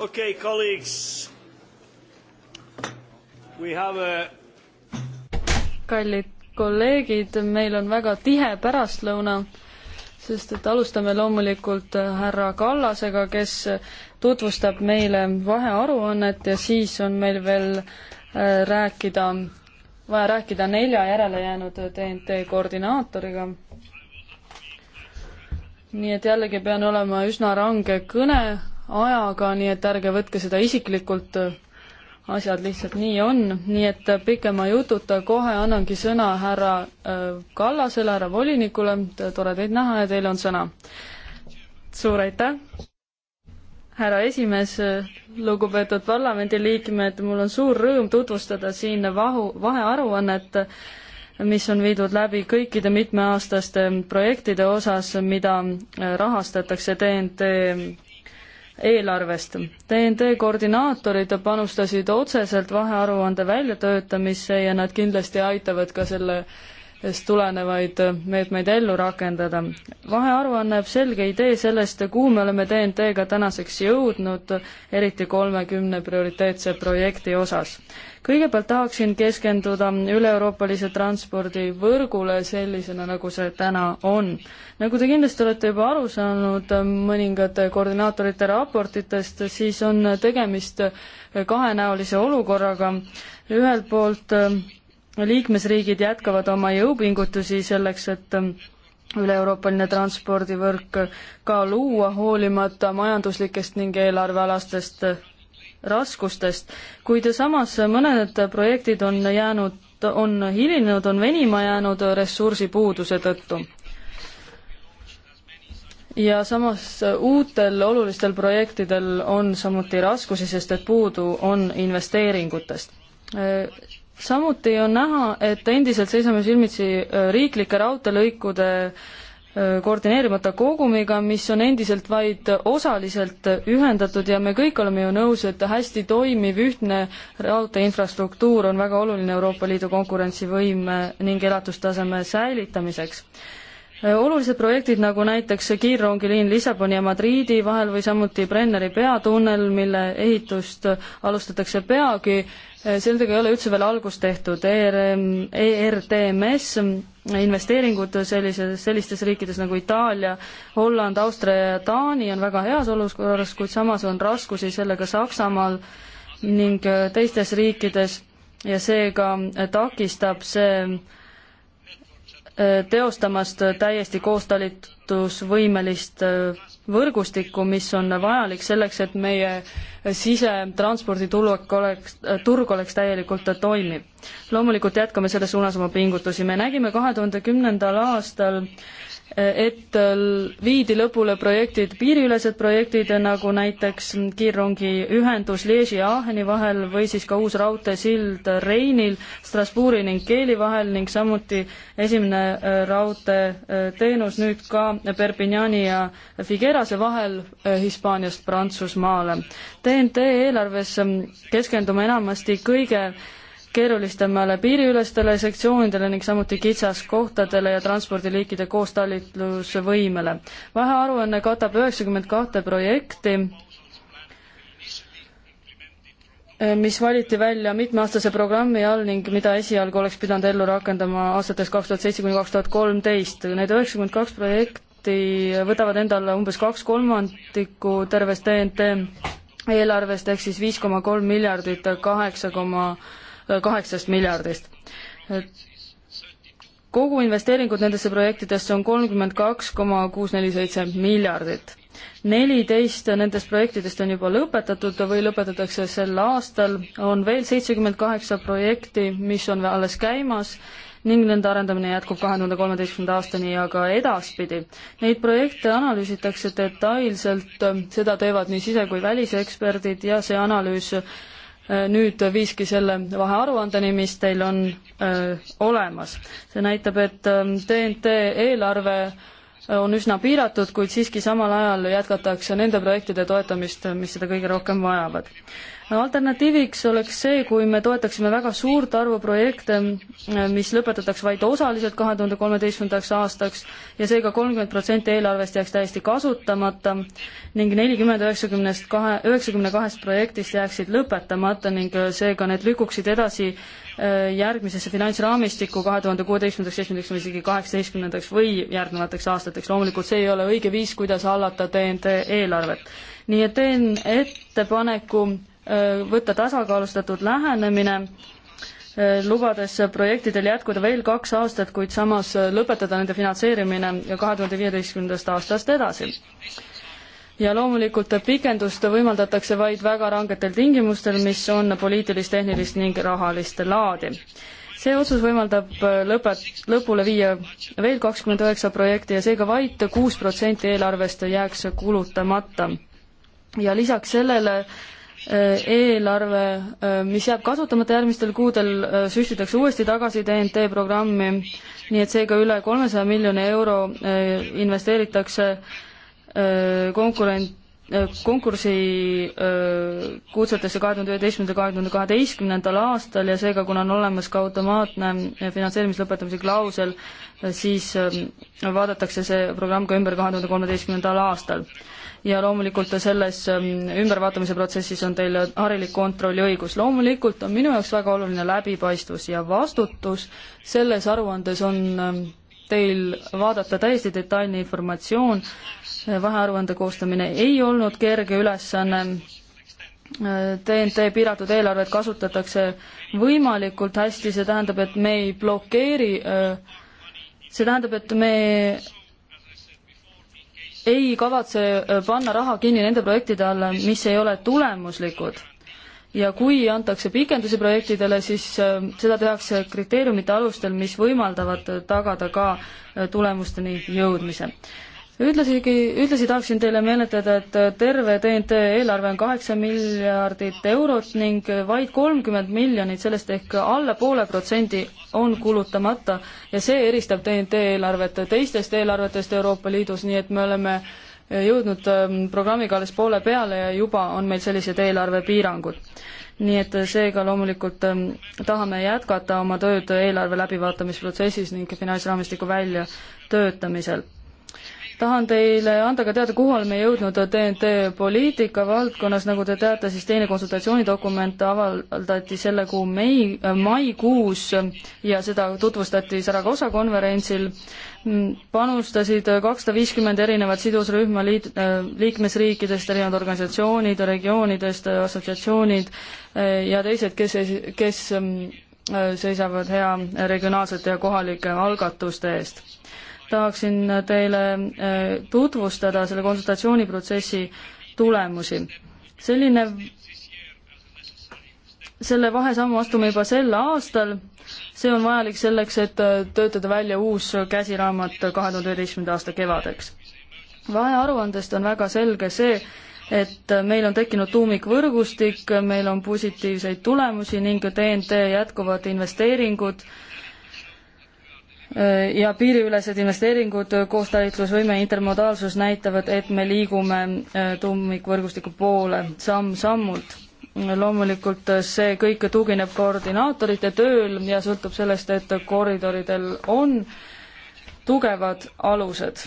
Okay, colleagues. We have a... kallid kolleegid, meil on väga tihe pärastlõuna, sest et alustame loomulikult härra Kallasega, kes tutvustab meile vahearuannet ja siis on meil veel äh, rääkida, vaja rääkida nelja järelejäänud TNT koordinaatoriga nii et jällegi pean olema üsna range kõne ajaga, nii et ärge võtke seda isiklikult, asjad lihtsalt nii on, nii et pikema jututa kohe annangi sõna härra äh, Kallasele, härra volinikule, tore teid näha ja teil on sõna. suur aitäh! härra esimees, lugupeetud parlamendiliikmed, mul on suur rõõm tutvustada siin vahu, vahearuannet, mis on viidud läbi kõikide mitmeaastaste projektide osas, mida äh, rahastatakse TNT eelarvest. TNT koordinaatorid panustasid otseselt vahearuande väljatöötamisse ja nad kindlasti aitavad ka selle sest tulenevaid meetmeid ellu rakendada. vahearuanne annab selge idee sellest, kuhu me oleme TNT-ga tänaseks jõudnud, eriti kolmekümne prioriteetse projekti osas kõigepealt tahaksin keskenduda üle-euroopalise transpordivõrgule sellisena, nagu see täna on. nagu te kindlasti olete juba aru saanud äh, mõningate koordinaatorite raportitest, siis on tegemist kahenäolise olukorraga, ühelt poolt äh, liikmesriigid jätkavad oma jõupingutusi selleks, et äh, üle-euroopaline transpordivõrk ka luua, hoolimata majanduslikest ning eelarvealastest raskustest, kuid samas mõned projektid on jäänud, on hilinenud, on venima jäänud ressursipuuduse tõttu. ja samas uutel olulistel projektidel on samuti raskusi, sest et puudu on investeeringutest samuti on näha, et endiselt seisame silmitsi riiklike raudteelõikude äh, koordineerimata kogumiga, mis on endiselt vaid osaliselt ühendatud ja me kõik oleme ju nõus, et hästi toimiv ühtne raudteeinfrastruktuur on väga oluline Euroopa Liidu konkurentsivõime ning elatustaseme säilitamiseks. olulised projektid, nagu näiteks kiirrongiliin Lissaboni ja Madriidi vahel või samuti Brenneri peatunnel, mille ehitust alustatakse peagi, Äh, sellega ei ole üldse veel algust tehtud, ERM, ERTMS investeeringud sellises, sellistes riikides nagu Itaalia, Holland, Austria ja Taani on väga heas olukorras, kuid samas on raskusi sellega Saksamaal ning äh, teistes riikides ja seega äh, takistab see teostamast täiesti koostalitusvõimelist võrgustikku, mis on vajalik selleks, et meie sisetranspordituluk oleks, turg oleks täielikult toimiv. loomulikult jätkame selles suunas oma pingutusi, me nägime kahe tuhande kümnendal aastal et äh, viidi lõpule projektid, piiriülesed projektid, nagu näiteks kiirrongiühendus Lieži ja Aacheni vahel või siis ka uus raudteesild Reinil, Strasbourgi ning Keeli vahel ning samuti esimene äh, raudteeteenus äh, nüüd ka Perpignani ja Figuerase vahel Hispaaniast Prantsusmaale. TNT eelarves keskendume enamasti kõige keerulisemale piiriülestele sektsioonidele ning samuti kitsaskohtadele ja transpordiliikide koostalitlusvõimele. vahearuanne katab üheksakümmend kahte projekti, mis valiti välja mitmeaastase programmi all ning mida esialgu oleks pidanud ellu rakendama aastates kaks tuhat seitse kuni kaks tuhat kolmteist. Need üheksakümmend kaks projekti võtavad endale umbes kaks kolmandikku tervest TNT eelarvest ehk siis viis koma kolm miljardit kaheksa koma kaheksast miljardist. kogu investeeringud nendesse projektidesse on kolmkümmend kaks koma kuus neli seitse miljardit. neliteist nendest projektidest on juba lõpetatud või lõpetatakse sel aastal, on veel seitsekümmend kaheksa projekti, mis on alles käimas ning nende arendamine jätkub kahe tuhande kolmeteistkümnenda aastani ja ka edaspidi. Neid projekte analüüsitakse detailselt, seda teevad nii sise- kui väliseksperdid ja see analüüs Äh, nüüd viiski selle vahearuandeni, mis teil on öö, äh, olemas. see näitab, et TNT ähm, eelarve äh, on üsna piiratud, kuid siiski samal ajal jätkatakse nende projektide toetamist, mis seda kõige rohkem vajavad alternatiiviks oleks see, kui me toetaksime väga suurt arvu projekte, mis lõpetataks vaid osaliselt kahe tuhande kolmeteistkümnendaks aastaks ja seega kolmkümmend protsenti eelarvest jääks täiesti kasutamata ning nelikümmend üheksakümnest kahe, üheksakümne kahest projektist jääksid lõpetamata ning äh, seega need lükuksid edasi äh, järgmisesse finantsraamistikku kahe tuhande kuueteistkümnendaks, seitsmendaks või isegi kaheksateistkümnendaks või järgnevateks aastateks. loomulikult see ei ole õige viis, kuidas hallata TNT eelarvet. nii et teen ettepaneku Äh, võtta tasakaalustatud lähenemine, äh, lubades projektidel jätkuda veel kaks aastat, kuid samas äh, lõpetada nende finantseerimine kahe tuhande viieteistkümnendast aastast edasi. ja loomulikult pikendust võimaldatakse vaid väga rangetel tingimustel, mis on poliitilist, tehnilist ning rahalist laadi see otsus võimaldab lõpet, lõpule viia veel kakskümmend üheksa projekti ja seega vaid kuus protsenti eelarvest jääks kulutamata. ja lisaks sellele äh, Äh, eelarve, äh, mis jääb kasutamata järgmistel kuudel, äh, süstitakse uuesti tagasi TNT programmi, nii et seega üle kolmesaja miljoni euro investeeritakse konkurent, konkursi kutsetesse kahe tuhande üheteistkümnendal, kahe tuhande kaheteistkümnendal aastal ja seega, kuna on olemas ka automaatne finantseerimislõpetamise klausel, siis ähm, vaadatakse see programm ka ümber kahe tuhande kolmeteistkümnendal aastal ja loomulikult selles ähm, ümbervaatamise protsessis on teil harilik kontrolliõigus. loomulikult on minu jaoks väga oluline läbipaistvus ja vastutus, selles aruandes on ähm, teil vaadata täiesti detailne informatsioon, vahearuande koostamine ei olnud kerge ülesanne, TNT äh, piiratud eelarvet kasutatakse võimalikult hästi, see tähendab, et me ei blokeeri, äh, see tähendab, et me ei kavatse äh, panna raha kinni nende projektide alla, mis ei ole tulemuslikud. ja kui antakse pikendusi projektidele, siis äh, seda tehakse kriteeriumite alustel, mis võimaldavad tagada ka äh, tulemusteni jõudmise ütlesidki, ühtlasi tahaksin teile meenutada, et terve TNT eelarve on kaheksa miljardit eurot ning vaid kolmkümmend miljonit sellest ehk alla poole protsendi on kulutamata ja see eristab TNT eelarvet teistest eelarvetest Euroopa Liidus, nii et me oleme jõudnud ähm, programmiga alles poole peale ja juba on meil sellised eelarvepiirangud. nii et seega loomulikult ähm, tahame jätkata oma tööd eelarve läbivaatamisprotsessis ning finantsraamistiku väljatöötamisel tahan teile anda ka teada, kuhu oleme jõudnud TNT poliitika valdkonnas, nagu te teate, siis teine konsultatsioonidokument avaldati selle kuu mei, maikuus ja seda tutvustati Saragossa konverentsil. panustasid kakssada viiskümmend erinevat sidusrühma liit-, liikmesriikidest, erinevad organisatsioonid, regioonidest, assotsiatsioonid ja teised, kes, kes mm, seisavad hea regionaalsete ja kohalike algatuste eest tahaksin teile äh, tutvustada selle konsultatsiooniprotsessi tulemusi. selline, selle vahesammu astume juba sel aastal, see on vajalik selleks, et äh, töötada välja uus käsiraamat kahe tuhande üheteistkümnenda aasta kevadeks. vahearuandest on väga selge see, et äh, meil on tekkinud tuumikvõrgustik, meil on positiivseid tulemusi ning TNT jätkuvad investeeringud äh, Äh, ja piiriülesed investeeringud, äh, koostalitlusvõime, intermodaalsus näitavad, et me liigume äh, tuumikvõrgustiku poole samm-sammult. loomulikult see kõik tugineb koordinaatorite tööl ja sõltub sellest, et koridoridel on tugevad alused.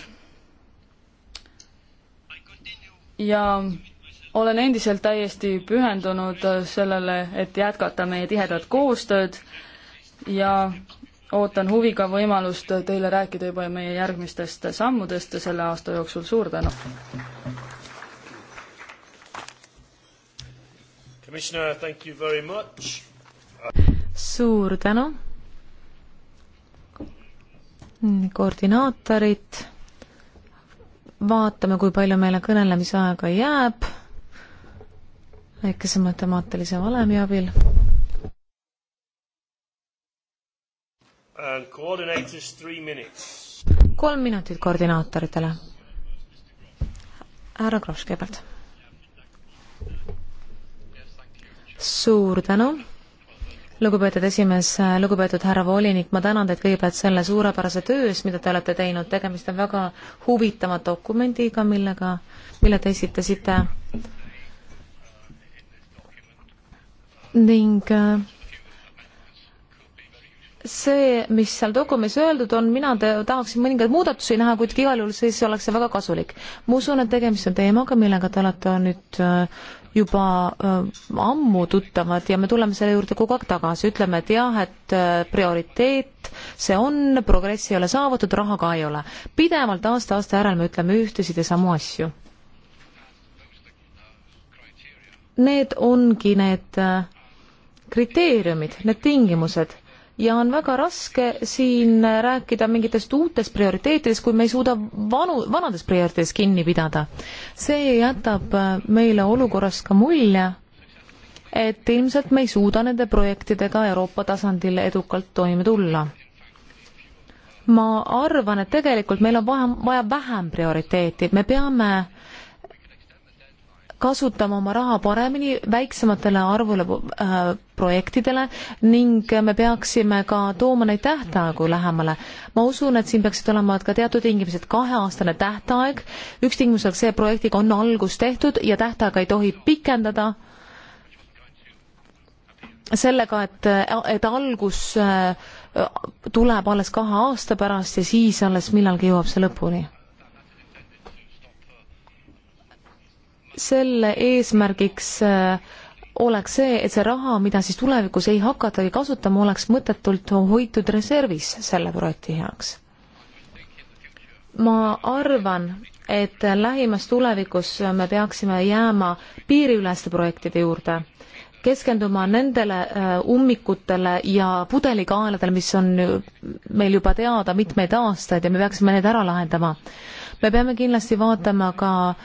ja olen endiselt täiesti pühendunud sellele, et jätkata meie tihedat koostööd ja ootan huviga võimalust teile rääkida juba meie järgmistest sammudest selle aasta jooksul, suur tänu! suur tänu! koordinaatorid, vaatame, kui palju meile kõnelemisaega jääb, väikese matemaatilise valemi abil And coordinators three minutes. kolm minutit koordinaatoritele. härra Kross kõigepealt. suur tänu, lugupeetud esimees, lugupeetud härra volinik, ma tänan teid kõigepealt selle suurepärase töö eest, mida te olete teinud, tegemist on väga huvitava dokumendiga, millega, mille te esitasite ning äh, see, mis seal dokumendis öeldud on, mina tahaksin mõningaid muudatusi näha, kuid igal juhul siis oleks see väga kasulik. ma usun, et tegemist on teemaga, millega te olete nüüd äh, juba äh, ammu tuttavad ja me tuleme selle juurde kogu aeg tagasi, ütleme, et jah, et äh, prioriteet see on, progress ei ole saavutatud, raha ka ei ole. pidevalt aasta-aasta järel me ütleme ühtesid ja samu asju. Need ongi need kriteeriumid, need tingimused ja on väga raske siin rääkida mingitest uutest prioriteetidest, kui me ei suuda vanu, vanadest prioriteetidest kinni pidada. see jätab äh, meile olukorras ka mulje, et ilmselt me ei suuda nende projektidega Euroopa tasandil edukalt toime tulla. ma arvan, et tegelikult meil on vaja, vaja vähem prioriteeti, me peame kasutama oma raha paremini väiksematele arvule äh, projektidele ning me peaksime ka tooma neid tähtaegu lähemale. ma usun, et siin peaksid olema ka teatud tingimused, kaheaastane tähtaeg, üks tingimus oleks see, et projektiga on algus tehtud ja tähtaega ei tohi pikendada sellega, et, et algus äh, tuleb alles kahe aasta pärast ja siis alles millalgi jõuab see lõpuni selle eesmärgiks äh, oleks see, et see raha, mida siis tulevikus ei hakatagi kasutama, oleks mõttetult hoitud reservis selle projekti heaks. ma arvan, et lähimas tulevikus me peaksime jääma piiriüleste projektide juurde, keskenduma nendele äh, ummikutele ja pudelikaeladele, mis on meil juba teada mitmeid aastaid ja me peaksime need ära lahendama. me peame kindlasti vaatama ka äh,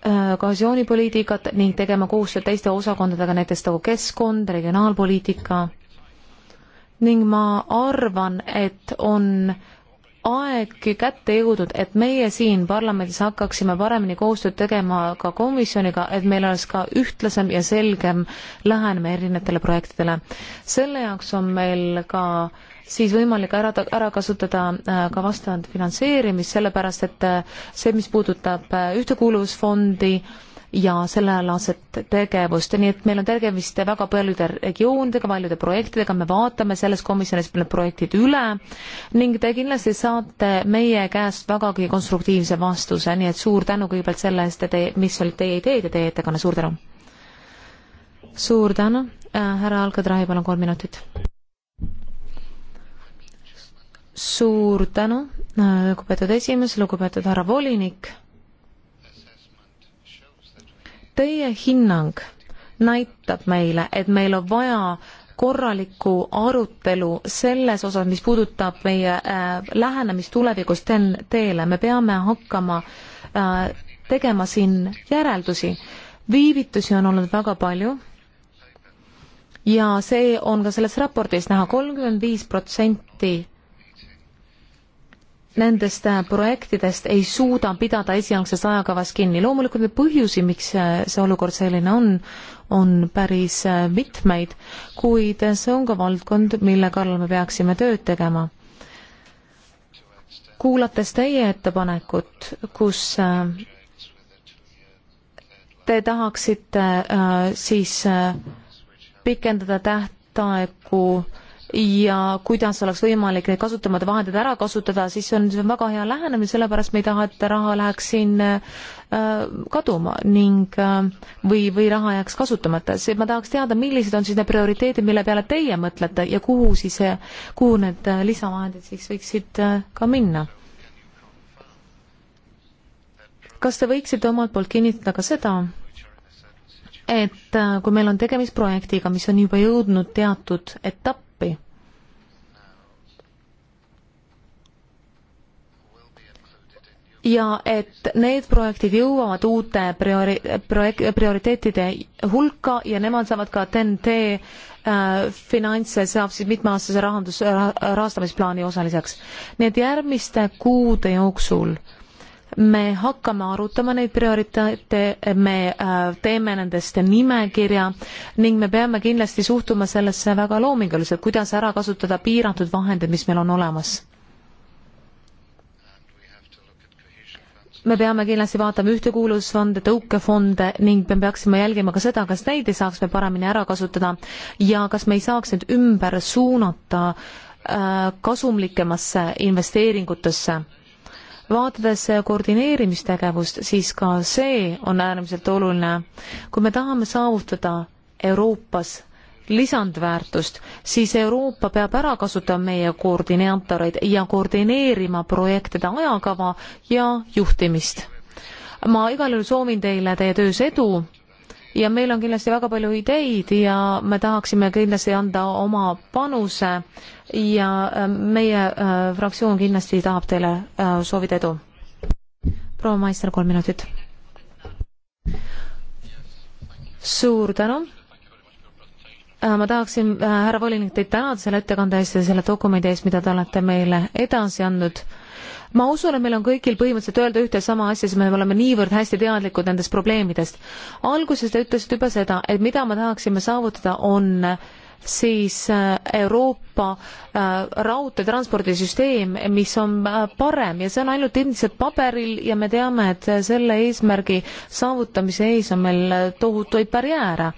Äh, kohesioonipoliitikat ning tegema koostööd teiste osakondadega, näiteks nagu keskkond, regionaalpoliitika. ning ma arvan, et on aeg kätte jõudnud, et meie siin parlamendis hakkaksime paremini koostööd tegema ka komisjoniga, et meil oleks ka ühtlasem ja selgem lähenemine erinevatele projektidele. selle jaoks on meil ka äh, siis võimalik ära, ära kasutada äh, ka vastavat finantseerimist, sellepärast et äh, see, mis puudutab äh, ühtekuuluvusfondi, ja sellealaset tegevust, nii et meil on tegemist väga paljude regioonidega, paljude projektidega, me vaatame selles komisjonis need projektid üle ning te kindlasti saate meie käest vägagi konstruktiivse vastuse, nii et suur tänu kõigepealt selle eest, mis olid teie ideed ja teie ettekanne, suur tänu! suur tänu äh,, härra Alkadrahi, palun kolm minutit suur tänu, äh, lugupeetud esimees, lugupeetud härra volinik. Teie hinnang näitab meile, et meil on vaja korralikku arutelu selles osas, mis puudutab meie äh, lähenemist tulevikus TEN-T-le, me peame hakkama äh, tegema siin järeldusi. viivitusi on olnud väga palju ja see on ka selles raportis näha, kolmkümmend viis protsenti nendest äh, projektidest ei suuda pidada esialgses ajakavas kinni. loomulikult neid põhjusi, miks äh, see olukord selline on, on päris äh, mitmeid, kuid see on ka valdkond, mille kallal me peaksime tööd tegema. kuulates teie ettepanekut, kus te tahaksite siis pikendada tähtaegu ja kuidas oleks võimalik neid kasutamata vahendeid ära kasutada, siis on see on väga hea lähenemine, sellepärast me ei taha, et raha läheks siin äh, kaduma ning äh, või, või raha jääks kasutamata. see, ma tahaks teada, millised on siis need prioriteedid, mille peale teie mõtlete ja kuhu siis, kuhu need äh, lisavahendid siis võiksid ka minna? kas te võiksite omalt poolt kinnitada ka seda, et kui meil on tegemist projektiga, mis on juba jõudnud teatud etappi, ja et need projektid jõuavad uute priori-, projek-, prioriteetide hulka ja nemad saavad ka TNT äh, finantse, saab siis mitmeaastase rahandus ra,, rahastamisplaani osaliseks. nii et järgmiste kuude jooksul me hakkame arutama neid prioriteete, me äh, teeme nendest nimekirja ning me peame kindlasti suhtuma sellesse väga loominguliselt, kuidas ära kasutada piiratud vahendid, mis meil on olemas me peame kindlasti vaatama ühtekuuluvusfonde, tõukefonde ning me peaksime jälgima ka seda, kas neid ei saaks me paremini ära kasutada ja kas me ei saaks need ümber suunata äh, kasumlikemasse investeeringutesse. vaadates koordineerimistegevust, siis ka see on äärmiselt oluline. kui me tahame saavutada Euroopas lisandväärtust, siis Euroopa peab ära kasutama meie koordinaatoreid ja koordineerima projektide ajakava ja juhtimist. ma igal juhul soovin teile teie töös edu ja meil on kindlasti väga palju ideid ja me tahaksime kindlasti anda oma panuse ja äh, meie äh, fraktsioon kindlasti tahab teile äh, soovida edu. proua Maister, kolm minutit. suur tänu Äh, ma tahaksin, äh, härra volinik, teid tänada selle ettekande eest ja selle dokumendi eest, mida te olete meile edasi andnud. ma usun, et meil on kõigil põhimõtteliselt öelda ühte sama asja, sest me oleme niivõrd hästi teadlikud nendest probleemidest. alguses te ütlesite juba seda, et mida me tahaksime saavutada, on siis äh, Euroopa raudteetranspordisüsteem, mis on parem ja see on ainult endiselt paberil ja me teame, et selle eesmärgi saavutamise ees on meil tohutuid barjääre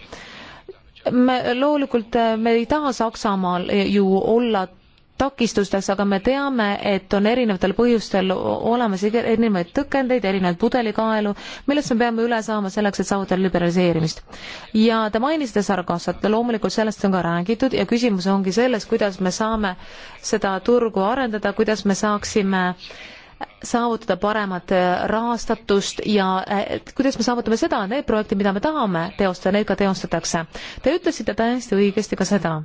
me loomulikult, äh, me ei taha Saksamaal äh, ju olla takistusteks, aga me teame, et on erinevatel põhjustel olemas erinevaid tõkendeid, erinevaid pudelikaelu, millest me peame üle saama selleks, et saavutada liberaliseerimist. ja te mainisite sarkassat, loomulikult sellest on ka räägitud ja küsimus ongi selles, kuidas me saame seda turgu arendada, kuidas me saaksime äh, saavutada paremat äh, rahastatust ja äh, et kuidas me saavutame seda, need projektid, mida me tahame teostada, need ka teostatakse. Te ütlesite täiesti õigesti ka seda,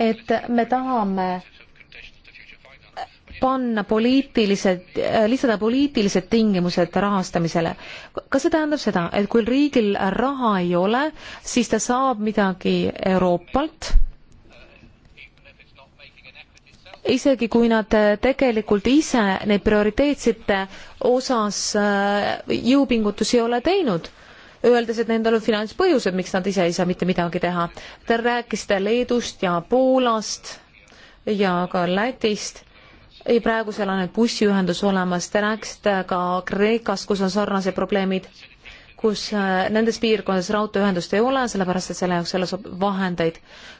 et me tahame äh, panna poliitilised, lisada poliitilised tingimused rahastamisele. kas see tähendab seda, et kui riigil raha ei ole, siis ta saab midagi Euroopalt, isegi kui nad äh, tegelikult ise neid prioriteetsete osas äh, jõupingutusi ei ole teinud, öeldes, et nendel on finantspõhjused, miks nad ise ei saa mitte midagi teha. Te rääkisite Leedust ja Poolast ja ka Lätist. ei, praegusel on ainult bussiühendus olemas, te rääkisite ka Kreekast, kus on sarnased probleemid kus äh, nendes piirkondades raudteeühendust ei ole, sellepärast et selle jaoks ei ole vahendeid.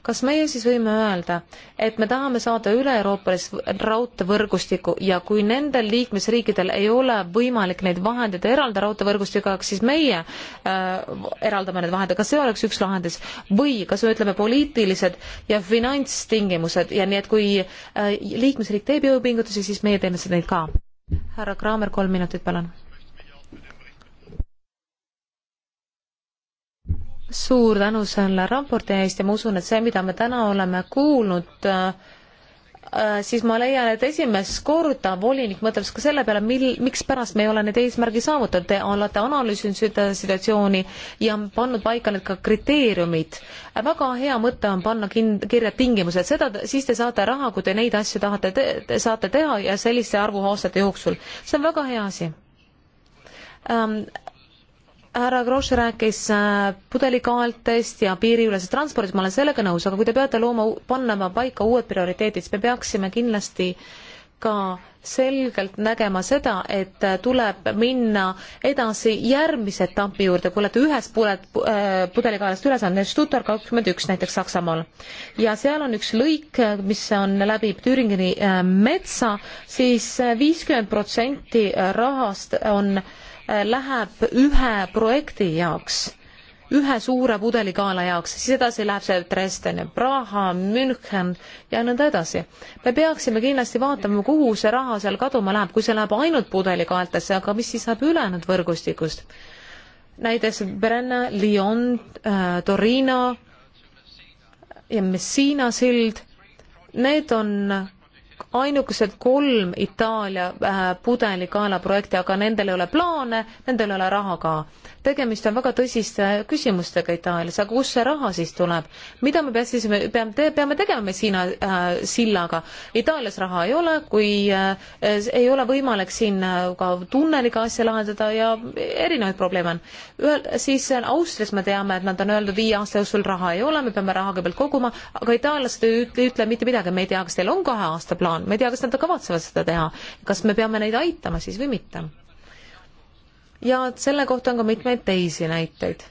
kas meie siis võime öelda, et me tahame saada üle-euroopalist raudteevõrgustikku ja kui nendel liikmesriikidel ei ole võimalik neid vahendeid eraldada raudteevõrgustikuga, siis meie äh, eraldame need vahendid, kas see oleks üks lahendus või kas me ütleme poliitilised ja finantstingimused ja nii, et kui äh, liikmesriik teeb jõupingutusi, siis meie teeme seda neid ka. härra Kraamer, kolm minutit, palun suur tänu selle raporti eest ja ma usun, et see, mida me täna oleme kuulnud, äh, siis ma leian, et esimest korda volinik mõtleb ka selle peale, mil, mikspärast me ei ole neid eesmärgi saavutanud, te olete analüüsinud seda situatsiooni ja pannud paika need ka kriteeriumid. väga hea mõte on panna kin-, kirja tingimused, seda, siis te saate raha, kui te neid asju tahate te,, te saate teha ja selliste arvuaastate jooksul. see on väga hea asi ähm, härra Grosch rääkis äh, pudelikaeltest ja piiriülesest transpordist, ma olen sellega nõus, aga kui te peate looma, panema paika uued prioriteedid, siis me peaksime kindlasti ka selgelt nägema seda, et äh, tuleb minna edasi järgmise etapi juurde, kui olete ühest puled, äh, pudelikaelast üle saanud, näiteks Stuttgart kakskümmend üks näiteks Saksamaal. ja seal on üks lõik, mis on, läbib Thüringeni metsa siis, siis viiskümmend protsenti rahast on äh, läheb ühe projekti jaoks, ühe suure pudelikaela jaoks, siis edasi läheb see Dresden ja Praha, München ja nõnda edasi. me peaksime kindlasti vaatama, kuhu see raha seal kaduma läheb, kui see läheb ainult pudelikaeltesse, aga mis siis saab ülejäänud võrgustikust? näiteks Brenna, Lyon äh,, Torino ja Messina sild, need on ainukesed kolm Itaalia äh, pudelikaela projekti, aga nendel ei ole plaane, nendel ei ole raha ka. tegemist on väga tõsiste küsimustega Itaalias, aga kust see raha siis tuleb? mida me peame siis, peame, peame tegema me Hiina äh, sillaga? Itaalias raha ei ole, kui äh, ei ole võimalik siin äh, ka tunneliga asja lahendada ja erinevaid probleeme on. ühel, siis Austrias me teame, et nad on öeldud, viie aasta jooksul raha ei ole, me peame raha kõigepealt koguma, aga itaallased ei ütle mitte midagi, me ei tea, kas teil on kahe aasta plaan, ma ei tea, kas nad kavatsevad seda teha, kas me peame neid aitama siis või mitte. ja selle kohta on ka mitmeid teisi näiteid.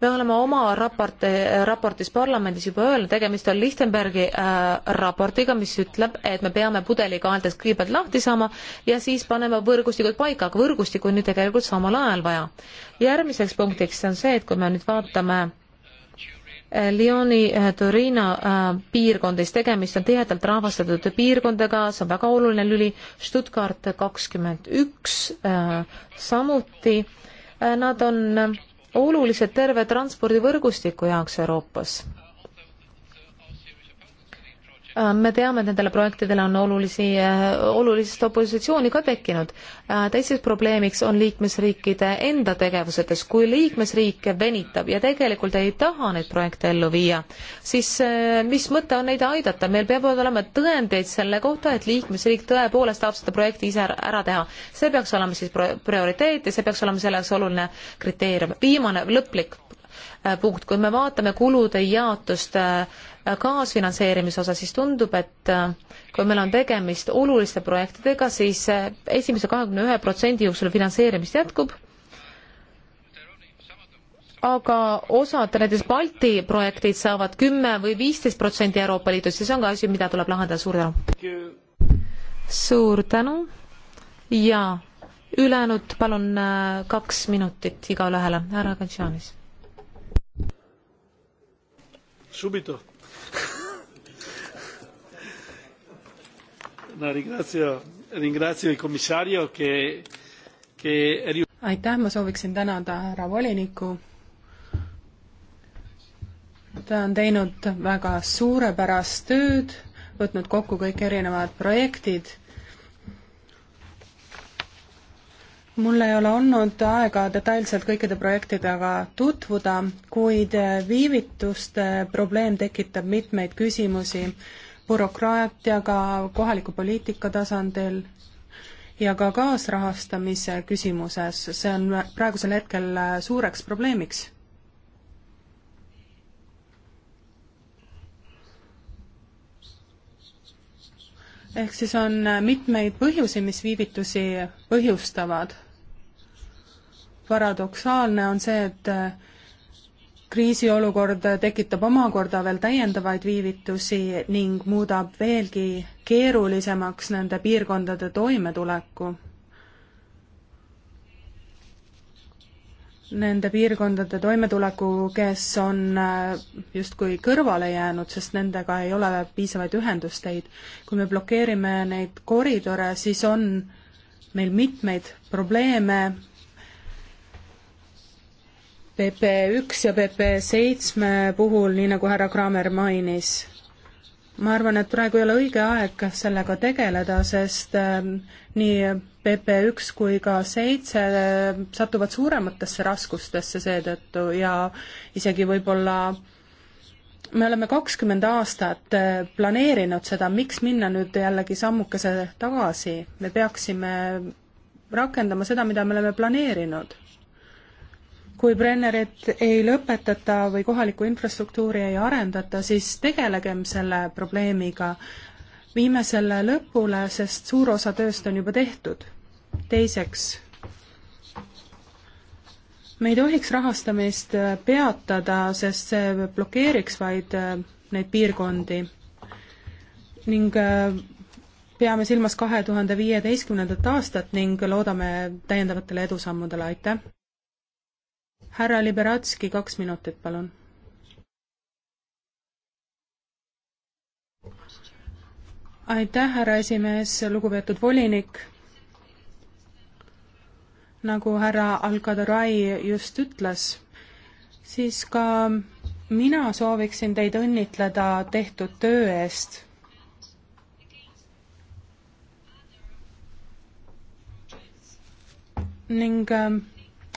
me oleme oma raport, raportis parlamendis juba öelnud, tegemist on Lichtenbergi äh, raportiga, mis ütleb, et me peame pudelikaeltest kõigepealt lahti saama ja siis paneme võrgustikud paika, aga võrgustikku on ju tegelikult samal ajal vaja. järgmiseks punktiks on see, et kui me nüüd vaatame äh, Lyoni eh, Torino eh, piirkondades, tegemist on tihedalt rahvastatud piirkondadega, see on väga oluline lüli, Stuttgart kakskümmend üks eh, samuti, nad on olulised terve transpordivõrgustiku jaoks Euroopas Äh, me teame, et nendele projektidele on olulisi, äh, olulist opositsiooni ka tekkinud. Äh, teiseks probleemiks on liikmesriikide enda tegevusetes. kui liikmesriik venitab ja tegelikult ei taha neid projekte ellu viia, siis mis mõte on neid aidata, meil peavad olema tõendeid selle kohta, et liikmesriik tõepoolest tahab seda projekti ise ära teha. see peaks olema siis prioriteet ja see peaks olema selle jaoks oluline kriteerium. viimane, lõplik punkt, kui me vaatame kulude jaotust äh, kaasfinantseerimise osa, siis tundub, et äh, kui meil on tegemist oluliste projektidega, siis äh, esimese kahekümne ühe protsendi jooksul finantseerimist jätkub, aga osad näiteks Balti projektid saavad kümme või viisteist protsenti Euroopa Liidust ja see on ka asi, mida tuleb lahendada, suur tänu. suur tänu ja ülejäänud palun äh, kaks minutit igaühele, härra Kantsjaanis. Subito no, ringrazio, ringrazio il commissario che, che... aitäh, ma sooviksin tänada härra volinikku. ta on teinud väga suurepärast tööd, võtnud kokku kõik erinevad projektid. mul ei ole olnud aega detailselt kõikide projektidega tutvuda, kuid viivituste probleem tekitab mitmeid küsimusi bürokraatiaga kohaliku poliitika tasandil ja ka kaasrahastamise küsimuses, see on praegusel hetkel suureks probleemiks. ehk siis on mitmeid põhjusi, mis viivitusi põhjustavad. paradoksaalne on see, et kriisiolukord tekitab omakorda veel täiendavaid viivitusi ning muudab veelgi keerulisemaks nende piirkondade toimetuleku. Nende piirkondade toimetuleku, kes on äh, justkui kõrvale jäänud, sest nendega ei ole piisavaid ühendusteid. kui me blokeerime neid koridore, siis on meil mitmeid probleeme, PP1 ja PP7 puhul, nii nagu härra Kramer mainis. ma arvan, et praegu ei ole õige aeg sellega tegeleda, sest ähm, nii PP1 kui ka seitse ähm, satuvad suurematesse raskustesse seetõttu ja isegi võib-olla me oleme kakskümmend aastat äh, planeerinud seda, miks minna nüüd jällegi sammukese tagasi, me peaksime rakendama seda, mida me oleme planeerinud kui Brennerit ei lõpetata või kohalikku infrastruktuuri ei arendata, siis tegelegem selle probleemiga, viime selle lõpule, sest suur osa tööst on juba tehtud. teiseks, me ei tohiks rahastamist peatada, sest see blokeeriks vaid äh, neid piirkondi ning äh, peame silmas kahe tuhande viieteistkümnendat aastat ning loodame täiendavatele edusammudele, aitäh! härra Liberatski, kaks minutit, palun. aitäh, härra esimees, lugupeetud volinik. nagu härra Alcadarai just ütles, siis ka mina sooviksin teid õnnitleda tehtud töö eest ning ähm,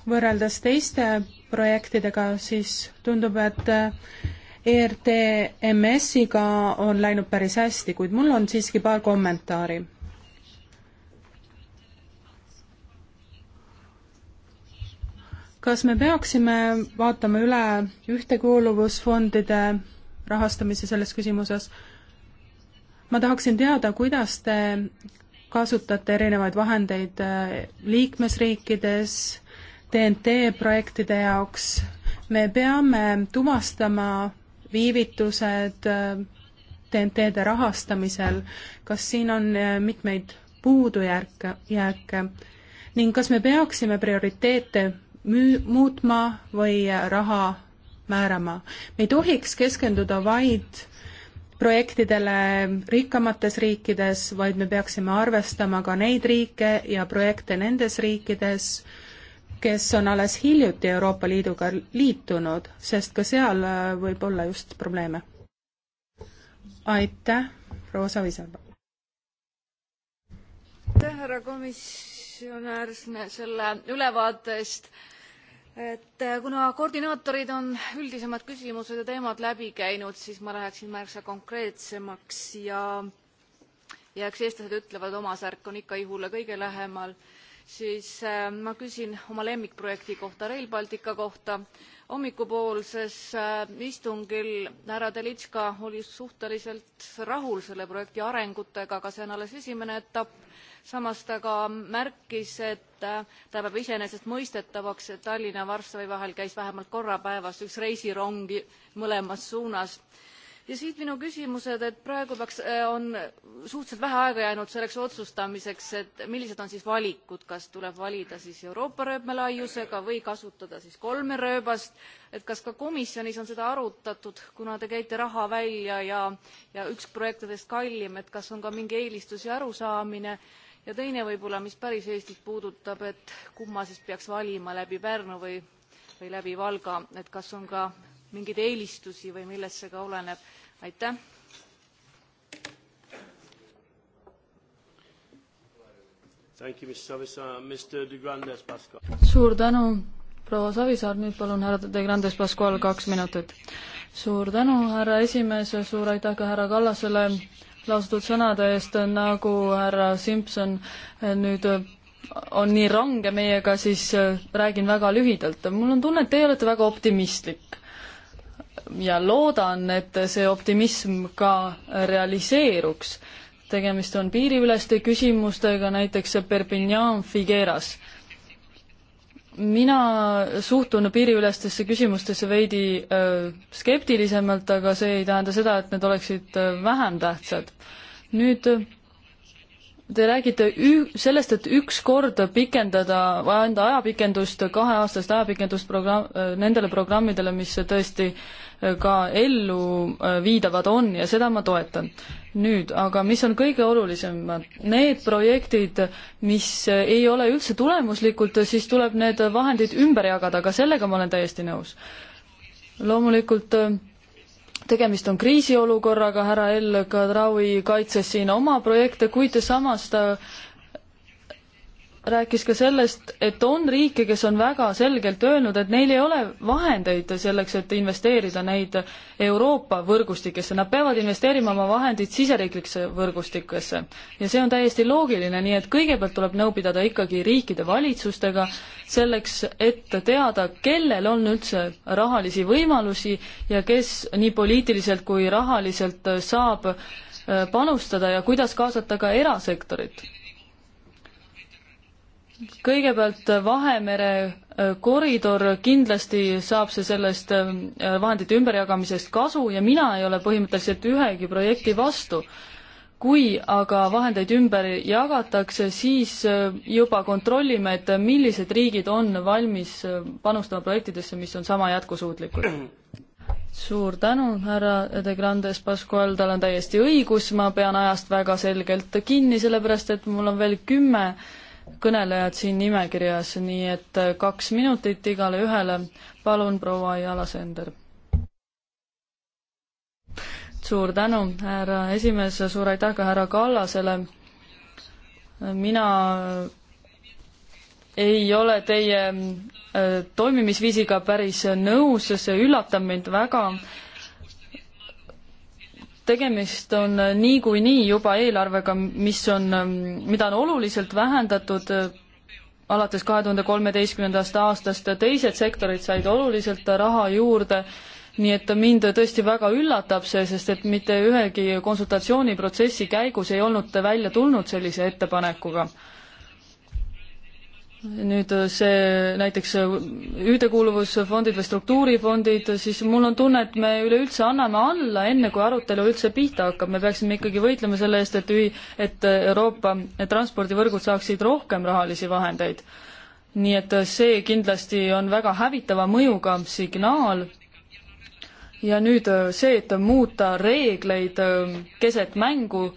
võrreldes teiste projektidega, siis tundub, et äh, ERTMS-iga on läinud päris hästi, kuid mul on siiski paar kommentaari kas me peaksime vaatama üle ühtekuuluvusfondide rahastamise selles küsimuses? ma tahaksin teada, kuidas te kasutate erinevaid vahendeid äh, liikmesriikides TNT projektide jaoks. me peame tuvastama viivitused äh, TNT-de rahastamisel, kas siin on äh, mitmeid puudujääke, jääke ning kas me peaksime prioriteete müü-, muutma või äh, raha määrama. me ei tohiks keskenduda vaid projektidele rikkamates riikides, vaid me peaksime arvestama ka neid riike ja projekte nendes riikides, kes on alles hiljuti Euroopa Liiduga liitunud, sest ka seal äh, võib olla just probleeme. aitäh, proua Savisaar. aitäh, härra komisjonär, selle ülevaate eest. et äh, kuna koordinaatorid on üldisemad küsimused ja teemad läbi käinud, siis ma läheksin märksa konkreetsemaks ja ja eks eestlased ütlevad, oma särk on ikka ihule kõige lähemal siis äh, ma küsin oma lemmikprojekti kohta rail baltica kohta. hommikupoolses äh, istungil härra telika oli suhteliselt rahul selle projekti arengutega aga see on alles esimene etapp. samas ta ka märkis et äh, ta peab iseenesestmõistetavaks et tallinna ja varssavi vahel käis vähemalt korra päevas üks reisirong mõlemas suunas ja siit minu küsimused et praegu peaks äh, on suhteliselt vähe aega jäänud selleks otsustamiseks et millised on siis valikud kas tuleb valida siis euroopa rööpmelaiusega või kasutada siis kolme rööbast et kas ka komisjonis on seda arutatud kuna te käite raha välja ja ja üks projektidest kallim et kas on ka mingi eelistus ja arusaamine ja teine võib-olla mis päris eestit puudutab et kumma siis peaks valima läbi pärnu või või läbi valga et kas on ka mingeid eelistusi või millest see ka oleneb? aitäh. suur tänu, proua Savisaar, nüüd palun härra De Grandes Pascual kaks minutit. suur tänu, härra esimees ja suur aitäh ka härra Kallasele lausutud sõnade eest, nagu härra Simson eh, nüüd eh, on nii range meiega, siis eh, räägin väga lühidalt. mul on tunne, et teie olete väga optimistlik ja loodan, et see optimism ka realiseeruks. tegemist on piiriüleste küsimustega, näiteks Perpignan Figueras. mina suhtun piiriülestesse küsimustesse veidi öö, äh, skeptilisemalt, aga see ei tähenda seda, et need oleksid äh, vähem tähtsad. nüüd Te räägite ü-, sellest, et üks kord pikendada, anda ajapikendust, kaheaastast ajapikendust programm, nendele programmidele, mis tõesti äh, ka ellu äh, viidavad on ja seda ma toetan. nüüd, aga mis on kõige olulisemad, need projektid, mis äh, ei ole üldse tulemuslikud, siis tuleb need vahendid ümber jagada, ka sellega ma olen täiesti nõus. loomulikult tegemist on kriisiolukorraga, härra El Kadraoui kaitses siin oma projekte, kuid samas ta rääkis ka sellest, et on riike, kes on väga selgelt öelnud, et neil ei ole vahendeid selleks, et investeerida neid Euroopa võrgustikesse, nad peavad investeerima oma vahendid siseriiklikesse võrgustikesse. ja see on täiesti loogiline, nii et kõigepealt tuleb nõu pidada ikkagi riikide valitsustega, selleks et teada, kellel on üldse rahalisi võimalusi ja kes nii poliitiliselt kui rahaliselt saab äh, panustada ja kuidas kaasata ka erasektorit kõigepealt äh, Vahemere äh, koridor, kindlasti saab see sellest äh, vahendite ümberjagamisest kasu ja mina ei ole põhimõtteliselt ühegi projekti vastu. kui aga vahendeid ümber jagatakse, siis juba kontrollime, et millised riigid on valmis panustama projektidesse, mis on sama jätkusuutlikud. suur tänu, härra De Grandes Pascual, tal on täiesti õigus, ma pean ajast väga selgelt kinni, sellepärast et mul on veel kümme 10 kõnelejad siin nimekirjas, nii et äh, kaks minutit igale ühele. palun, proua Jala Sender. suur tänu, härra esimees, suur aitäh ka härra Kallasele. mina äh, ei ole teie äh, toimimisviisiga päris nõus, see üllatab mind väga tegemist on äh, niikuinii juba eelarvega, mis on, ähm, mida on oluliselt vähendatud äh, alates kahe tuhande kolmeteistkümnendast aastast, teised sektorid said oluliselt raha juurde, nii et mind tõesti väga üllatab see, sest et mitte ühegi konsultatsiooniprotsessi käigus ei olnud välja tulnud sellise ettepanekuga nüüd äh, see näiteks äh, ühtekuuluvusfondid või struktuurifondid, äh, siis mul on tunne, et me üleüldse anname alla, enne kui arutelu üldse pihta hakkab, me peaksime ikkagi võitlema selle eest, et ühi-, et Euroopa transpordivõrgud saaksid rohkem rahalisi vahendeid. nii et see kindlasti on väga hävitava mõjuga signaal ja nüüd see, et muuta reegleid keset mängu,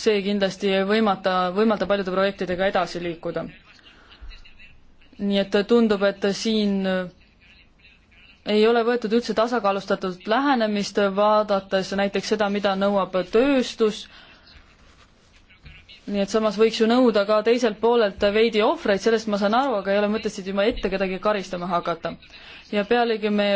see kindlasti ei võimata, võimalda paljude projektidega edasi liikuda nii et tundub, et siin ei ole võetud üldse tasakaalustatud lähenemist, vaadates näiteks seda, mida nõuab tööstus. nii et samas võiks ju nõuda ka teiselt poolelt veidi ohvreid, sellest ma saan aru, aga ei ole mõtet siit juba ette kedagi karistama hakata. ja pealegi me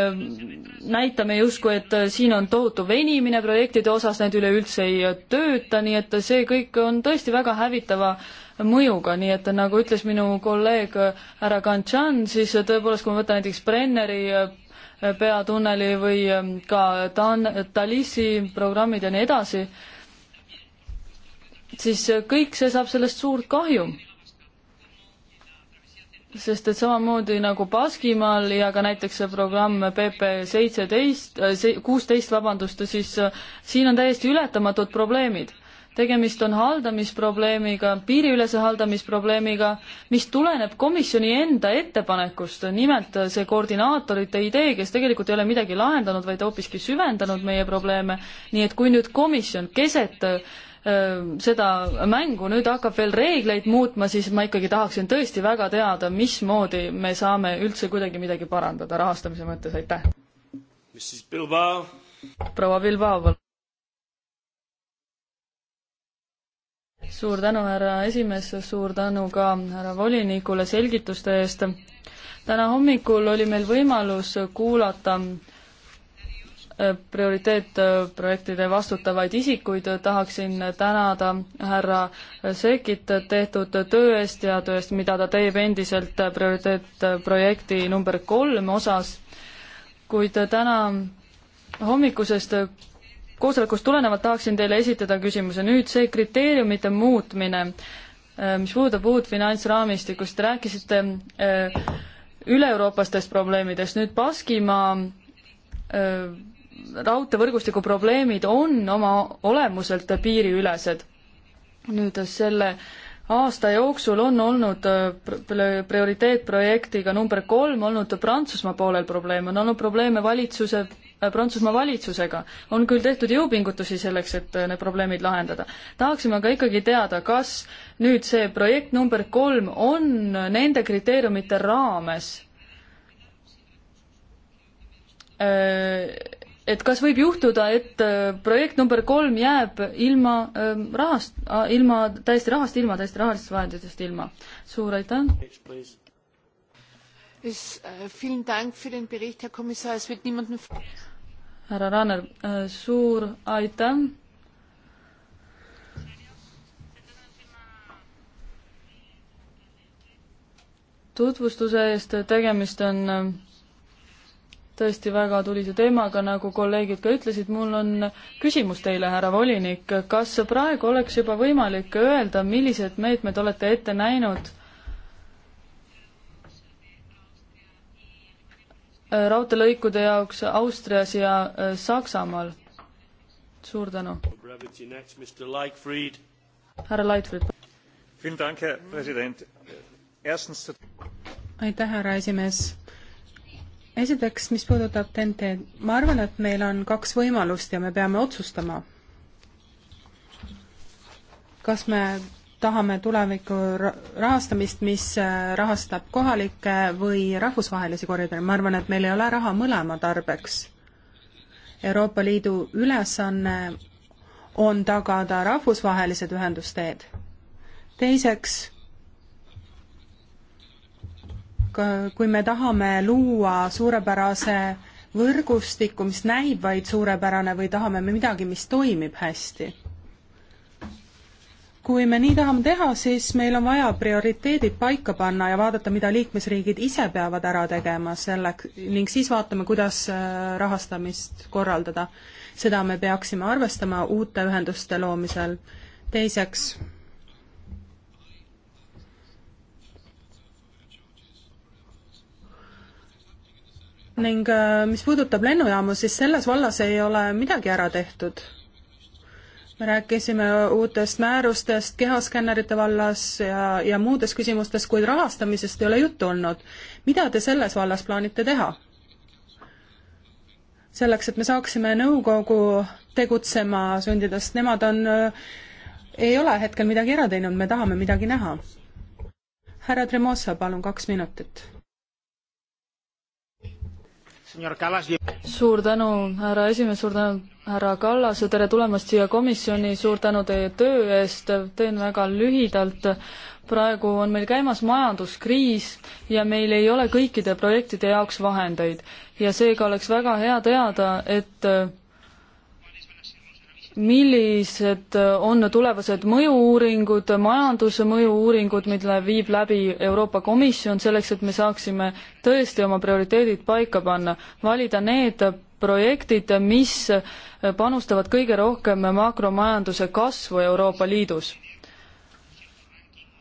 näitame justkui, et siin on tohutu venimine projektide osas, need üleüldse ei tööta, nii et see kõik on tõesti väga hävitava äh, mõjuga, nii et nagu ütles minu kolleeg härra Kantšan, siis tõepoolest, kui ma võtan näiteks Brenneri äh, peatunneli või ähm, ka Tan-, Talisi programmid ja nii edasi, siis äh, kõik see saab sellest suurt kahju. sest et samamoodi nagu Baskimaal ja ka näiteks see programm PP seitseteist, äh, kuusteist, vabandust, siis siin on täiesti ületamatud probleemid tegemist on haldamisprobleemiga, piiriülese haldamisprobleemiga, mis tuleneb komisjoni enda ettepanekust, nimelt see koordinaatorite idee, kes tegelikult ei ole midagi lahendanud, vaid hoopiski süvendanud meie probleeme, nii et kui nüüd komisjon keset äh, seda mängu nüüd hakkab veel reegleid muutma, siis ma ikkagi tahaksin tõesti väga teada, mismoodi me saame üldse kuidagi midagi parandada rahastamise mõttes, aitäh! proua Bilbao, palun! suur tänu, härra esimees, suur tänu ka härra volinikule selgituste eest. täna hommikul oli meil võimalus kuulata äh, prioriteetprojektide vastutavaid isikuid, tahaksin tänada härra Sekit tehtud töö eest ja töö eest, mida ta teeb endiselt prioriteetprojekti number kolm osas, kuid täna hommikusest koosolekust tulenevalt tahaksin teile esitada küsimuse. nüüd see kriteeriumite muutmine, äh, mis puudutab uut finantsraamistikust, rääkisite äh, üle-euroopastest probleemidest, nüüd Baskimaa äh, raudteevõrgustiku probleemid on oma olemuselt piiriülesed. nüüd selle aasta jooksul on olnud prioriteetprojektiga number kolm olnud Prantsusmaa poolel probleeme, on olnud probleeme valitsuse Prantsusmaa valitsusega. on küll tehtud jõupingutusi selleks, et äh, need probleemid lahendada. tahaksime aga ikkagi teada, kas nüüd see projekt number kolm on nende kriteeriumite raames, äh, et kas võib juhtuda, et äh, projekt number kolm jääb ilma ähm, rahast, ilma, täiesti rahast ilma, täiesti rahalistest vahenditest ilma? suur aitäh! vielen dank für den bericht herr kommissar! es wird niemanden härra Ranner, äh, suur aitäh. tutvustuse eest, tegemist on äh, tõesti väga tulise teemaga, nagu kolleegid ka ütlesid, mul on küsimus teile, härra volinik, kas praegu oleks juba võimalik öelda, millised meetmed olete ette näinud Äh, raudteelõikude jaoks Austrias ja äh, Saksamaal. suur tänu. härra Leitfried. aitäh, härra esimees esiteks, mis puudutab TNT, ma arvan, et meil on kaks võimalust ja me peame otsustama, kas me tahame tuleviku rahastamist, mis äh, rahastab kohalikke või rahvusvahelisi koridore, ma arvan, et meil ei ole raha mõlema tarbeks. Euroopa Liidu ülesanne on tagada rahvusvahelised ühendusteed. teiseks, kui me tahame luua suurepärase võrgustiku, mis näib vaid suurepärane või tahame me midagi, mis toimib hästi kui me nii tahame teha, siis meil on vaja prioriteedid paika panna ja vaadata, mida liikmesriigid ise peavad ära tegema selleks ning siis vaatame, kuidas äh, rahastamist korraldada. seda me peaksime arvestama uute ühenduste loomisel. teiseks, ning äh, mis puudutab lennujaamu, siis selles vallas ei ole midagi ära tehtud me rääkisime uutest määrustest kehaskännerite vallas ja, ja muudes küsimustes, kuid rahastamisest ei ole juttu olnud. mida te selles vallas plaanite teha? selleks, et me saaksime nõukogu tegutsema sundida, sest nemad on, äh, ei ole hetkel midagi ära teinud, me tahame midagi näha. härra Tremosa, palun kaks minutit suur tänu, härra esimees, suur tänu, härra Kallas ja tere tulemast siia komisjoni, suur tänu teie töö eest, teen väga lühidalt. praegu on meil käimas majanduskriis ja meil ei ole kõikide projektide jaoks vahendeid ja seega oleks väga hea teada, et millised on tulevased mõju-uuringud, majanduse mõju-uuringud, mille viib läbi Euroopa Komisjon selleks, et me saaksime tõesti oma prioriteedid paika panna, valida need projektid, mis panustavad kõige rohkem makromajanduse kasvu Euroopa Liidus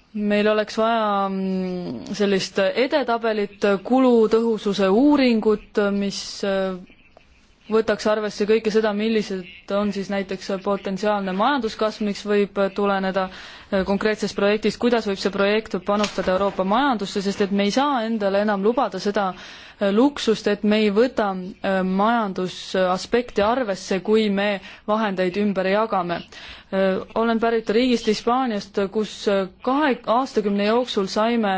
meil oleks vaja mm, sellist edetabelit, kulutõhususe uuringut, mis võtaks arvesse kõike seda, millised on siis näiteks potentsiaalne majanduskasv, mis võib tuleneda äh, konkreetsest projektist, kuidas võib see projekt panustada Euroopa majandusse, sest et me ei saa endale enam lubada seda äh, luksust, et me ei võta äh, majandusaspekti arvesse, kui me vahendeid ümber jagame. olen pärit riigist Hispaaniast, kus kahe aastakümne jooksul saime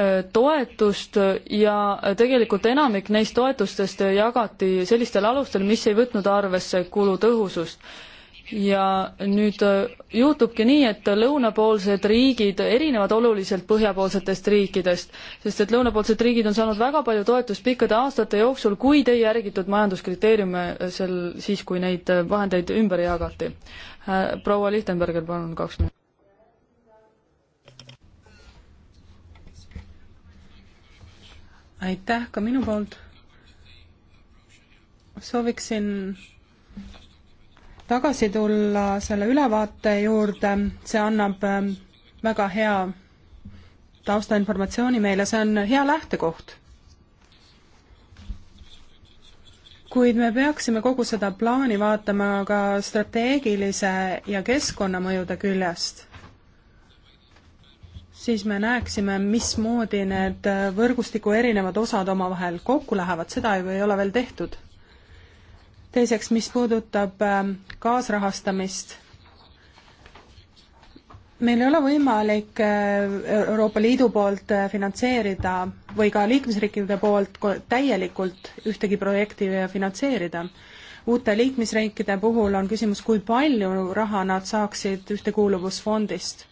Äh, toetust ja tegelikult enamik neist toetustest jagati sellistel alustel, mis ei võtnud arvesse kulutõhusust. ja nüüd äh, juhtubki nii, et lõunapoolsed riigid erinevad oluliselt põhjapoolsetest riikidest, sest et lõunapoolsed riigid on saanud väga palju toetust pikkade aastate jooksul, kuid ei järgitud majanduskriteeriume äh, sel, siis, kui neid vahendeid ümber jagati. proua Lichtenberger, palun kaks minutit aitäh ka minu poolt. sooviksin tagasi tulla selle ülevaate juurde, see annab ähm, väga hea taustainformatsiooni meile, see on hea lähtekoht. kuid me peaksime kogu seda plaani vaatama ka strateegilise ja keskkonnamõjude küljest siis me näeksime, mismoodi need võrgustiku erinevad osad omavahel kokku lähevad, seda ju ei ole veel tehtud. teiseks, mis puudutab ähm, kaasrahastamist, meil ei ole võimalik äh, Euroopa Liidu poolt äh, finantseerida või ka liikmesriikide poolt täielikult ühtegi projekti finantseerida. uute liikmesriikide puhul on küsimus, kui palju raha nad saaksid ühtekuuluvusfondist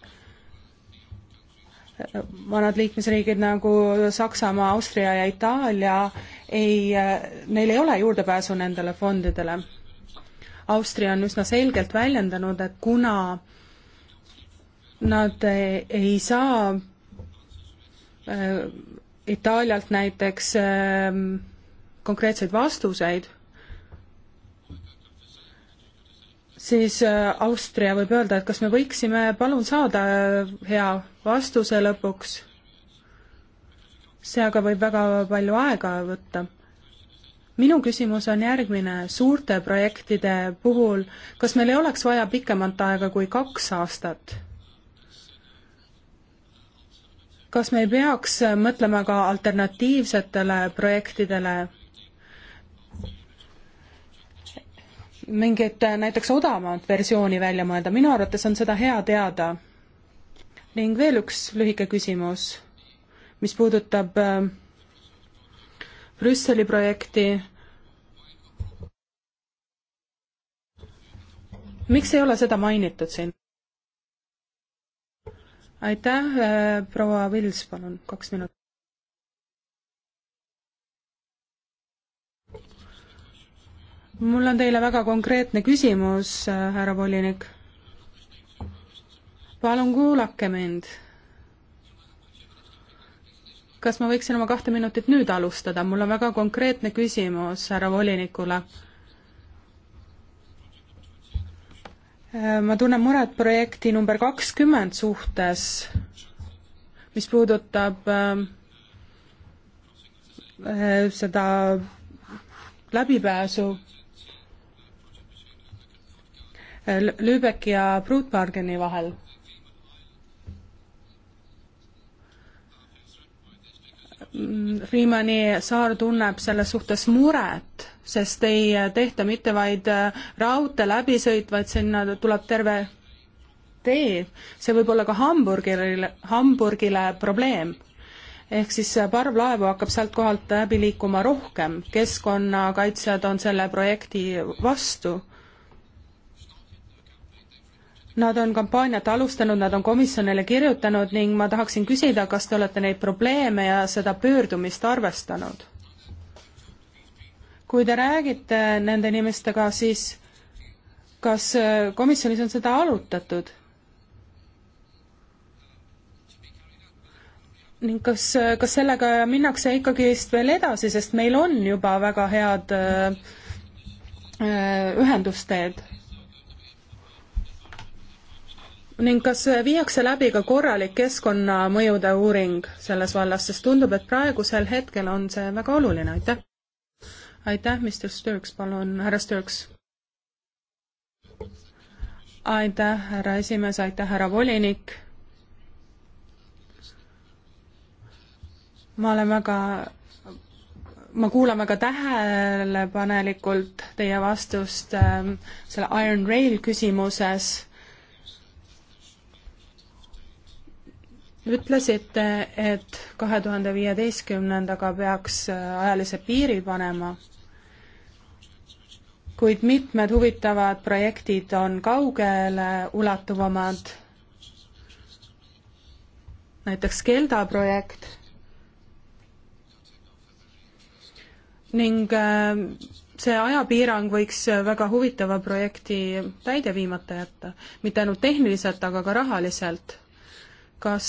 vanad liikmesriigid nagu Saksamaa, Austria ja Itaalia ei, neil ei ole juurdepääsu nendele fondidele. Austria on üsna selgelt väljendanud, et kuna nad ei saa äh, Itaalialt näiteks äh, konkreetseid vastuseid siis äh, Austria võib öelda, et kas me võiksime palun saada äh, hea vastuse lõpuks. see aga võib väga palju aega võtta. minu küsimus on järgmine, suurte projektide puhul, kas meil ei oleks vaja pikemat aega kui kaks aastat? kas me ei peaks äh, mõtlema ka alternatiivsetele projektidele mingit äh, näiteks odavamat versiooni välja mõelda, minu arvates on seda hea teada. ning veel üks lühike küsimus, mis puudutab äh, Brüsseli projekti. miks ei ole seda mainitud siin? aitäh, äh, proua Vils, palun, kaks minutit. mul on teile väga konkreetne küsimus, äh, härra volinik. palun kuulake mind. kas ma võiksin oma kahte minutit nüüd alustada, mul on väga konkreetne küsimus härra volinikule äh, ma tunnen muret projekti number kakskümmend suhtes, mis puudutab äh, äh seda läbipääsu. Lübecki ja Brutbargeni vahel. Riimani saar tunneb selles suhtes muret, sest ei tehta mitte vaid äh, raudtee läbisõit, vaid sinna tuleb terve tee. see võib olla ka Hamburgile, Hamburgile probleem. ehk siis äh, parvlaevu hakkab sealt kohalt läbi liikuma rohkem, keskkonnakaitsjad on selle projekti vastu Nad on kampaaniat alustanud, nad on komisjonile kirjutanud ning ma tahaksin küsida, kas te olete neid probleeme ja seda pöördumist arvestanud? kui te räägite nende inimestega, siis kas äh, komisjonis on seda arutatud? ning kas, äh, kas sellega minnakse ikkagist veel edasi, sest meil on juba väga head äh, äh ühendusteed ning kas viiakse läbi ka korralik keskkonnamõjude uuring selles vallas, sest tundub, et praegusel hetkel on see väga oluline, aitäh. aitäh, Mr Sturks, palun, härra Sturks. aitäh, härra esimees, aitäh, härra volinik. ma olen väga, ma kuulan väga tähelepanelikult teie vastust äh, selle Iron Rail küsimuses ütlesite, et kahe tuhande viieteistkümnendaga peaks äh, ajalise piiri panema, kuid mitmed huvitavad projektid on kaugele ulatuvamad, näiteks Kelda projekt ning äh, see ajapiirang võiks väga huvitava projekti täide viimata jätta, mitte ainult tehniliselt, aga ka rahaliselt. kas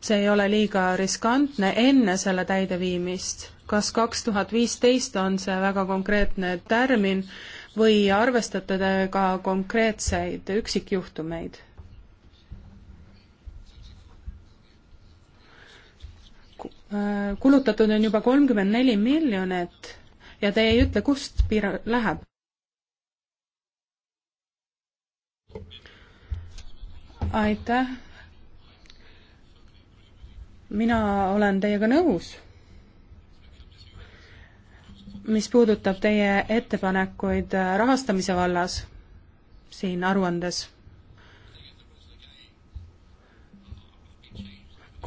see ei ole liiga riskantne enne selle täideviimist. kas kaks tuhat viisteist on see väga konkreetne tärmin või arvestate te ka konkreetseid üksikjuhtumeid? Äh, kulutatud on juba kolmkümmend neli miljonit ja te ei ütle, kust piir läheb? aitäh mina olen teiega nõus, mis puudutab teie ettepanekuid rahastamise vallas siin aruandes.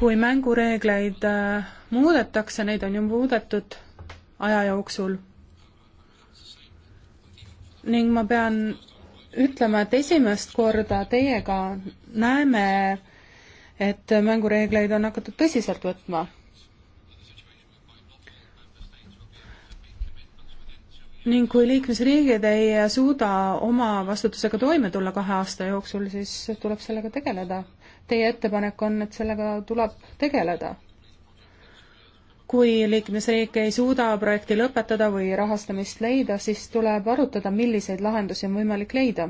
kui mängureegleid äh, muudetakse, neid on ju muudetud aja jooksul, ning ma pean ütlema, et esimest korda teiega näeme et mängureegleid on hakatud tõsiselt võtma. ning kui liikmesriigid ei suuda oma vastutusega toime tulla kahe aasta jooksul, siis tuleb sellega tegeleda. Teie ettepanek on, et sellega tuleb tegeleda. kui liikmesriik ei suuda projekti lõpetada või rahastamist leida, siis tuleb arutada, milliseid lahendusi on võimalik leida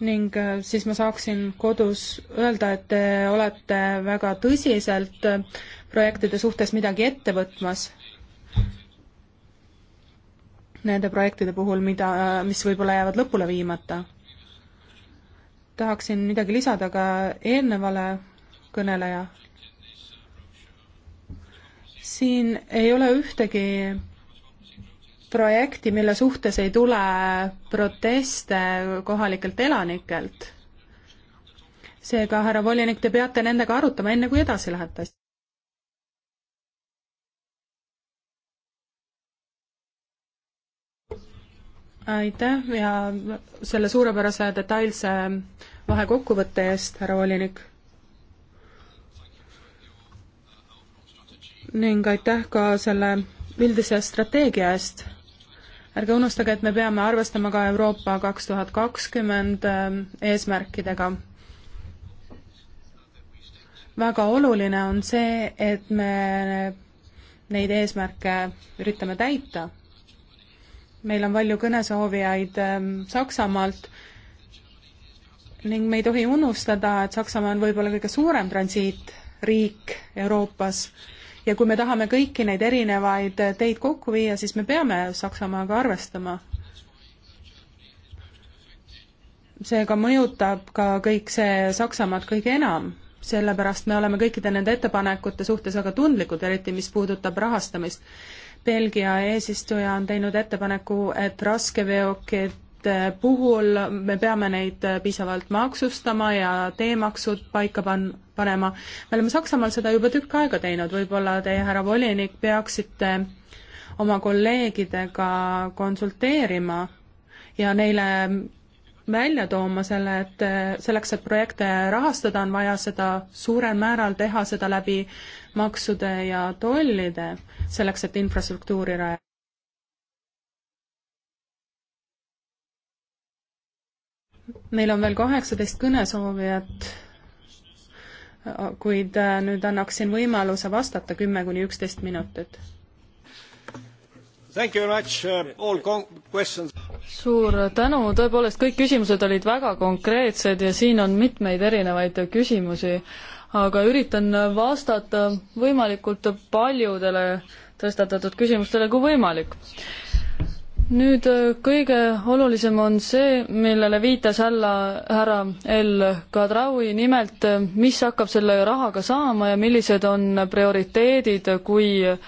ning äh, siis ma saaksin kodus öelda, et te olete väga tõsiselt äh, projektide suhtes midagi ette võtmas. Nende projektide puhul, mida, äh, mis võib-olla jäävad lõpule viimata. tahaksin midagi lisada ka eelnevale kõneleja. siin ei ole ühtegi projekti, mille suhtes ei tule proteste kohalikelt elanikelt. seega, härra volinik, te peate nendega arutama, enne kui edasi lähete. aitäh ja selle suurepärase detailse vahekokkuvõtte eest, härra volinik. ning aitäh ka selle üldise strateegia eest ärge unustage, et me peame arvestama ka Euroopa kaks tuhat kakskümmend äh, eesmärkidega. väga oluline on see, et me neid eesmärke üritame täita. meil on palju kõnesoovijaid ähm, Saksamaalt ning me ei tohi unustada, et Saksamaa on võib-olla kõige suurem transiitriik Euroopas ja kui me tahame kõiki neid erinevaid teid kokku viia, siis me peame Saksamaaga arvestama. seega mõjutab ka kõik see Saksamaad kõige enam, sellepärast me oleme kõikide nende ettepanekute suhtes väga tundlikud, eriti mis puudutab rahastamist. Belgia eesistuja on teinud ettepaneku, et raskeveokid puhul me peame neid äh, piisavalt maksustama ja teemaksud paika pan-, panema. me oleme Saksamaal seda juba tükk aega teinud, võib-olla teie, härra volinik, peaksite oma kolleegidega konsulteerima ja neile välja tooma selle, et äh, selleks, et projekte rahastada, on vaja seda suurel määral teha, seda läbi maksude ja tollide, selleks et infrastruktuuri rajada. meil on veel kaheksateist kõnesoovijat, kuid äh, nüüd annaksin võimaluse vastata kümme kuni üksteist minutit. Uh, suur tänu, tõepoolest kõik küsimused olid väga konkreetsed ja siin on mitmeid erinevaid küsimusi, aga üritan vastata võimalikult paljudele tõstatatud küsimustele kui võimalik nüüd äh, kõige olulisem on see, millele viitas alla härra El Kadraui, nimelt äh, mis hakkab selle rahaga saama ja millised on prioriteedid, kui äh,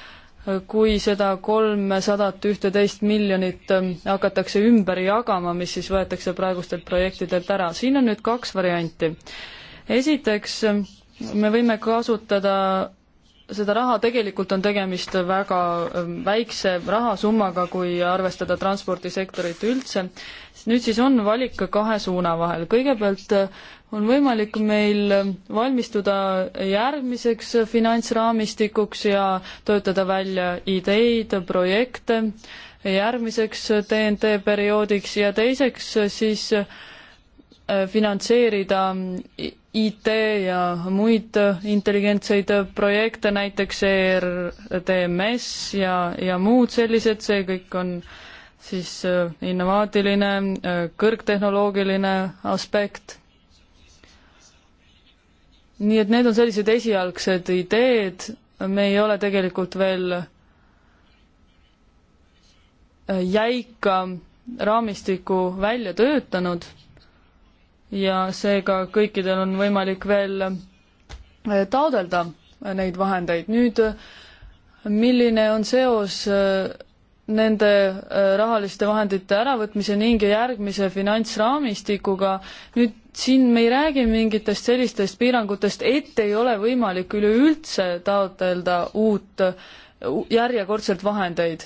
kui seda kolmesadat ühteteist miljonit hakatakse ümber jagama, mis siis võetakse praegustelt projektidelt ära. siin on nüüd kaks varianti. esiteks me võime kasutada seda raha tegelikult on tegemist väga ähm, väikse rahasummaga, kui arvestada transpordisektorit üldse. nüüd siis on valik kahe suuna vahel, kõigepealt äh, on võimalik meil äh, valmistuda järgmiseks finantsraamistikuks ja töötada välja ideid, projekte järgmiseks TNT perioodiks ja teiseks äh, siis Äh, finantseerida IT ja muid äh, intelligentseid äh, projekte, näiteks ERTMS ja, ja muud sellised, see kõik on siis innovaatiline, kõrgtehnoloogiline aspekt. nii et need on sellised esialgsed ideed, me ei ole tegelikult veel jäika raamistiku välja töötanud ja seega kõikidel on võimalik veel äh, taodelda neid vahendeid. nüüd äh, milline on seos äh, nende rahaliste vahendite äravõtmise ning järgmise finantsraamistikuga, nüüd siin me ei räägi mingitest sellistest piirangutest, et ei ole võimalik üleüldse taotleda uut, järjekordselt vahendeid.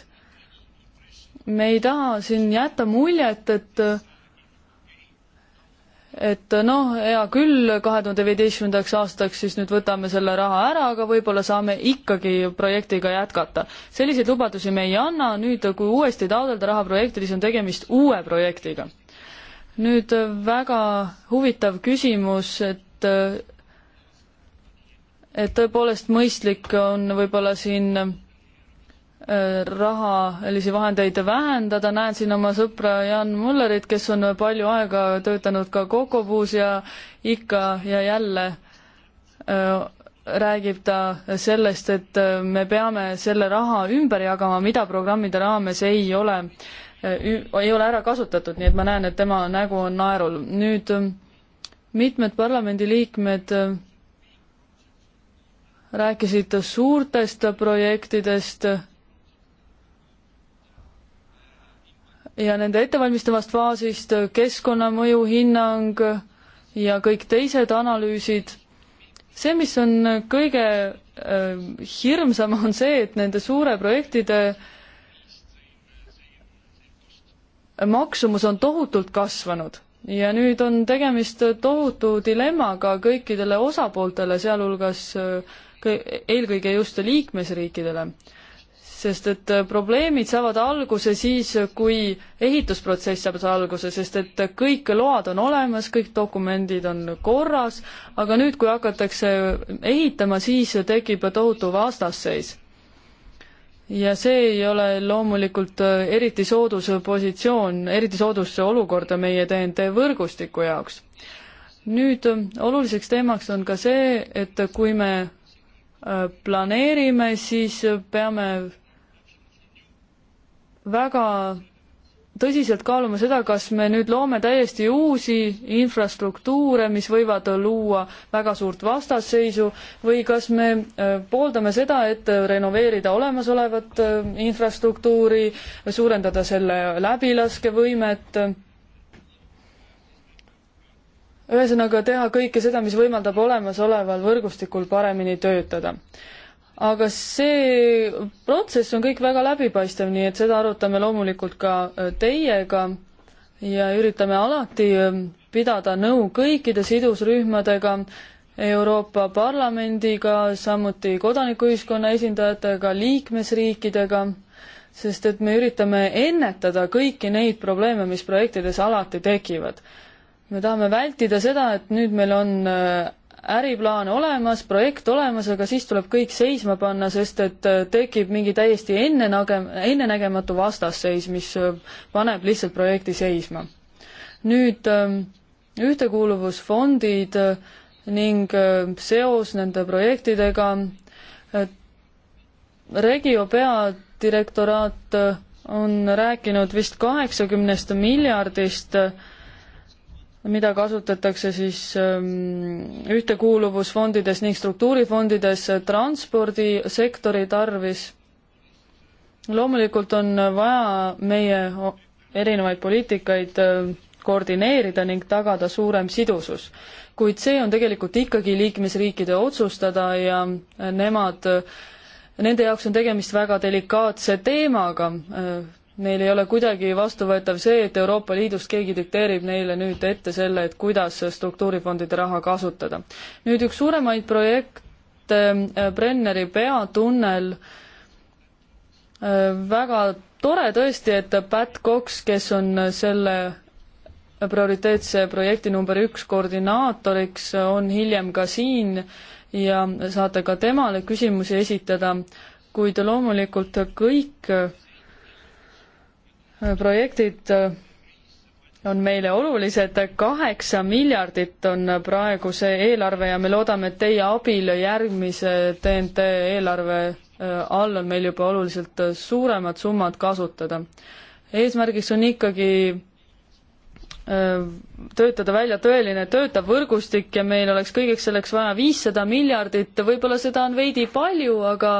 me ei taha siin jätta muljet, et et äh, noh, hea küll, kahe tuhande viieteistkümnendaks aastaks siis nüüd võtame selle raha ära, aga võib-olla saame ikkagi projektiga jätkata. selliseid lubadusi me ei anna, nüüd kui uuesti taotleda raha projekti, siis on tegemist uue projektiga. nüüd äh, väga huvitav küsimus, et äh, et tõepoolest mõistlik on võib-olla siin rahalisi vahendeid vähendada, näen siin oma sõpra Jan Mullerit, kes on palju aega töötanud ka Kokopuus ja ikka ja jälle räägib ta sellest, et me peame selle raha ümber jagama, mida programmide raames ei ole, ei ole ära kasutatud, nii et ma näen, et tema nägu on naerul. nüüd mitmed parlamendiliikmed rääkisid suurtest projektidest ja nende ettevalmistavast faasist keskkonnamõju hinnang ja kõik teised analüüsid. see, mis on kõige äh, hirmsam, on see, et nende suure projektide maksumus on tohutult kasvanud ja nüüd on tegemist tohutu dilemmaga kõikidele osapooltele, sealhulgas äh, eelkõige just liikmesriikidele sest et äh, probleemid saavad alguse siis, kui ehitusprotsess saab alguse, sest et äh, kõik load on olemas, kõik dokumendid on korras, aga nüüd, kui hakatakse äh, ehitama, siis tekib tohutu vastasseis. ja see ei ole loomulikult eriti soodus positsioon, eriti soodus olukord meie TNT võrgustiku jaoks. nüüd oluliseks teemaks on ka see, et kui me planeerime, siis peame väga tõsiselt kaaluma seda, kas me nüüd loome täiesti uusi infrastruktuure, mis võivad luua väga suurt vastasseisu või kas me äh, pooldame seda, et renoveerida olemasolevat äh, infrastruktuuri, suurendada selle läbilaskevõimet, äh, ühesõnaga teha kõike seda, mis võimaldab olemasoleval võrgustikul paremini töötada aga see protsess on kõik väga läbipaistev, nii et seda arutame loomulikult ka äh, teiega ja üritame alati äh, pidada nõu kõikide sidusrühmadega, Euroopa Parlamendiga, samuti kodanikuühiskonna esindajatega, liikmesriikidega, sest et me üritame ennetada kõiki neid probleeme, mis projektides alati tekivad. me tahame vältida seda, et nüüd meil on äh, äriplaan olemas, projekt olemas, aga siis tuleb kõik seisma panna, sest et äh, tekib mingi täiesti ennenäge-, ennenägematu vastasseis, mis äh, paneb lihtsalt projekti seisma. nüüd ähm, ühtekuuluvusfondid äh, ning seos nende projektidega, Regio peadirektoraat on rääkinud vist kaheksakümnest miljardist mida kasutatakse siis ähm, ühtekuuluvusfondides ning struktuurifondides äh, transpordisektori tarvis. loomulikult on vaja meie erinevaid poliitikaid äh, koordineerida ning tagada suurem sidusus. kuid see on tegelikult ikkagi liikmesriikide otsustada ja äh, nemad, nende jaoks on tegemist väga delikaatse teemaga neil ei ole kuidagi vastuvõetav see, et Euroopa Liidust keegi dikteerib neile nüüd ette selle, et kuidas struktuurifondide raha kasutada. nüüd üks suuremaid projekte, äh, Brenneri peatunnel, äh, väga tore tõesti, et Pat Cox, kes on selle prioriteetse projekti number üks koordinaatoriks, on hiljem ka siin ja saate ka temale küsimusi esitada, kuid loomulikult kõik projektid äh, on meile olulised, kaheksa miljardit on praegu see eelarve ja me loodame, et teie abil järgmise TNT eelarve äh, all on meil juba oluliselt äh, suuremad summad kasutada. eesmärgiks on ikkagi töötada välja tõeline töötav võrgustik ja meil oleks kõigeks selleks vaja viissada miljardit, võib-olla seda on veidi palju, aga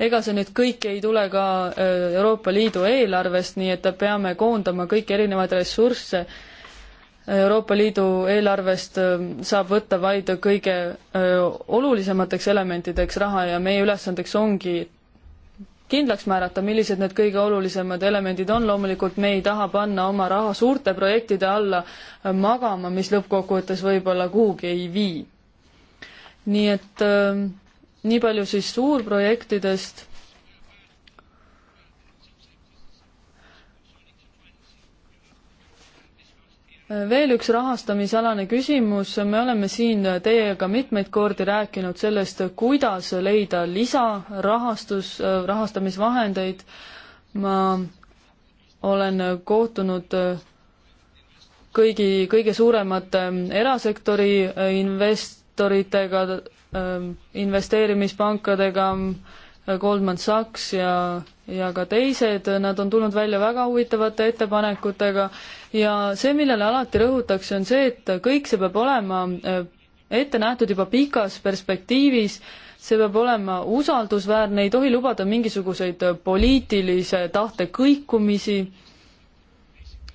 ega see nüüd kõik ei tule ka Euroopa Liidu eelarvest, nii et peame koondama kõiki erinevaid ressursse. Euroopa Liidu eelarvest saab võtta vaid kõige olulisemateks elementideks raha ja meie ülesandeks ongi kindlaks määrata, millised need kõige olulisemad elemendid on, loomulikult me ei taha panna oma raha suurte projektide alla magama, mis lõppkokkuvõttes võib-olla kuhugi ei vii. nii et äh, nii palju siis suurprojektidest veel üks rahastamisalane küsimus, me oleme siin teiega mitmeid kordi rääkinud sellest, kuidas leida lisarahastus, äh, rahastamisvahendeid. ma olen kohtunud äh, kõigi, kõige suuremate äh, erasektori investoritega, investeerimispankadega, Goldman Sachs ja ja ka teised, nad on tulnud välja väga huvitavate ettepanekutega ja see, millele alati rõhutakse, on see, et kõik see peab olema äh, ette nähtud juba pikas perspektiivis, see peab olema usaldusväärne, ei tohi lubada mingisuguseid äh, poliitilise tahte kõikumisi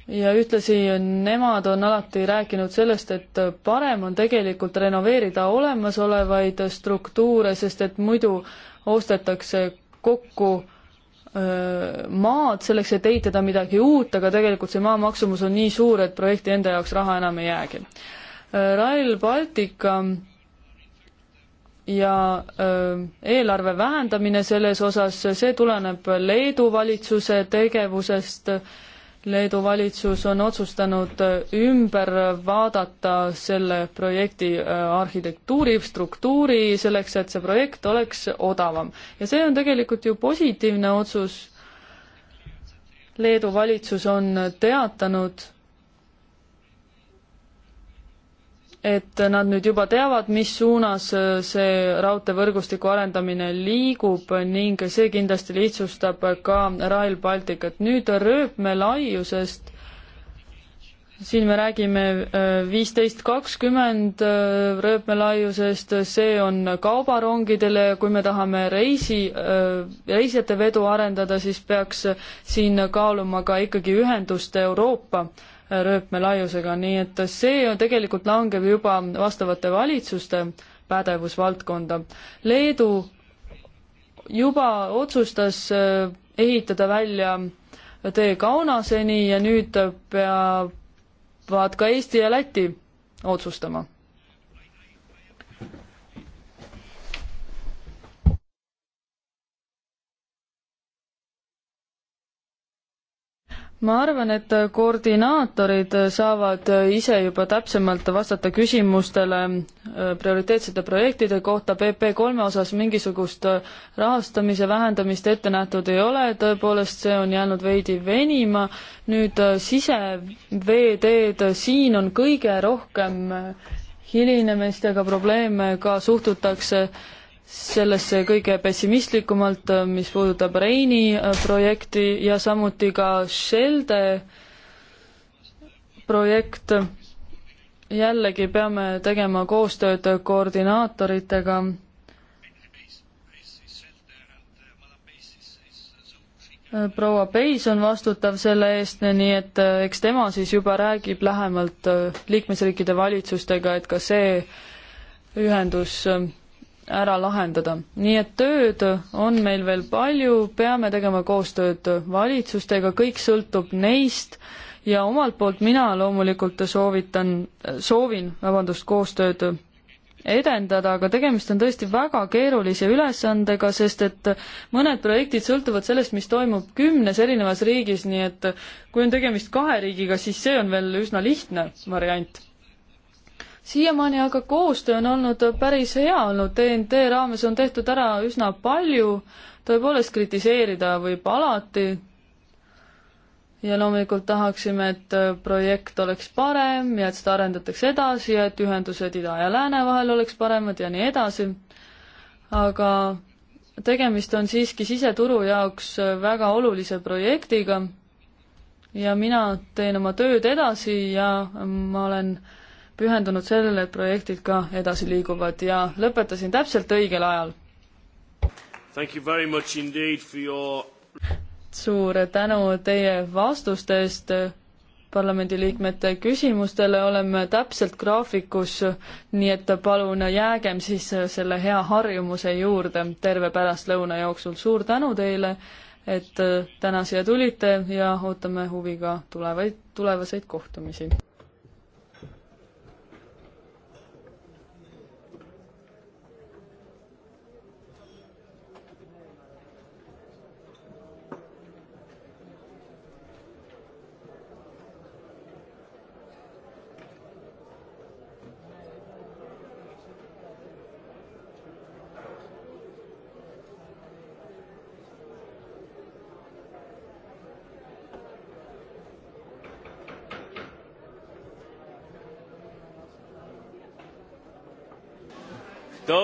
ja ühtlasi äh, nemad on alati rääkinud sellest, et parem on tegelikult renoveerida olemasolevaid struktuure, sest et muidu ostetakse kokku äh, maad selleks, et ehitada midagi uut, aga tegelikult see maa maksumus on nii suur, et projekti enda jaoks raha enam ei jäägi. Rail Baltica ja eelarve vähendamine selles osas, see tuleneb Leedu valitsuse tegevusest äh, Leedu valitsus on otsustanud ümber vaadata selle projekti äh, arhitektuuri, struktuuri, selleks et see projekt oleks odavam. ja see on tegelikult ju positiivne otsus. Leedu valitsus on teatanud et nad nüüd juba teavad, mis suunas äh, see raudteevõrgustiku arendamine liigub ning see kindlasti lihtsustab ka Rail Balticut. nüüd rööpmelaiusest, siin me räägime äh, viisteist kakskümmend äh, rööpmelaiusest, see on kaubarongidele ja kui me tahame reisi, reisijate vedu arendada, siis peaks siin kaaluma ka ikkagi ühendust Euroopa rööpmelaiusega, nii et see on tegelikult langeb juba vastavate valitsuste pädevusvaldkonda. Leedu juba otsustas äh, ehitada välja tee Kaunaseni ja nüüd peavad ka Eesti ja Läti otsustama ma arvan, et koordinaatorid saavad ise juba täpsemalt vastata küsimustele äh, prioriteetsete projektide kohta, PP kolme osas mingisugust äh, rahastamise vähendamist ette nähtud ei ole, tõepoolest see on jäänud veidi venima, nüüd äh, siseveeteed, siin on kõige rohkem hilinemistega probleeme, ka suhtutakse äh, sellesse kõige pessimistlikumalt, äh, mis puudutab Reini äh, projekti ja samuti ka Shelde projekt. jällegi peame tegema koostööd koordinaatoritega. Äh, proua Peis on vastutav selle eest, nii et eks tema siis juba räägib lähemalt liikmesriikide valitsustega, et ka see ühendus ära lahendada. nii et tööd on meil veel palju, peame tegema koostööd valitsustega, kõik sõltub neist ja omalt poolt mina loomulikult soovitan, soovin, vabandust, koostööd edendada, aga tegemist on tõesti väga keerulise ülesandega, sest et mõned projektid sõltuvad sellest, mis toimub kümnes erinevas riigis, nii et kui on tegemist kahe riigiga, siis see on veel üsna lihtne variant siiamaani aga koostöö on olnud päris hea olnud, TNT raames on tehtud ära üsna palju, tõepoolest kritiseerida võib alati, ja loomulikult tahaksime, et projekt oleks parem ja et seda arendatakse edasi ja et ühendused ida ja lääne vahel oleks paremad ja nii edasi. aga tegemist on siiski siseturu jaoks väga olulise projektiga ja mina teen oma tööd edasi ja ma olen äh, pühendunud sellele, et projektid ka edasi liiguvad ja lõpetasin täpselt õigel ajal. Your... suur tänu teie vastuste eest parlamendiliikmete küsimustele, oleme täpselt graafikus, nii et palun jäägem siis selle hea harjumuse juurde terve pärastlõuna jooksul. suur tänu teile, et täna siia tulite ja ootame huviga tulevaid, tulevaseid kohtumisi.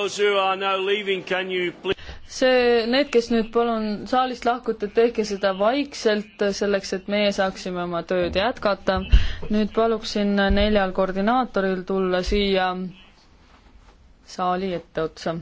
see, need, kes nüüd palun saalist lahkute, tehke seda vaikselt, selleks et meie saaksime oma tööd jätkata. nüüd paluksin neljal koordinaatoril tulla siia saali etteotsa.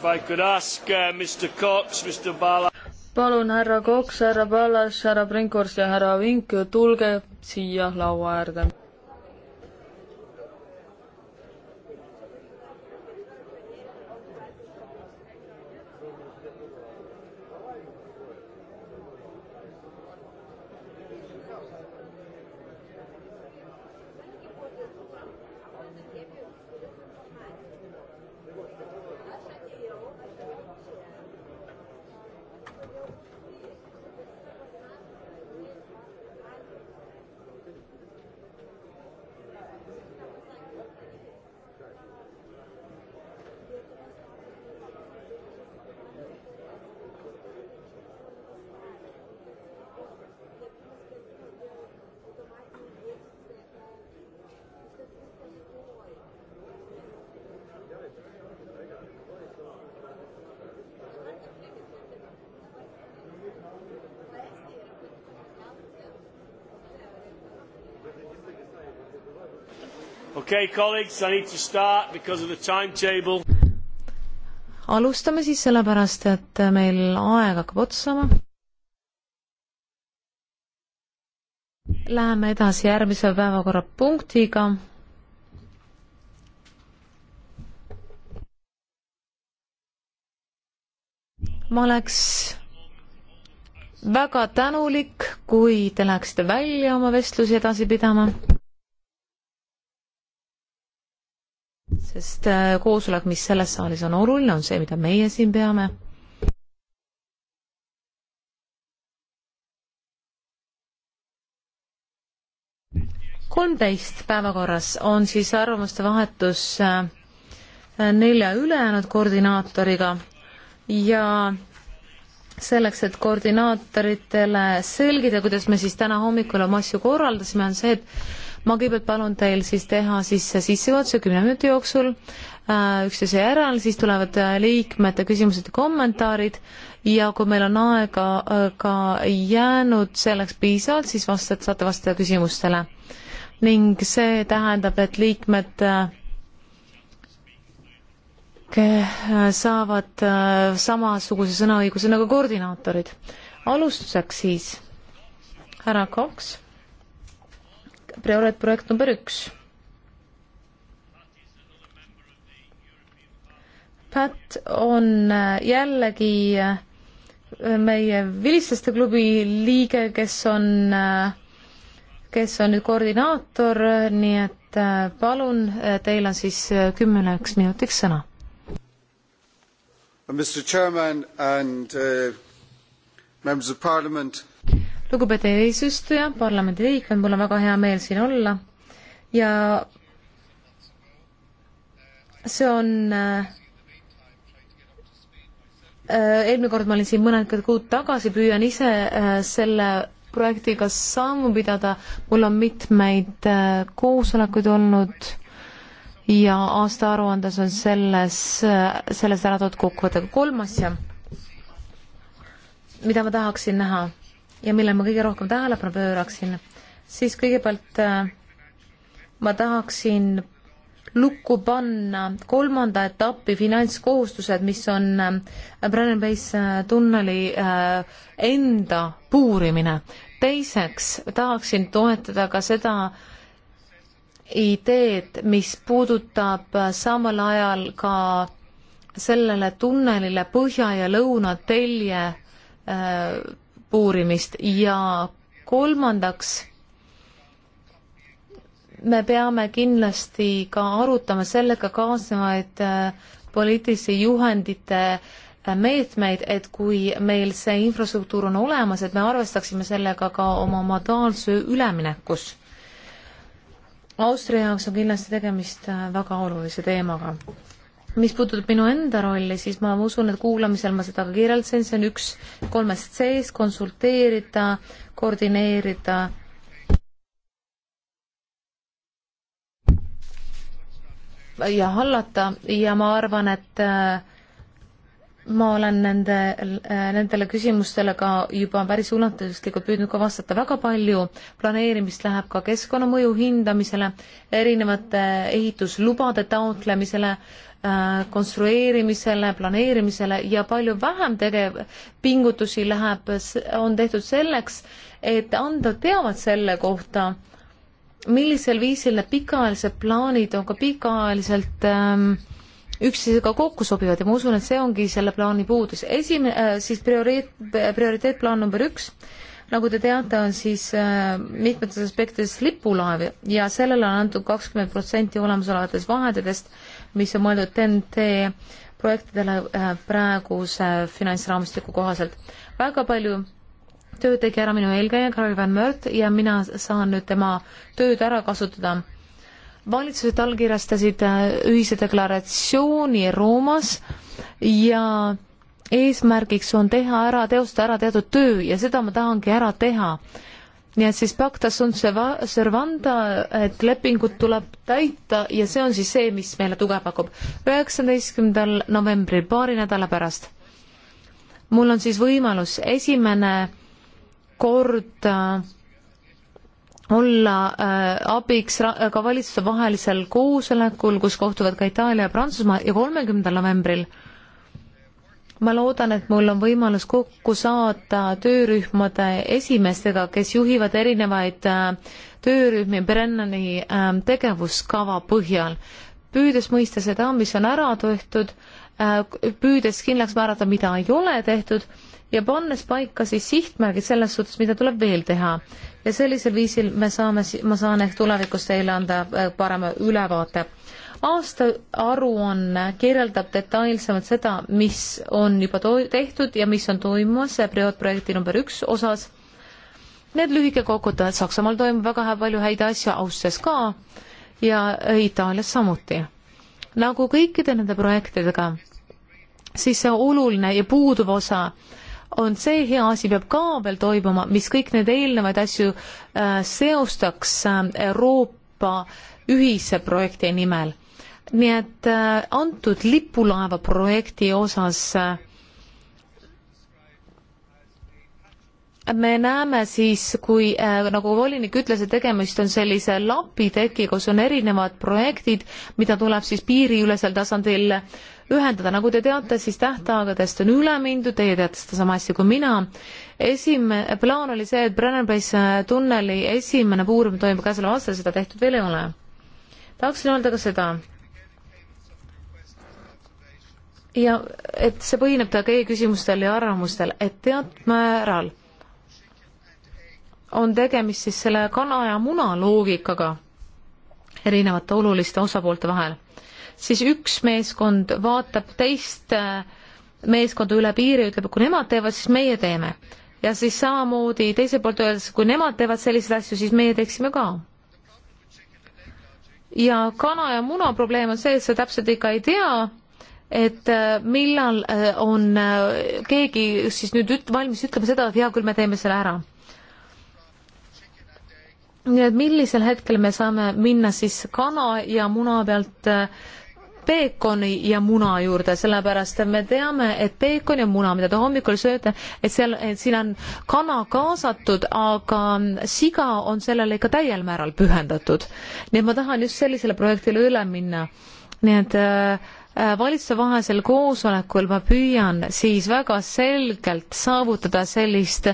If I could ask uh, Mr Cox, Mr Bala. palun, härra Cox, härra Ballas, härra Brinkhorst ja härra Vink, tulge siia laua äärde Okay, colleagues, I need to start because of the timetable. alustame siis sellepärast, et meil aeg hakkab otsa saama. Läheme edasi järgmise päevakorrapunktiga ma oleks väga tänulik, kui te läheksite välja oma vestlusi edasi pidama. sest äh, koosolek, mis selles saalis on oluline, on see, mida meie siin peame. kolmteist päevakorras on siis arvamuste vahetus äh, nelja ülejäänud koordinaatoriga ja selleks, et koordinaatoritele selgida, kuidas me siis täna hommikul oma asju korraldasime, on see, et ma kõigepealt palun teil siis teha sisse sissejuhatuse kümne minuti jooksul äh, üksteise järel, siis tulevad äh, liikmete küsimused ja kommentaarid ja kui meil on aega äh, ka jäänud selleks piisavalt, siis vastad, saate vastata küsimustele. ning see tähendab, et liikmed saavad samasuguse sõnaõiguse nagu koordinaatorid. alustuseks siis härra Koks Prioret projekt number üks. Pat on äh, jällegi äh, meie vilistlaste klubi liige, kes on, äh, kes on nüüd koordinaator, nii et palun, teil on siis kümneks minutiks sõna. Mr Chairman and uh, members of parliament lugupeetud eesistuja, parlamendi liikmed, mul on väga hea meel siin olla ja see on äh, eelmine kord ma olin siin mõned kuud tagasi, püüan ise äh, selle projektiga sammu pidada, mul on mitmeid äh, koosolekuid olnud ja aastaaruandes on selles äh,, selles ära toodud kokkuvõte. kolm asja, mida ma tahaksin näha ja millele ma kõige rohkem tähelepanu pööraksin, siis kõigepealt äh, ma tahaksin lukku panna kolmanda etappi finantskohustused, mis on äh, Brennan Base äh, tunneli enda puurimine. teiseks tahaksin toetada ka seda, ideed, mis puudutab samal ajal ka sellele tunnelile põhja ja lõuna telje puurimist ja kolmandaks me peame kindlasti ka arutama sellega kaasnevaid äh, poliitilisi juhendite äh, meetmeid, et kui meil see infrastruktuur on olemas, et me arvestaksime sellega ka oma modaalse üleminekus. Austria jaoks on kindlasti tegemist äh, väga olulise teemaga mis puudutab minu enda rolli, siis ma usun, et kuulamisel ma seda ka kirjeldasin, see on üks kolmest sees, konsulteerida, koordineerida. ja hallata ja ma arvan, et äh, ma olen nende, äh, nendele küsimustele ka juba päris ulatuslikult püüdnud ka vastata. väga palju planeerimist läheb ka keskkonnamõju hindamisele, erinevate ehituslubade taotlemisele äh,, Äh, konstrueerimisele, planeerimisele ja palju vähem tegev, pingutusi läheb, on tehtud selleks, et anda teavet selle kohta, millisel viisil need pikaajalised plaanid on ka pikaajaliselt ähm, üksteisega kokku sobivad ja ma usun, et see ongi selle plaani puudus. esimene äh,, siis prioriteet, prioriteetplaan number üks, nagu te teate, on siis äh, mitmetes aspektides lipulaev ja sellele on antud kakskümmend protsenti olemasolevatest vahenditest äh, mis on mõeldud TNT projektidele äh, praeguse äh, finantsraamistiku kohaselt. väga palju tööd tegi ära minu eelkäija Karel Van Mört ja mina saan nüüd tema tööd ära kasutada. valitsused allkirjastasid äh, ühise deklaratsiooni Roomas ja eesmärgiks on teha ära, teostada ära teatud töö ja seda ma tahangi ära teha nii et siis pacta sunt servanda, et lepingut tuleb täita ja see on siis see, mis meile tuge pakub. üheksateistkümnendal novembril, paari nädala pärast. mul on siis võimalus esimene kord äh, olla äh, abiks äh, ka valitsustevahelisel koosolekul, kus kohtuvad ka Itaalia ja Prantsusmaa ja kolmekümnendal novembril äh, ma loodan, et mul on võimalus kokku saada töörühmade esimeestega, kes juhivad erinevaid äh, töörühmi Brennani äh, tegevuskava põhjal, püüdes mõista seda, mis on ära tehtud, äh, püüdes kindlaks määrata, mida ei ole tehtud ja pannes paika siis sihtmärgid selles suhtes, mida tuleb veel teha. ja sellisel viisil me saame, ma saan ehk tulevikus teile anda parema ülevaate aastaaruanne kirjeldab detailsemalt seda, mis on juba tehtud ja mis on toimumas perioodprojekti number üks osas. Need lühike kokkuvõtted, Saksamaal toimub väga palju häid asju, Austrias ka ja Itaalias samuti. nagu kõikide nende projektidega, siis see oluline ja puuduv osa on see hea asi peab ka veel toimuma, mis kõik need eelnevaid asju äh, seostaks äh, Euroopa ühise projekti nimel nii et äh, antud lipulaeva projekti osas äh, me näeme siis, kui äh, nagu volinik ütles, et tegemist on sellise lapiteki, kus on erinevad projektid, mida tuleb siis piiriülesel tasandil ühendada, nagu te teate, siis tähtaegadest on üle mindud, teie teate seda sama asja kui mina. esimene plaan oli see, et Brennanbase äh, tunneli esimene puurimine toimub käesoleval aastal, seda tehtud veel ei ole. tahaksin öelda ka seda, ja et see põhineb ta teie küsimustel ja arvamustel, et teatud määral on tegemist siis selle kana ja muna loogikaga erinevate oluliste osapoolte vahel, siis üks meeskond vaatab teist äh, meeskonda üle piiri, ütleb, kui nemad teevad, siis meie teeme. ja siis samamoodi teiselt poolt öeldes, kui nemad teevad selliseid asju, siis meie teeksime ka ja kana ja muna probleem on see, et sa täpselt ikka ei tea, et äh, millal äh, on äh, keegi siis nüüd üt-, valmis ütlema seda, et hea küll, me teeme selle ära. nii et millisel hetkel me saame minna siis kana ja muna pealt peekoni ja muna juurde, sellepärast et me teame, et peekon ja muna, mida te hommikul sööte, et seal, et siin on kana kaasatud, aga mm, siga on sellele ikka täiel määral pühendatud. nii et ma tahan just sellisele projektile üle minna. nii et äh, Äh, valitsusevahelisel koosolekul ma püüan siis väga selgelt saavutada sellist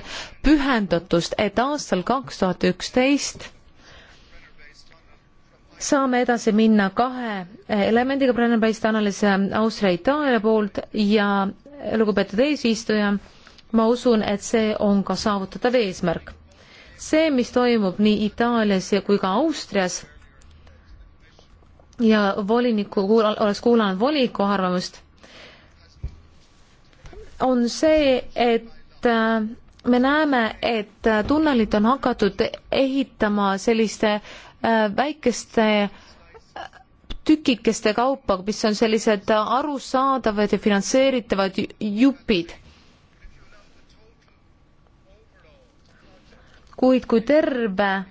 pühendatust, et aastal kaks tuhat üksteist saame edasi minna kahe elemendiga Brenner-Based analüüse äh, Austria-Itaalia poolt ja äh, lugupeetud eesistuja, ma usun, et see on ka saavutatav eesmärk. see, mis toimub nii Itaalias kui ka Austrias ja voliniku kuul-, olles kuulanud voliniku arvamust, on see, et äh, me näeme, et äh, tunnelit on hakatud ehitama selliste äh, väikeste tükikeste kaupa, mis on sellised arusaadavad ja finantseeritavad jupid. kuid kui terve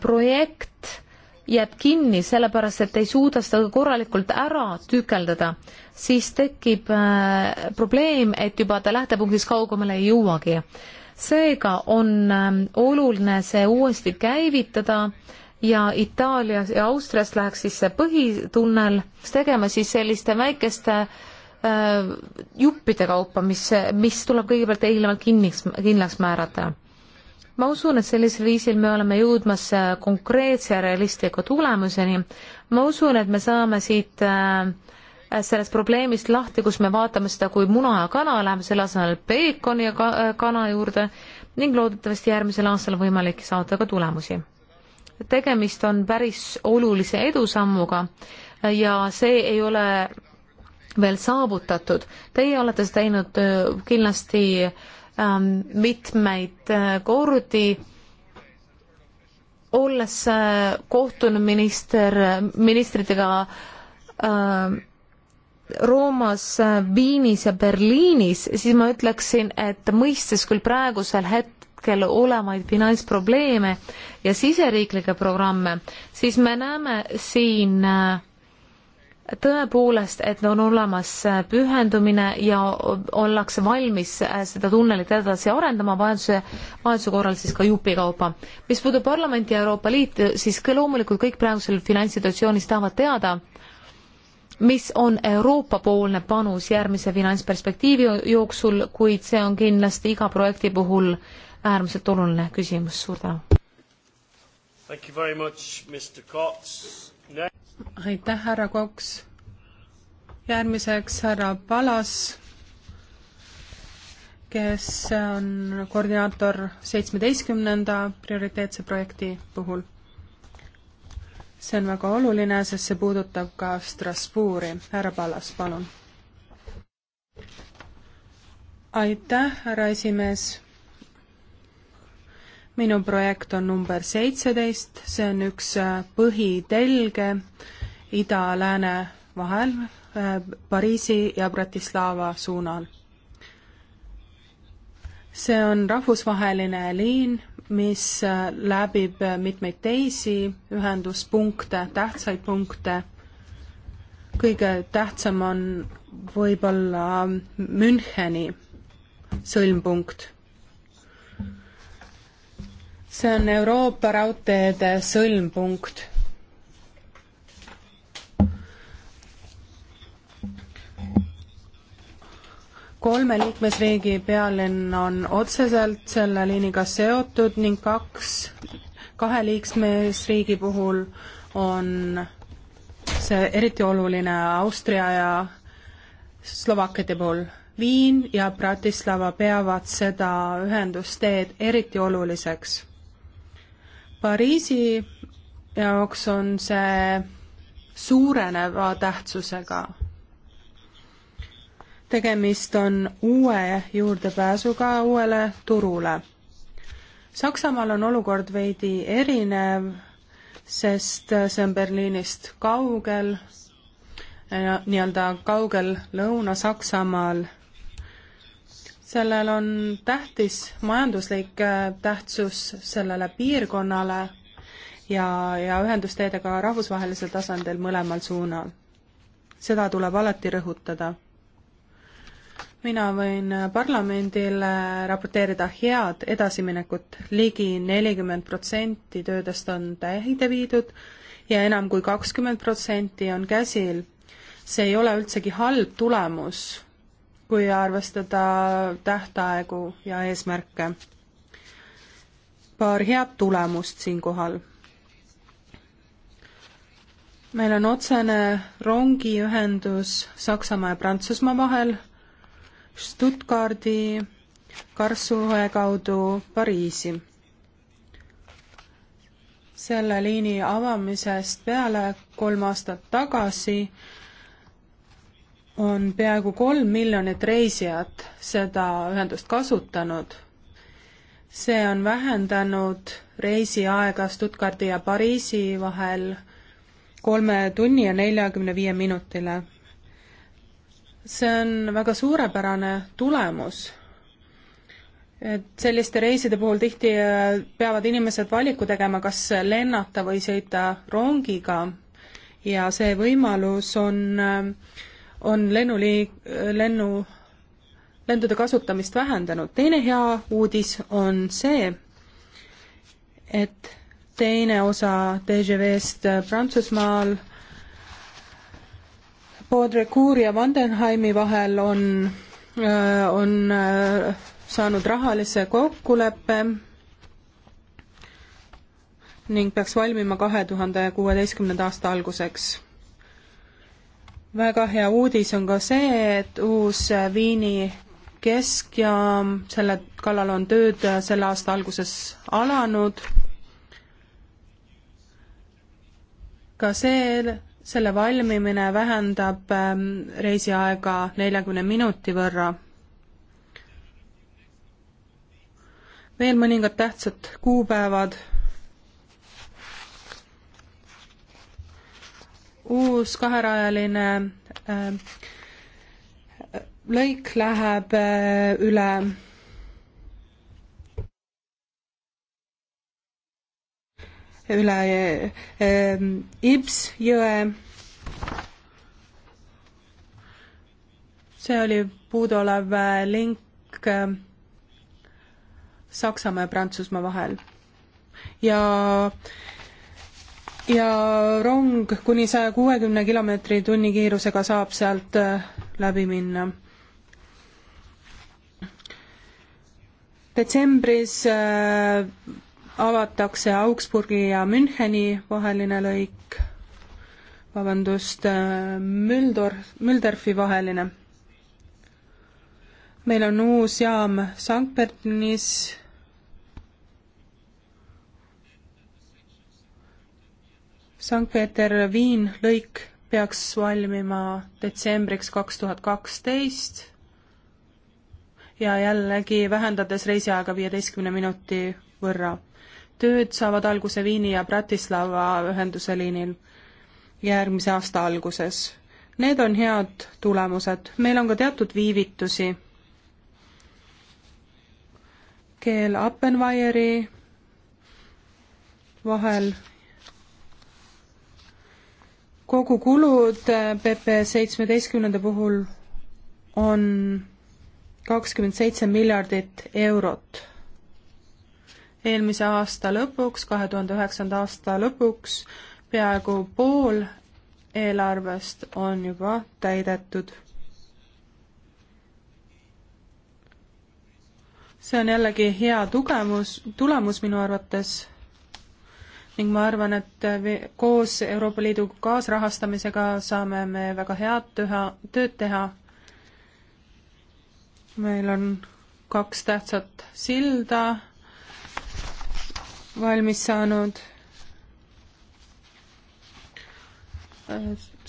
projekt jääb kinni, sellepärast et ei suuda seda korralikult ära tükeldada, siis tekib äh, probleem, et juba ta lähtepunktist kaugemale ei jõuagi. seega on äh, oluline see uuesti käivitada ja Itaalias ja Austrias läheks siis see põhitunnel tegema siis selliste väikeste äh, juppide kaupa, mis, mis tuleb kõigepealt eelnevalt kinniks, kindlaks määrata ma usun, et sellisel viisil me oleme jõudmas äh, konkreetse ja realistliku tulemuseni. ma usun, et me saame siit äh, sellest probleemist lahti, kus me vaatame seda kui muna ja kana, läheme selle asemel peekoni ja ka, äh, kana juurde ning loodetavasti järgmisel aastal võimalik saada ka tulemusi. tegemist on päris olulise edusammuga ja see ei ole veel saavutatud. Teie olete seda teinud äh, kindlasti äh, Ähm, mitmeid äh, kordi olles äh, kohtunud minister, ministritega ähm, äh, Roomas, Viinis ja Berliinis, siis ma ütleksin, et mõistes küll praegusel hetkel olemaid finantsprobleeme ja siseriiklikke programme, siis me näeme siin äh, tõepoolest, et on olemas pühendumine ja ollakse valmis äh, seda tunnelit edasi arendama vajaduse, vajaduse korral siis ka jupikaupa. mis puudub parlamenti ja Euroopa Liitu, siis ka loomulikult kõik praegusel finantssituatsioonis tahavad teada, mis on Euroopa-poolne panus järgmise finantsperspektiivi jooksul, kuid see on kindlasti iga projekti puhul äärmiselt oluline küsimus, suur tänu aitäh, härra Koks. järgmiseks härra Palas, kes on koordinaator seitsmeteistkümnenda prioriteetse projekti puhul. see on väga oluline, sest see puudutab ka Strasbourgi. härra Palas, palun. aitäh, härra esimees minu projekt on number seitseteist, see on üks äh, põhitelge ida-lääne vahel äh, Pariisi ja Bratislava suunal. see on rahvusvaheline liin, mis äh, läbib mitmeid teisi ühenduspunkte, tähtsaid punkte. kõige tähtsam on võib-olla Müncheni sõlmpunkt see on Euroopa raudteede sõlmpunkt. kolme liikmesriigi pealinn on otseselt selle liiniga seotud ning kaks, kahe liikmesriigi puhul on see eriti oluline Austria ja Slovakkia puhul Viin ja Bratislava peavad seda ühendusteed eriti oluliseks. Pariisi jaoks on see suureneva tähtsusega. tegemist on uue juurdepääsuga uuele turule. Saksamaal on olukord veidi erinev, sest see on Berliinist kaugel, nii-öelda kaugel Lõuna-Saksamaal sellel on tähtis majanduslik äh, tähtsus sellele piirkonnale ja, ja ühendusteedega rahvusvahelisel tasandil mõlemal suunal. seda tuleb alati rõhutada. mina võin parlamendile raporteerida head edasiminekut ligi, ligi nelikümmend protsenti töödest on täide viidud ja enam kui kakskümmend protsenti on käsil. see ei ole üldsegi halb tulemus kui arvestada tähtaegu ja eesmärke. paar head tulemust siinkohal. meil on otsene rongiühendus Saksamaa ja Prantsusmaa vahel Stuttgardi Karlsruhe kaudu Pariisi. selle liini avamisest peale kolm aastat tagasi on peaaegu kolm miljonit reisijat seda ühendust kasutanud. see on vähendanud reisiaega Stuttgardi ja Pariisi vahel kolme tunni ja neljakümne viie minutile. see on väga suurepärane tulemus. et selliste reiside puhul tihti äh, peavad inimesed valiku tegema, kas lennata või sõita rongiga ja see võimalus on äh, on lennuliik-, lennu, lendude kasutamist vähendanud. teine hea uudis on see, et teine osa DGV-st Prantsusmaal Baudricourt ja Vandenheimi vahel on, on saanud rahalise kokkuleppe ning peaks valmima kahe tuhande kuueteistkümnenda aasta alguseks väga hea uudis on ka see, et uus Viini keskjaam, selle kallal on tööd selle aasta alguses alanud. ka see, selle valmimine vähendab ähm, reisiaega neljakümne minuti võrra. veel mõningad tähtsad kuupäevad uus kaherajaline äh, lõik läheb äh, üle üle äh, Ibs jõe. see oli puuduolev link Saksamaa ja Prantsusmaa vahel ja ja rong kuni saja kuuekümne kilomeetri tunni kiirusega saab sealt äh, läbi minna. detsembris äh, avatakse Augsburgi ja Müncheni vaheline lõik, vabandust, äh, Müldor, Müldorfi vaheline. meil on uus jaam Sankt-Pärnis Sankt-Peeter-Viin lõik peaks valmima detsembriks kaks tuhat kaksteist ja jällegi vähendades reisiaega viieteistkümne minuti võrra. tööd saavad alguse Viini ja Bratislava ühenduse liinil järgmise aasta alguses. Need on head tulemused, meil on ka teatud viivitusi. keel Appenweieri vahel kogukulud PP äh, seitsmeteistkümnenda puhul on kakskümmend seitse miljardit eurot. eelmise aasta lõpuks, kahe tuhande üheksanda aasta lõpuks peaaegu pool eelarvest on juba täidetud. see on jällegi hea tugevus, tulemus minu arvates ning ma arvan, et koos Euroopa Liidu kaasrahastamisega saame me väga head tüha, tööd teha. meil on kaks tähtsat silda valmis saanud.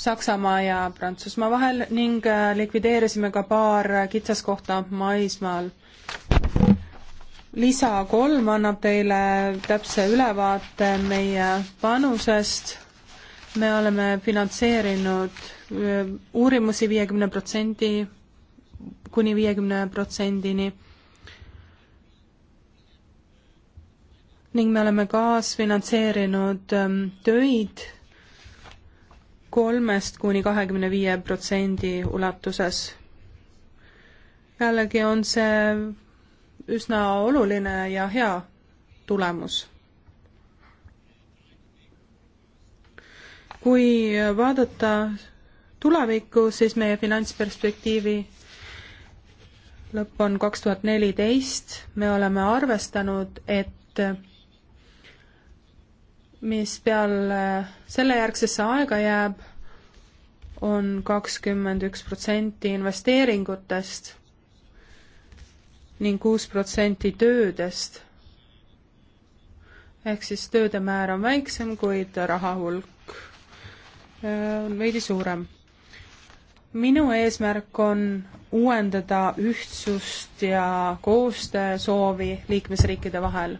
Saksamaa ja Prantsusmaa vahel ning äh, likvideerisime ka paar kitsaskohta maismaal lisa kolm annab teile täpse ülevaate meie panusest. me oleme finantseerinud äh, uurimusi viiekümne protsendi, kuni viiekümne protsendini. ning me oleme kaasfinantseerinud ähm, töid kolmest kuni kahekümne viie protsendi ulatuses. jällegi on see üsna oluline ja hea tulemus. kui vaadata tulevikku, siis meie finantsperspektiivi lõpp on kaks tuhat neliteist, me oleme arvestanud, et mis peale sellejärgsesse aega jääb on, on kakskümmend üks protsenti investeeringutest ning kuus protsenti töödest. ehk siis tööde määr on väiksem, kuid raha hulk äh, on veidi suurem. minu eesmärk on uuendada ühtsust ja koostöösoovi liikmesriikide vahel.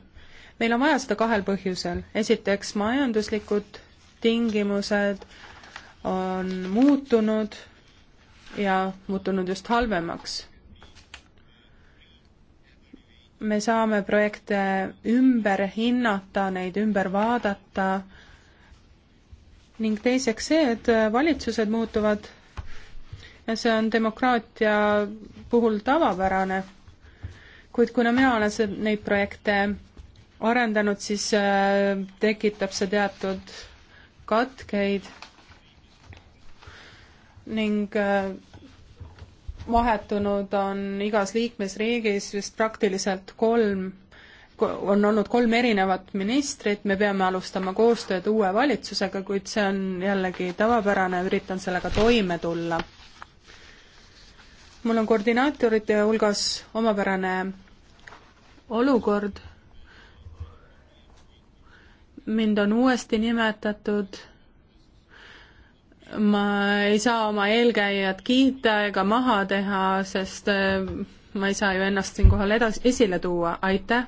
meil on vaja seda kahel põhjusel. esiteks majanduslikud tingimused on muutunud ja muutunud just halvemaks me saame projekte ümber hinnata, neid ümber vaadata ning teiseks see, et valitsused muutuvad ja see on demokraatia puhul tavapärane. kuid kuna mina olen see, neid projekte arendanud, siis äh, tekitab see teatud katkeid ning äh, vahetunud on igas liikmesriigis vist praktiliselt kolm, on olnud kolm erinevat ministrit, me peame alustama koostööd uue valitsusega, kuid see on jällegi tavapärane, üritan sellega toime tulla. mul on koordinaatorite hulgas omapärane olukord, mind on uuesti nimetatud ma ei saa oma eelkäijat kiita ega maha teha, sest äh, ma ei saa ju ennast siinkohal edas-, esile tuua, aitäh!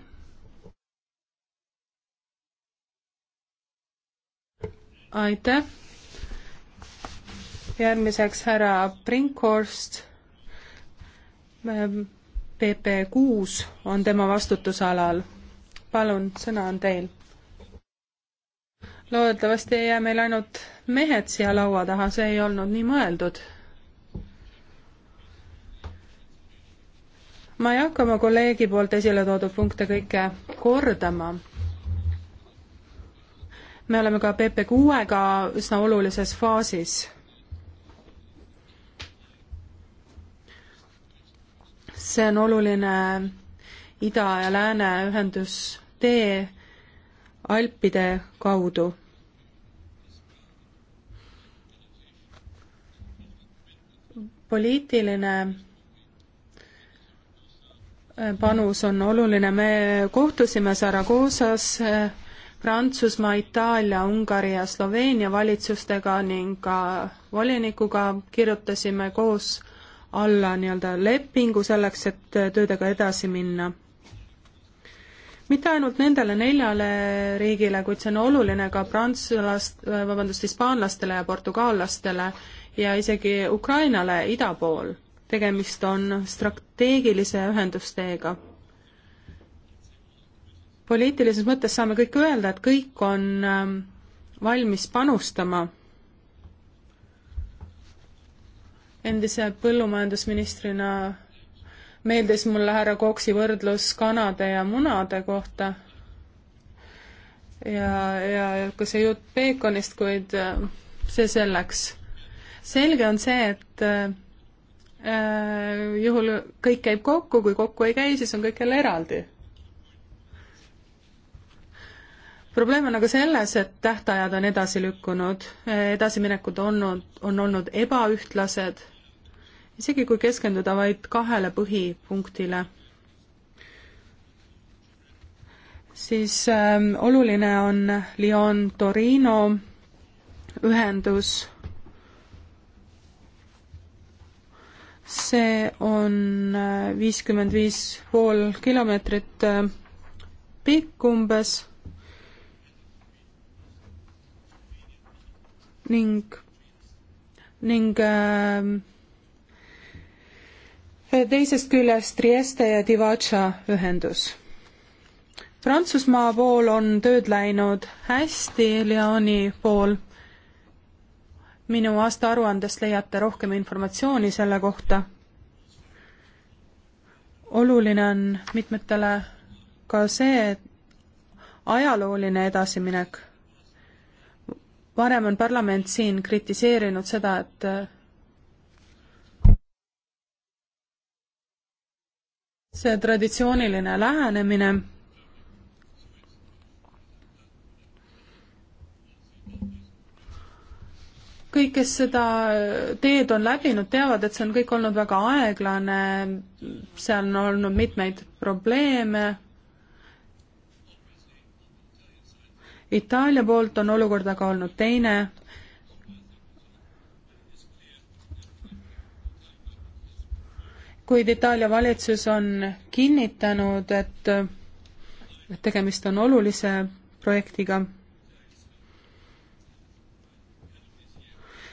aitäh! järgmiseks härra Brinkhorst, PP äh, kuus on tema vastutusalal. palun, sõna on teil loodetavasti ei jää meil ainult mehed siia laua taha, see ei olnud nii mõeldud. ma ei hakka oma kolleegi poolt esile toodud punkte kõike kordama. me oleme ka PP6-ga üsna olulises faasis. see on oluline ida ja lääne ühendustee Alpide kaudu poliitiline äh, panus on oluline, me kohtusime Saragoosas äh, Prantsusmaa, Itaalia, Ungari ja Sloveenia valitsustega ning ka volinikuga kirjutasime koos alla nii-öelda lepingu selleks, et äh, töödega edasi minna. mitte ainult nendele neljale riigile, kuid see on oluline ka prantslast, vabandust, hispaanlastele ja portugaallastele, ja isegi Ukrainale ida pool. tegemist on strateegilise ühendusteega. poliitilises mõttes saame kõik öelda, et kõik on ähm, valmis panustama endise põllumajandusministrina meeldis mulle härra Kooksi võrdlus kanade ja munade kohta. ja, ja ka see jutt peekonist, kuid äh, see selleks selge on see, et äh, äh, juhul kõik käib kokku, kui kokku ei käi, siis on kõik jälle eraldi. probleem on aga selles, et tähtajad on edasi lükkunud, edasiminekud on olnud, on olnud ebaühtlased, isegi kui keskenduda vaid kahele põhipunktile siis äh, oluline on Lyon-Torino ühendus see on äh, viiskümmend viis pool kilomeetrit äh, pikk umbes ning, ning äh, teisest küljest Trieste ja Divača ühendus. Prantsusmaa pool on tööd läinud hästi, Lyoni pool minu aastaaruandest leiate rohkem informatsiooni selle kohta. oluline on mitmetele ka see ajalooline edasiminek. varem on parlament siin kritiseerinud seda, et see traditsiooniline lähenemine kõik, kes seda teed on läbinud, teavad, et see on kõik olnud väga aeglane, seal on olnud mitmeid probleeme. Itaalia poolt on olukord aga olnud teine. kuid Itaalia valitsus on kinnitanud, et, et tegemist on olulise projektiga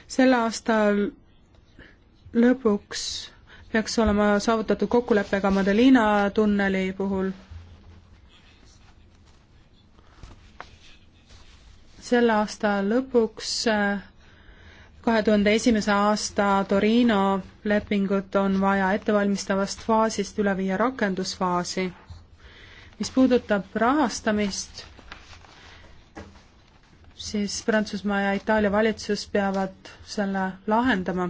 selle aasta lõpuks peaks olema saavutatud kokkulepe ka Madeliina tunneli puhul. selle aasta lõpuks eh, kahe tuhande esimese aasta Torino lepingut on vaja ettevalmistavast faasist üle viia rakendusfaasi. mis puudutab rahastamist, siis Prantsusmaa ja Itaalia valitsus peavad selle lahendama.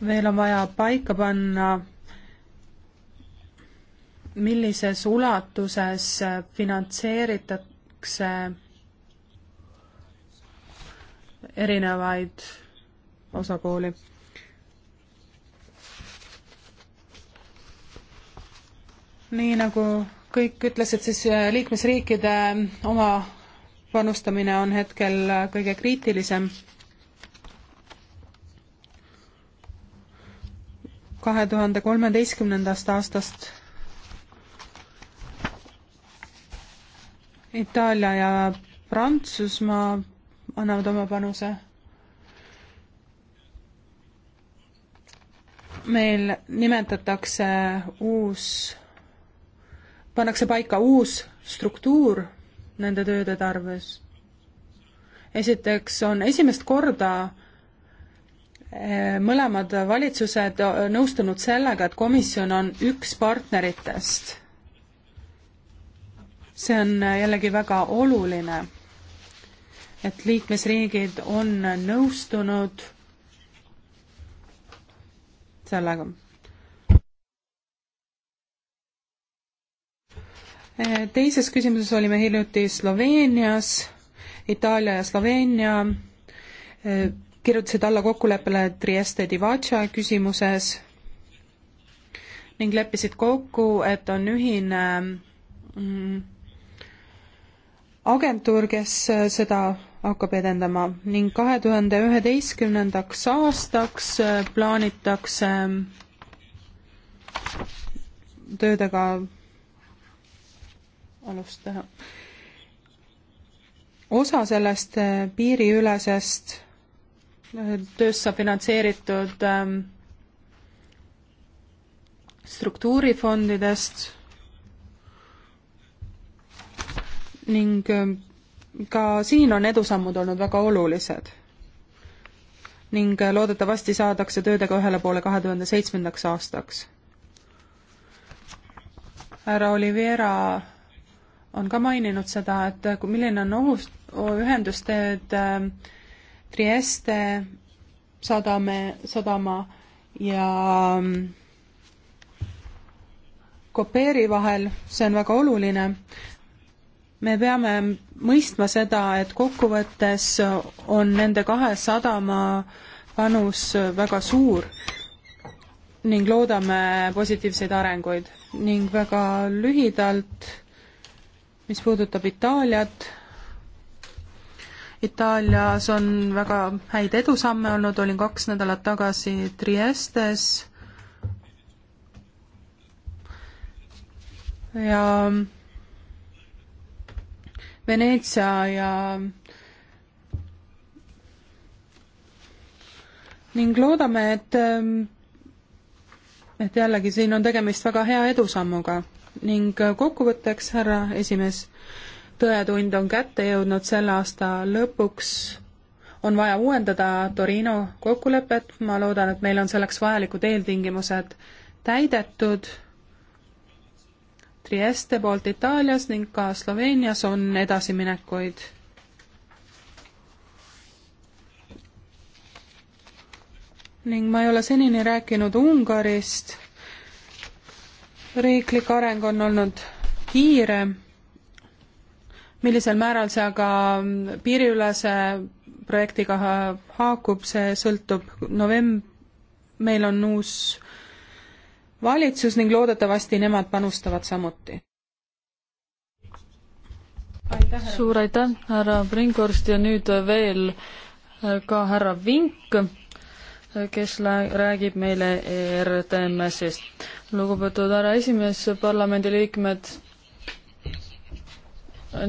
meil on vaja paika panna, millises ulatuses finantseeritakse erinevaid osapooli nii nagu kõik ütlesid siis äh, liikmesriikide äh, oma panustamine on hetkel äh, kõige kriitilisem. kahe tuhande kolmeteistkümnendast aastast Itaalia ja Prantsusmaa annavad oma panuse. meil nimetatakse uus pannakse paika uus struktuur nende tööde tarvis. esiteks on esimest korda eh, mõlemad valitsused nõustunud sellega, et komisjon on üks partneritest. see on jällegi väga oluline, et liikmesriigid on nõustunud sellega teises küsimuses olime hiljuti Sloveenias, Itaalia ja Sloveenia eh, kirjutasid alla kokkuleppele Trieste Divacia küsimuses ning leppisid kokku, et on ühine mm, agentuur, kes eh, seda hakkab edendama ning kahe tuhande üheteistkümnendaks aastaks eh, plaanitakse mm, töödega alustada. osa sellest äh, piiriülesest äh, tööst saab finantseeritud ähm, struktuurifondidest ning ähm, ka siin on edusammud olnud väga olulised. ning äh, loodetavasti saadakse töödega ühele poole kahe tuhande seitsmendaks aastaks. härra Oliveira on ka maininud seda, et milline on ohus, ühendusteed ähm, Trieste sadame, sadama ja ähm, Kopeeri vahel, see on väga oluline. me peame mõistma seda, et kokkuvõttes on nende kahe sadama panus väga suur ning loodame positiivseid arenguid ning väga lühidalt mis puudutab Itaaliat, Itaalias on väga häid edusamme olnud, olin kaks nädalat tagasi Triestes ja Veneetsia ja ning loodame, et, et jällegi siin on tegemist väga hea edusammuga ning kokkuvõtteks, härra esimees, tõetund on kätte jõudnud selle aasta lõpuks, on vaja uuendada Torino kokkulepet, ma loodan, et meil on selleks vajalikud eeltingimused täidetud, Trieste poolt Itaalias ning ka Sloveenias on edasiminekuid ning ma ei ole senini rääkinud Ungarist, riiklik areng on olnud kiire, millisel määral see aga piiriülese projektiga haakub, see sõltub novemb-, meil on uus valitsus ning loodetavasti nemad panustavad samuti. suur aitäh, härra Brinkhorst ja nüüd veel ka härra Vink kes räägib meile ERTMS-ist. lugupeetud härra esimees, parlamendiliikmed,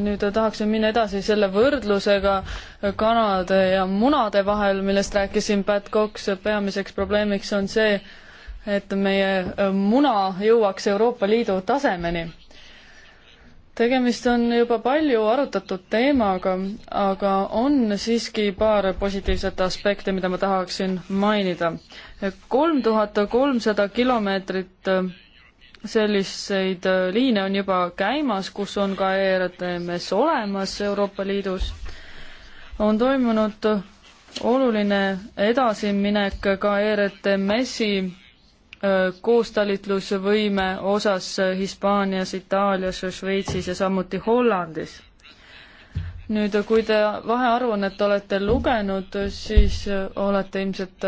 nüüd tahaksin minna edasi selle võrdlusega kanade ja munade vahel, millest rääkisin Pat Cox, peamiseks probleemiks on see, et meie muna jõuaks Euroopa Liidu tasemeni tegemist on juba palju arutatud teemaga, aga on siiski paar positiivset aspekti, mida ma tahaksin mainida. kolm tuhat kolmsada kilomeetrit selliseid liine on juba käimas, kus on ka ERTMS olemas Euroopa Liidus, on toimunud oluline edasiminek ka ERTMS-i Äh, koostalitlusvõime osas Hispaanias, Itaalias, Šveitsis ja samuti Hollandis. nüüd, kui te vahearuannet olete lugenud, siis olete ilmselt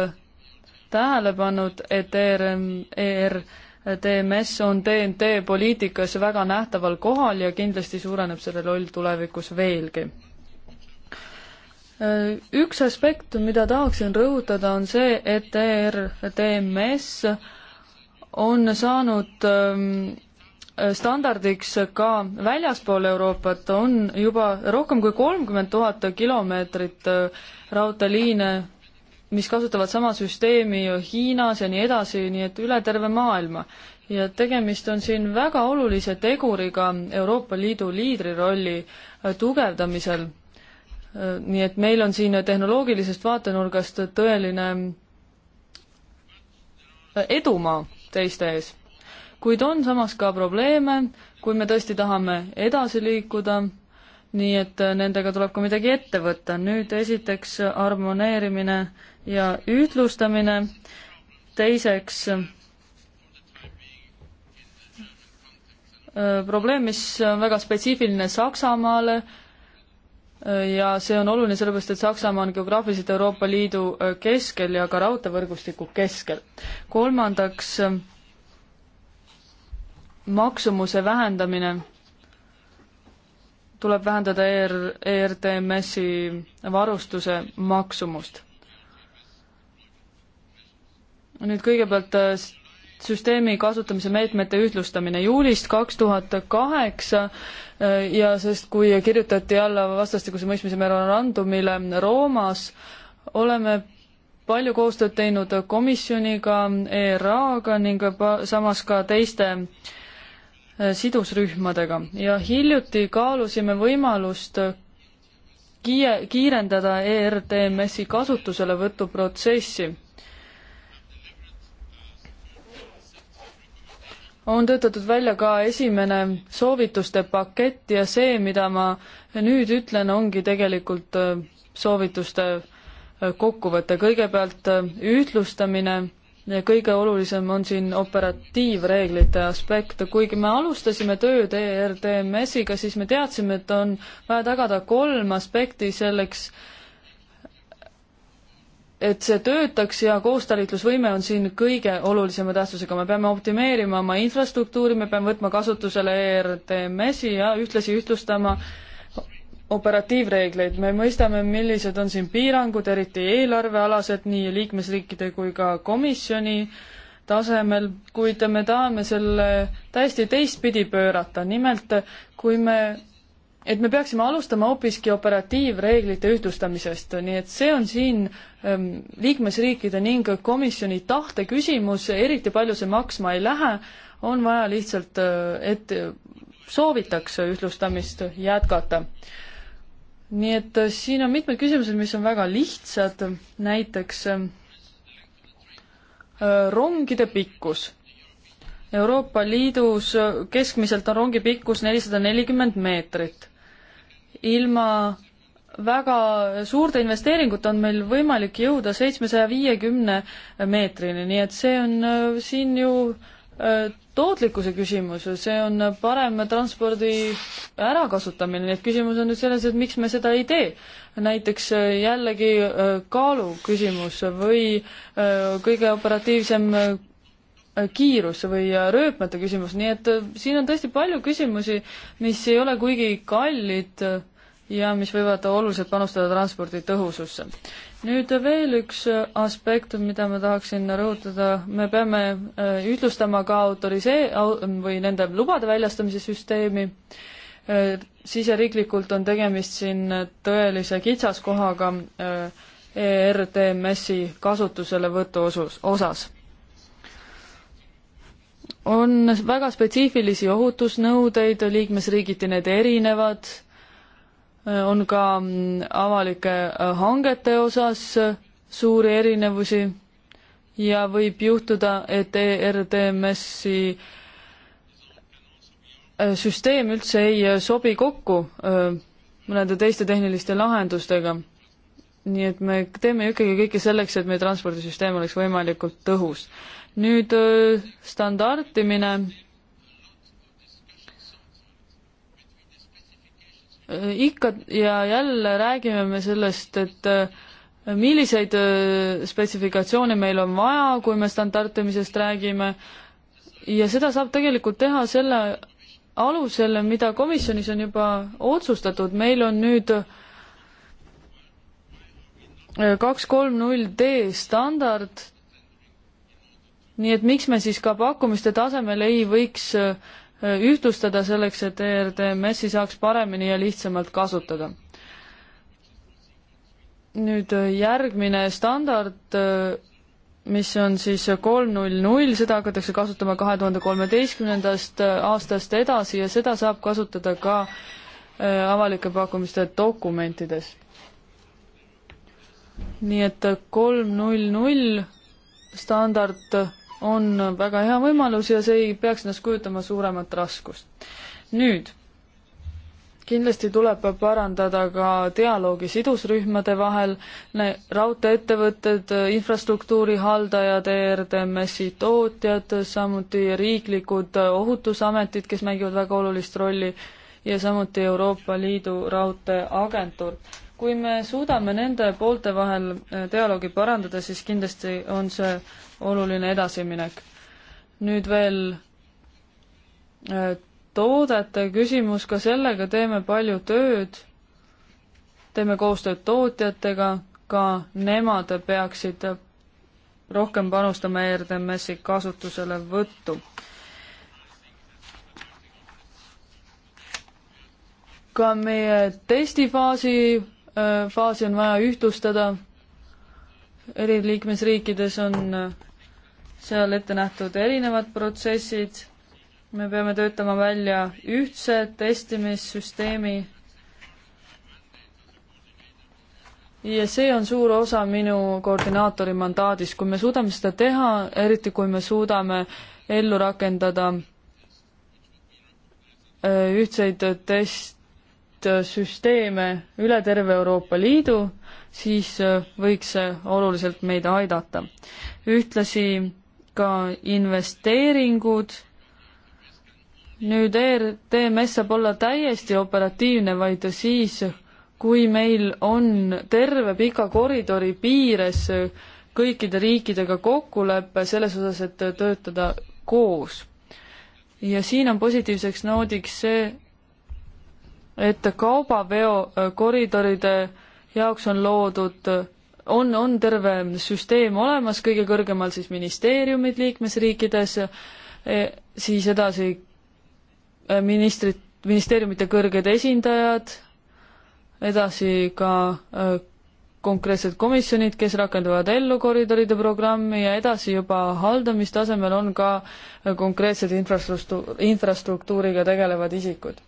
tähele pannud, et ERM, ERTMS on TNT poliitikas väga nähtaval kohal ja kindlasti suureneb selle roll tulevikus veelgi. Äh, üks aspekt, mida tahaksin rõhutada, on see, et ERTMS on saanud ähm, standardiks ka väljaspool Euroopat, on juba rohkem kui kolmkümmend tuhat kilomeetrit äh, raudteeliine, mis kasutavad sama süsteemi Hiinas ja nii edasi, nii et üle terve maailma. ja tegemist on siin väga olulise teguriga Euroopa Liidu liidrirolli äh, tugevdamisel äh, nii et meil on siin tehnoloogilisest vaatenurgast tõeline edumaa teiste ees. kuid on samas ka probleeme, kui me tõesti tahame edasi liikuda, nii et nendega tuleb ka midagi ette võtta. nüüd esiteks harmoneerimine ja ühtlustamine, teiseks äh, probleem, mis on väga spetsiifiline Saksamaale, ja see on oluline sellepärast, et Saksamaa on geograafiliselt Euroopa Liidu äh, keskel ja ka raudteevõrgustiku keskel. kolmandaks, äh, maksumuse vähendamine tuleb vähendada ER, ERTMS-i varustuse maksumust. nüüd kõigepealt äh, süsteemi kasutamise meetmete ühtlustamine. juulist kaks tuhat kaheksa Äh, ja sest kui kirjutati alla vastastikuse mõistmise memorandumile Roomas, oleme palju koostööd teinud komisjoniga, ERA-ga ning samas ka teiste äh, sidusrühmadega ja hiljuti kaalusime võimalust kiie-, kiirendada ERTMS-i kasutuselevõtu protsessi on töötatud välja ka esimene soovituste pakett ja see, mida ma nüüd ütlen, ongi tegelikult äh, soovituste äh, kokkuvõte. kõigepealt äh, ühtlustamine ja kõige olulisem on siin operatiivreeglite aspekt. kuigi me alustasime tööd ERTMS-iga, siis me teadsime, et on vaja tagada kolm aspekti selleks, et see töötaks ja koostalitlusvõime on siin kõige olulisema tähtsusega, me peame optimeerima oma infrastruktuuri, me peame võtma kasutusele ERTMS-i ja ühtlasi ühtlustama operatiivreegleid, me mõistame, millised on siin piirangud, eriti eelarvealased, nii liikmesriikide kui ka komisjoni tasemel, kuid me tahame selle täiesti teistpidi pöörata, nimelt kui me et me peaksime alustama hoopiski operatiivreeglite ühtlustamisest, nii et see on siin ähm, liikmesriikide ning komisjoni tahte küsimus, eriti palju see maksma ei lähe, on vaja lihtsalt, äh, et soovitakse ühtlustamist jätkata. nii et äh, siin on mitmed küsimused, mis on väga lihtsad, näiteks äh, rongide pikkus Euroopa Liidus äh, keskmiselt on rongi pikkus nelisada nelikümmend meetrit ilma väga suurte investeeringute on meil võimalik jõuda seitsmesaja viiekümne meetrini, nii et see on äh, siin ju äh, tootlikkuse küsimus, see on parem transpordi ärakasutamine, nii et küsimus on nüüd selles, et miks me seda ei tee. näiteks äh, jällegi kaalu küsimus või kõige operatiivsem kiirus või rööpmete küsimus, nii et äh, siin on tõesti palju küsimusi, mis ei ole kuigi kallid äh, ja mis võivad oluliselt panustada transpordi tõhususse. nüüd äh, veel üks aspekt, mida ma tahaksin rõhutada, me peame ühtlustama ka autorisee- või nende lubade väljastamise süsteemi, siseriiklikult on tegemist siin tõelise kitsaskohaga ERTMS-i kasutuselevõtu osus, osas on väga spetsiifilisi ohutusnõudeid, liikmesriigiti need erinevad, on ka mm, avalike äh, hangete osas äh, suuri erinevusi ja võib juhtuda, et ERTMS-i äh, süsteem üldse ei sobi kokku mõnede teiste tehniliste lahendustega. nii et me teeme ikkagi kõike selleks, et meie transpordisüsteem oleks võimalikult tõhus nüüd äh, standardimine äh, ikka ja jälle räägime me sellest, et äh, milliseid spetsifikatsioone meil on vaja, kui me standardimisest räägime, ja seda saab tegelikult teha selle alusel, mida komisjonis on juba otsustatud, meil on nüüd kaks kolm null D standard nii et miks me siis ka pakkumiste tasemel ei võiks äh, ühtlustada selleks, et ERTMS-i saaks paremini ja lihtsamalt kasutada. nüüd äh, järgmine standard, äh, mis on siis kolm null null, seda hakatakse kasutama kahe tuhande kolmeteistkümnendast aastast edasi ja seda saab kasutada ka avalike pakkumiste dokumentides. nii et kolm null null standard on väga hea võimalus ja see ei peaks ennast kujutama suuremat raskust. nüüd, kindlasti tuleb parandada ka dialoogi sidusrühmade vahel, raudteeettevõtted, infrastruktuuri haldajad, ERTMS-i tootjad, samuti riiklikud ohutusametid, kes mängivad väga olulist rolli, ja samuti Euroopa Liidu Raudteeagentuur kui me suudame nende poolte vahel äh, dialoogi parandada, siis kindlasti on see oluline edasiminek. nüüd veel äh, toodete küsimus, ka sellega teeme palju tööd, teeme koostööd tootjatega, ka nemad peaksid rohkem panustama ERDMS-i kasutuselevõttu. ka meie testifaasi faasi on vaja ühtlustada. eri liikmesriikides on äh, seal ette nähtud erinevad protsessid. me peame töötama välja ühtse testimissüsteemi. ja see on suur osa minu koordinaatori mandaadist, kui me suudame seda teha, eriti kui me suudame ellu rakendada äh, ühtseid test-, neid süsteeme üle terve Euroopa Liidu, siis äh, võiks see oluliselt meid aidata. ühtlasi ka investeeringud, nüüd ERTMS saab olla täiesti operatiivne vaid siis, kui meil on terve pika koridori piires kõikide riikidega kokkulepe selles osas, et töötada koos. ja siin on positiivseks noodiks see, et kaubaveokoridoride äh, jaoks on loodud, on, on terve süsteem olemas, kõige kõrgemal siis ministeeriumid liikmesriikides, äh, siis edasi äh, ministrid, ministeeriumite kõrged esindajad, edasi ka konkreetsed komisjonid, kes rakendavad ellu koridoride programmi ja edasi juba haldamistasemel on ka konkreetsed infrastruktuur, infrastruktuuriga tegelevad isikud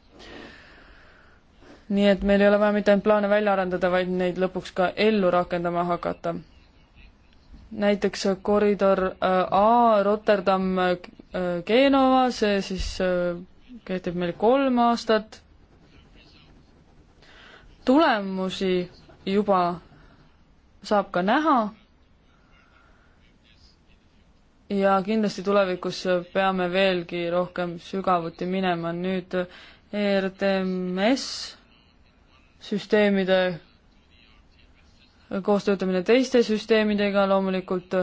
nii et meil ei ole vaja mitte ainult plaane välja arendada, vaid neid lõpuks ka ellu rakendama hakata. näiteks koridor äh, A Rotterdam äh, Genova, see siis äh, kehtib meil kolm aastat. tulemusi juba saab ka näha ja kindlasti tulevikus peame veelgi rohkem sügavuti minema. nüüd ERTMS süsteemide koostöötamine teiste süsteemidega loomulikult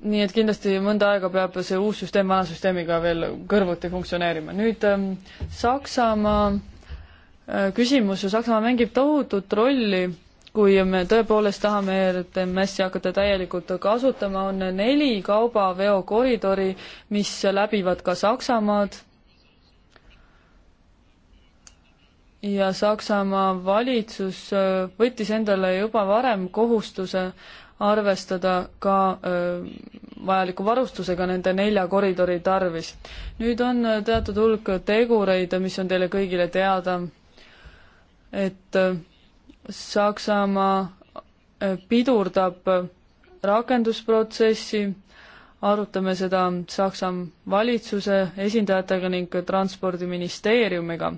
nii et kindlasti mõnda aega peab see uus süsteem vana süsteemiga veel kõrvuti funktsioneerima. nüüd ähm, Saksamaa äh, küsimus ju, Saksamaa mängib tohutut rolli kui me tõepoolest tahame RTMS-i hakata täielikult kasutama, on neli kaubaveokoridori, mis läbivad ka Saksamaad. ja Saksamaa valitsus võttis endale juba varem kohustuse arvestada ka vajaliku varustusega nende nelja koridori tarvis. nüüd on teatud hulk tegureid, mis on teile kõigile teada, et öö, Saksamaa eh, pidurdab eh, rakendusprotsessi, arutame seda Saksa valitsuse esindajatega ning Transpordiministeeriumiga.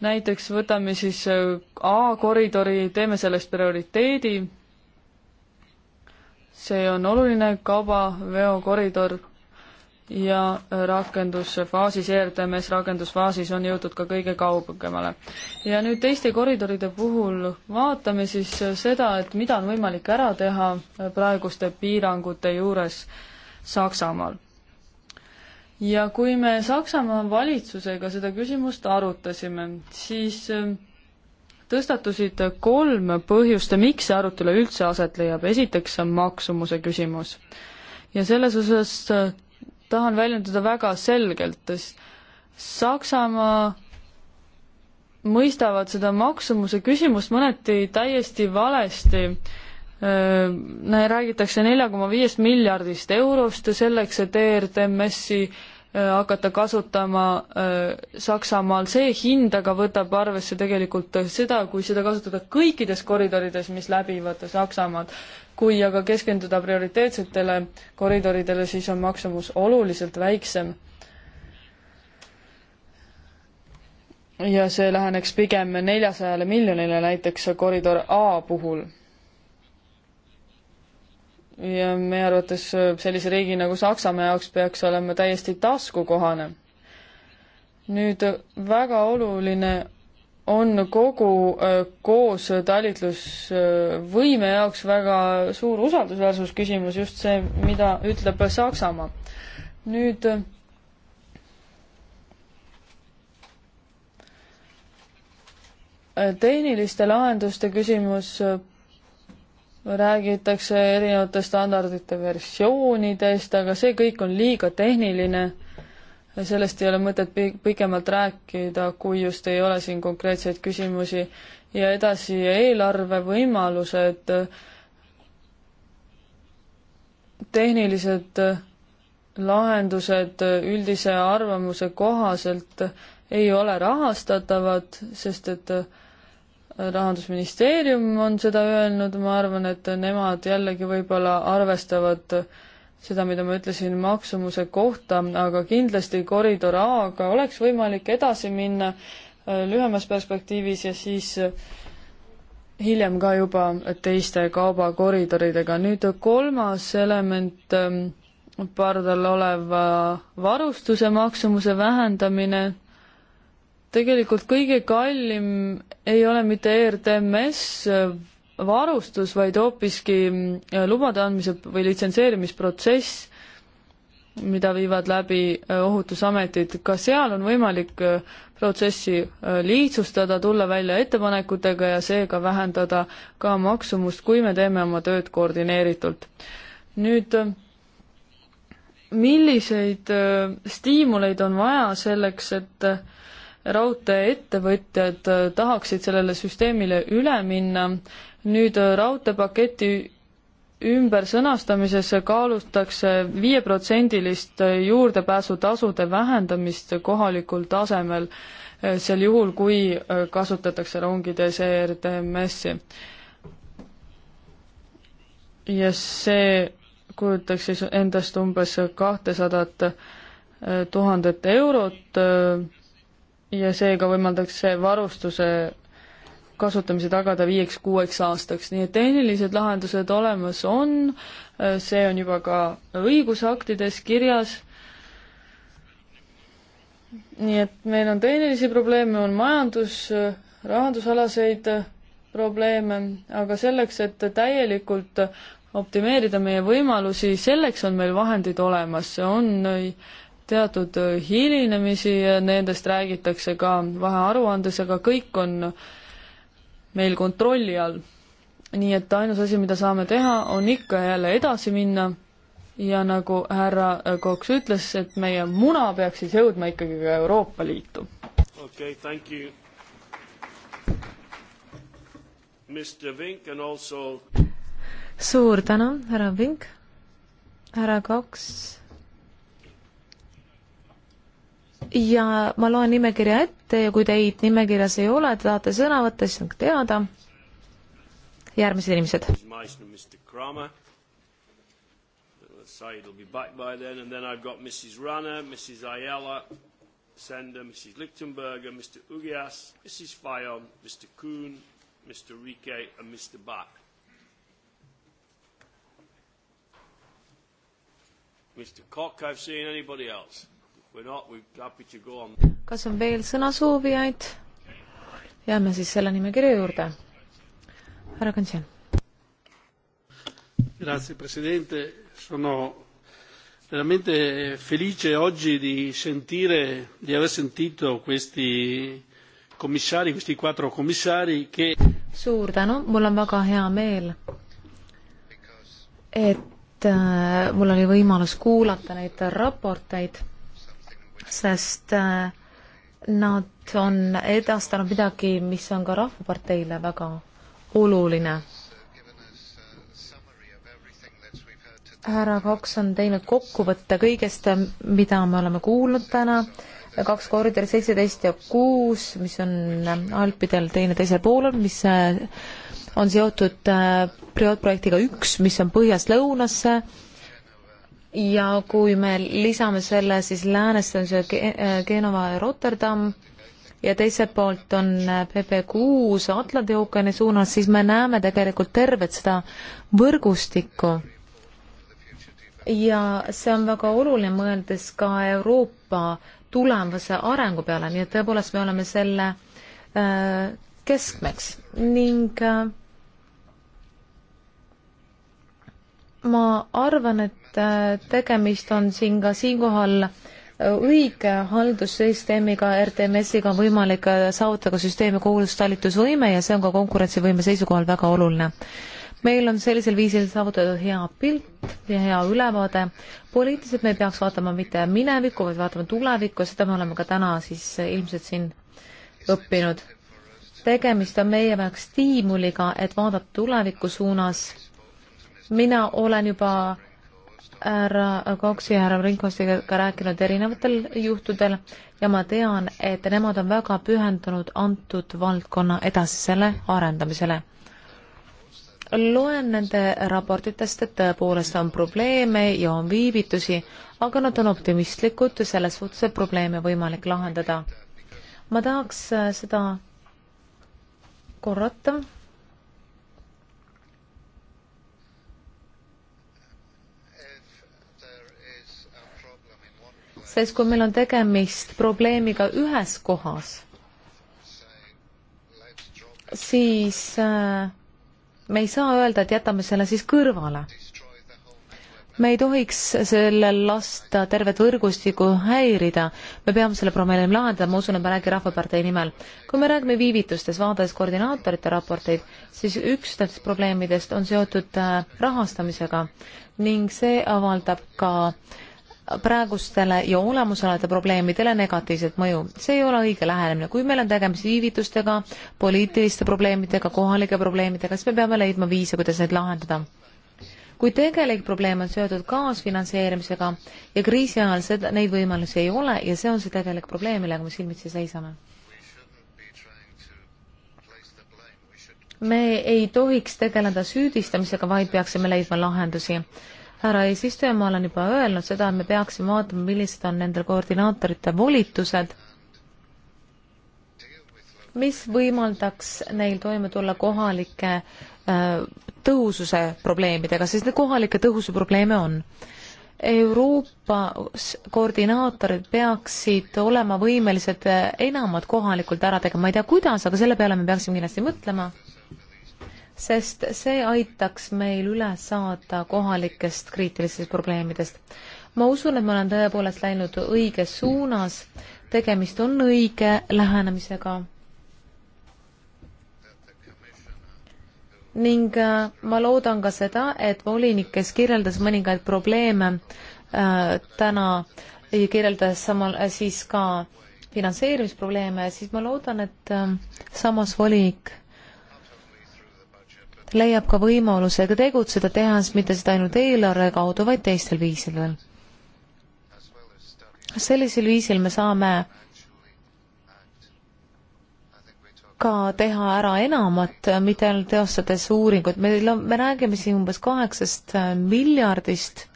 näiteks võtame siis eh, A-koridori, teeme sellest prioriteedi, see on oluline kaubaveokoridor ja rakendusfaasis, ERTMS rakendusfaasis on jõutud ka kõige kaugemale. ja nüüd teiste koridoride puhul vaatame siis seda, et mida on võimalik ära teha praeguste piirangute juures Saksamaal. ja kui me Saksamaa valitsusega seda küsimust arutasime, siis äh, tõstatusid kolm põhjust, miks see arutelu üldse aset leiab. esiteks on maksumuse küsimus ja selles osas äh, tahan väljenduda väga selgelt, sest Saksamaa mõistavad seda maksumuse küsimust mõneti täiesti valesti. Äh, räägitakse nelja koma viiest miljardist eurost ja selleks, et ERTMS-i äh, hakata kasutama äh, Saksamaal, see hind aga võtab arvesse tegelikult seda, kui seda kasutada kõikides koridorides, mis läbivad Saksamaad kui aga keskenduda prioriteetsetele koridoridele, siis on maksumus oluliselt väiksem. ja see läheneks pigem neljasajale miljonile näiteks koridor A puhul. ja meie arvates sellise riigi nagu Saksamaa jaoks peaks olema täiesti taskukohane. nüüd väga oluline on kogu äh, koos talitlusvõime jaoks väga suur usaldusväärsusküsimus, just see, mida ütleb Saksamaa. nüüd äh, tehniliste lahenduste küsimus, äh, räägitakse erinevate standardite versioonidest, aga see kõik on liiga tehniline sellest ei ole mõtet pikemalt rääkida, kui just ei ole siin konkreetseid küsimusi. ja edasi eelarvevõimalused, tehnilised lahendused üldise arvamuse kohaselt ei ole rahastatavad, sest et rahandusministeerium on seda öelnud, ma arvan, et nemad jällegi võib-olla arvestavad äh, seda, mida ma ütlesin maksumuse kohta, aga kindlasti koridor A-ga oleks võimalik edasi minna äh, lühemas perspektiivis ja siis äh, hiljem ka juba teiste kaubakoridoridega. nüüd kolmas element, ähm, pardal oleva varustuse maksumuse vähendamine. tegelikult kõige kallim ei ole mitte ERTMS, äh, varustus, vaid hoopiski mm, lubade andmise või litsenseerimisprotsess, mida viivad läbi äh, ohutusametid, ka seal on võimalik äh, protsessi äh, lihtsustada, tulla välja ettepanekutega ja seega vähendada ka maksumust, kui me teeme oma tööd koordineeritult. nüüd milliseid stiimuleid on vaja selleks, et raudteeettevõtjad tahaksid sellele süsteemile üle minna nüüd äh, raudteepaketi ümbersõnastamises kaalutakse viieprotsendilist äh, juurdepääsutasude vähendamist kohalikul tasemel äh, sel juhul, kui kasutatakse rongides ERTMS-i. ja see kujutaks siis endast umbes kahtesadat tuhandet eurot ja seega võimaldaks see varustuse kasutamise tagada viieks-kuueks aastaks, nii et tehnilised lahendused olemas on, see on juba ka õigusaktides kirjas, nii et meil on tehnilisi probleeme, on majandus, rahandusalaseid probleeme, aga selleks, et täielikult optimeerida meie võimalusi, selleks on meil vahendid olemas, on teatud hilinemisi, nendest räägitakse ka vahearuandes, aga kõik on äh, meil kontrolli all. nii et ainus asi, mida saame teha, on ikka ja jälle edasi minna ja nagu härra Koks ütles, et meie muna peaks siis jõudma ikkagi ka Euroopa Liitu. okei okay,, thank you. Mr Vink and also suur tänu, härra Vink, härra Koks ja ma loen nimekirja ette ja kui teid nimekirjas ei ole, te tahate sõna võtta, siis andke teada. järgmised inimesed. Said will be back by then, and then I've got Mrs. Rana, Mrs. Ayala, Sender, Mrs. Lichtenberger, Mr. Ugias, Mrs. Fayon, Mr. Kuhn, Mr. Rike, and Mr. Bach. Mr. Cock, I've seen anybody else kas on veel sõnasoovijaid? jääme siis selle nimekirja juurde. härra Kantsjan. Grazie Presidente, sono veramente felice oggi di sentire, di aver sentito questi commissari, questi quattro commissari che suur tänu, mul on väga hea meel, et äh, mul oli võimalus kuulata neid raporteid sest äh, nad on edastanud midagi, mis on ka Rahvaparteile väga oluline. härra Cox on teinud kokkuvõtte kõigest, mida me oleme kuulnud täna, kaks koridori, seitseteist ja kuus, mis on Alpidel teineteisel poolel, mis äh, on seotud äh, prioriteetprojektiga üks, mis on põhjast lõunasse ja kui me lisame selle, siis läänes on see äh, Genova ja Rotterdam ja teiselt poolt on äh, PP6 Atlandi ookeani suunas, siis me näeme tegelikult tervet seda võrgustikku. ja see on väga oluline, mõeldes ka Euroopa tulevase arengu peale, nii et tõepoolest me oleme selle äh, keskmeks ning äh, ma arvan, et äh, tegemist on siin ka siinkohal äh, õige haldussüsteemiga, RTMS-iga on võimalik äh, saavutada süsteemi koolustalitusvõime ja see on ka konkurentsivõime seisukohal väga oluline. meil on sellisel viisil saavutatud hea pilt ja hea ülevaade. poliitiliselt me ei peaks vaatama mitte minevikku, vaid vaatama tulevikku ja seda me oleme ka täna siis ilmselt siin õppinud. tegemist on meie jaoks stiimuliga, et vaadata tuleviku suunas mina olen juba härra Koksi ja härra Ringkostiga ka rääkinud erinevatel juhtudel ja ma tean, et nemad on väga pühendunud antud valdkonna edasisele arendamisele. loen nende raportitest, et tõepoolest on probleeme ja on viivitusi, aga nad on optimistlikud selles suhtes, et probleeme võimalik lahendada. ma tahaks äh, seda korrata üksnes, kui meil on tegemist probleemiga ühes kohas, siis äh, me ei saa öelda, et jätame selle siis kõrvale. me ei tohiks sellel lasta tervet võrgustikku häirida, me peame selle probleemi lahendama, ma usun, et ma räägin Rahvapartei nimel. kui me räägime viivitustest, vaadates koordinaatorite raporteid, siis üks nendest probleemidest on seotud äh, rahastamisega ning see avaldab ka äh, praegustele ja olemasolevate probleemidele negatiivset mõju. see ei ole õige lähenemine. kui meil on tegemist viivitustega, poliitiliste probleemidega, kohalike probleemidega, siis me peame leidma viise, kuidas neid lahendada. kui tegelik probleem on seotud kaasfinantseerimisega ja kriisi ajal seda, neid võimalusi ei ole ja see on see tegelik probleem, millega me silmitsi seisame. me ei tohiks tegeleda süüdistamisega, vaid peaksime leidma lahendusi härra eesistuja, ma olen juba öelnud seda, et me peaksime vaatama, millised on nendel koordinaatorite volitused, mis võimaldaks neil toime tulla kohalike äh, tõhususe probleemidega, sest neid kohalikke tõhususe probleeme on. Euroopas koordinaatorid peaksid olema võimelised äh, enamat kohalikult ära tegema, ma ei tea, kuidas, aga selle peale me peaksime kindlasti mõtlema sest see aitaks meil üle saada kohalikest kriitilistest probleemidest. ma usun, et ma olen tõepoolest läinud õiges suunas, tegemist on õige lähenemisega. ning äh, ma loodan ka seda, et volinik, kes kirjeldas mõningaid probleeme äh, täna, kirjeldas samal äh,, siis ka finantseerimisprobleeme, siis ma loodan, et äh, samas volinik leiab ka võimaluse ka tegutseda, tehas mitte seda ainult eelarve kaudu, vaid teistel viisidel. sellisel viisil me saame ka teha ära enamat, mitte ainult teostades uuringut, meil on, me räägime siin umbes kaheksast äh, miljardist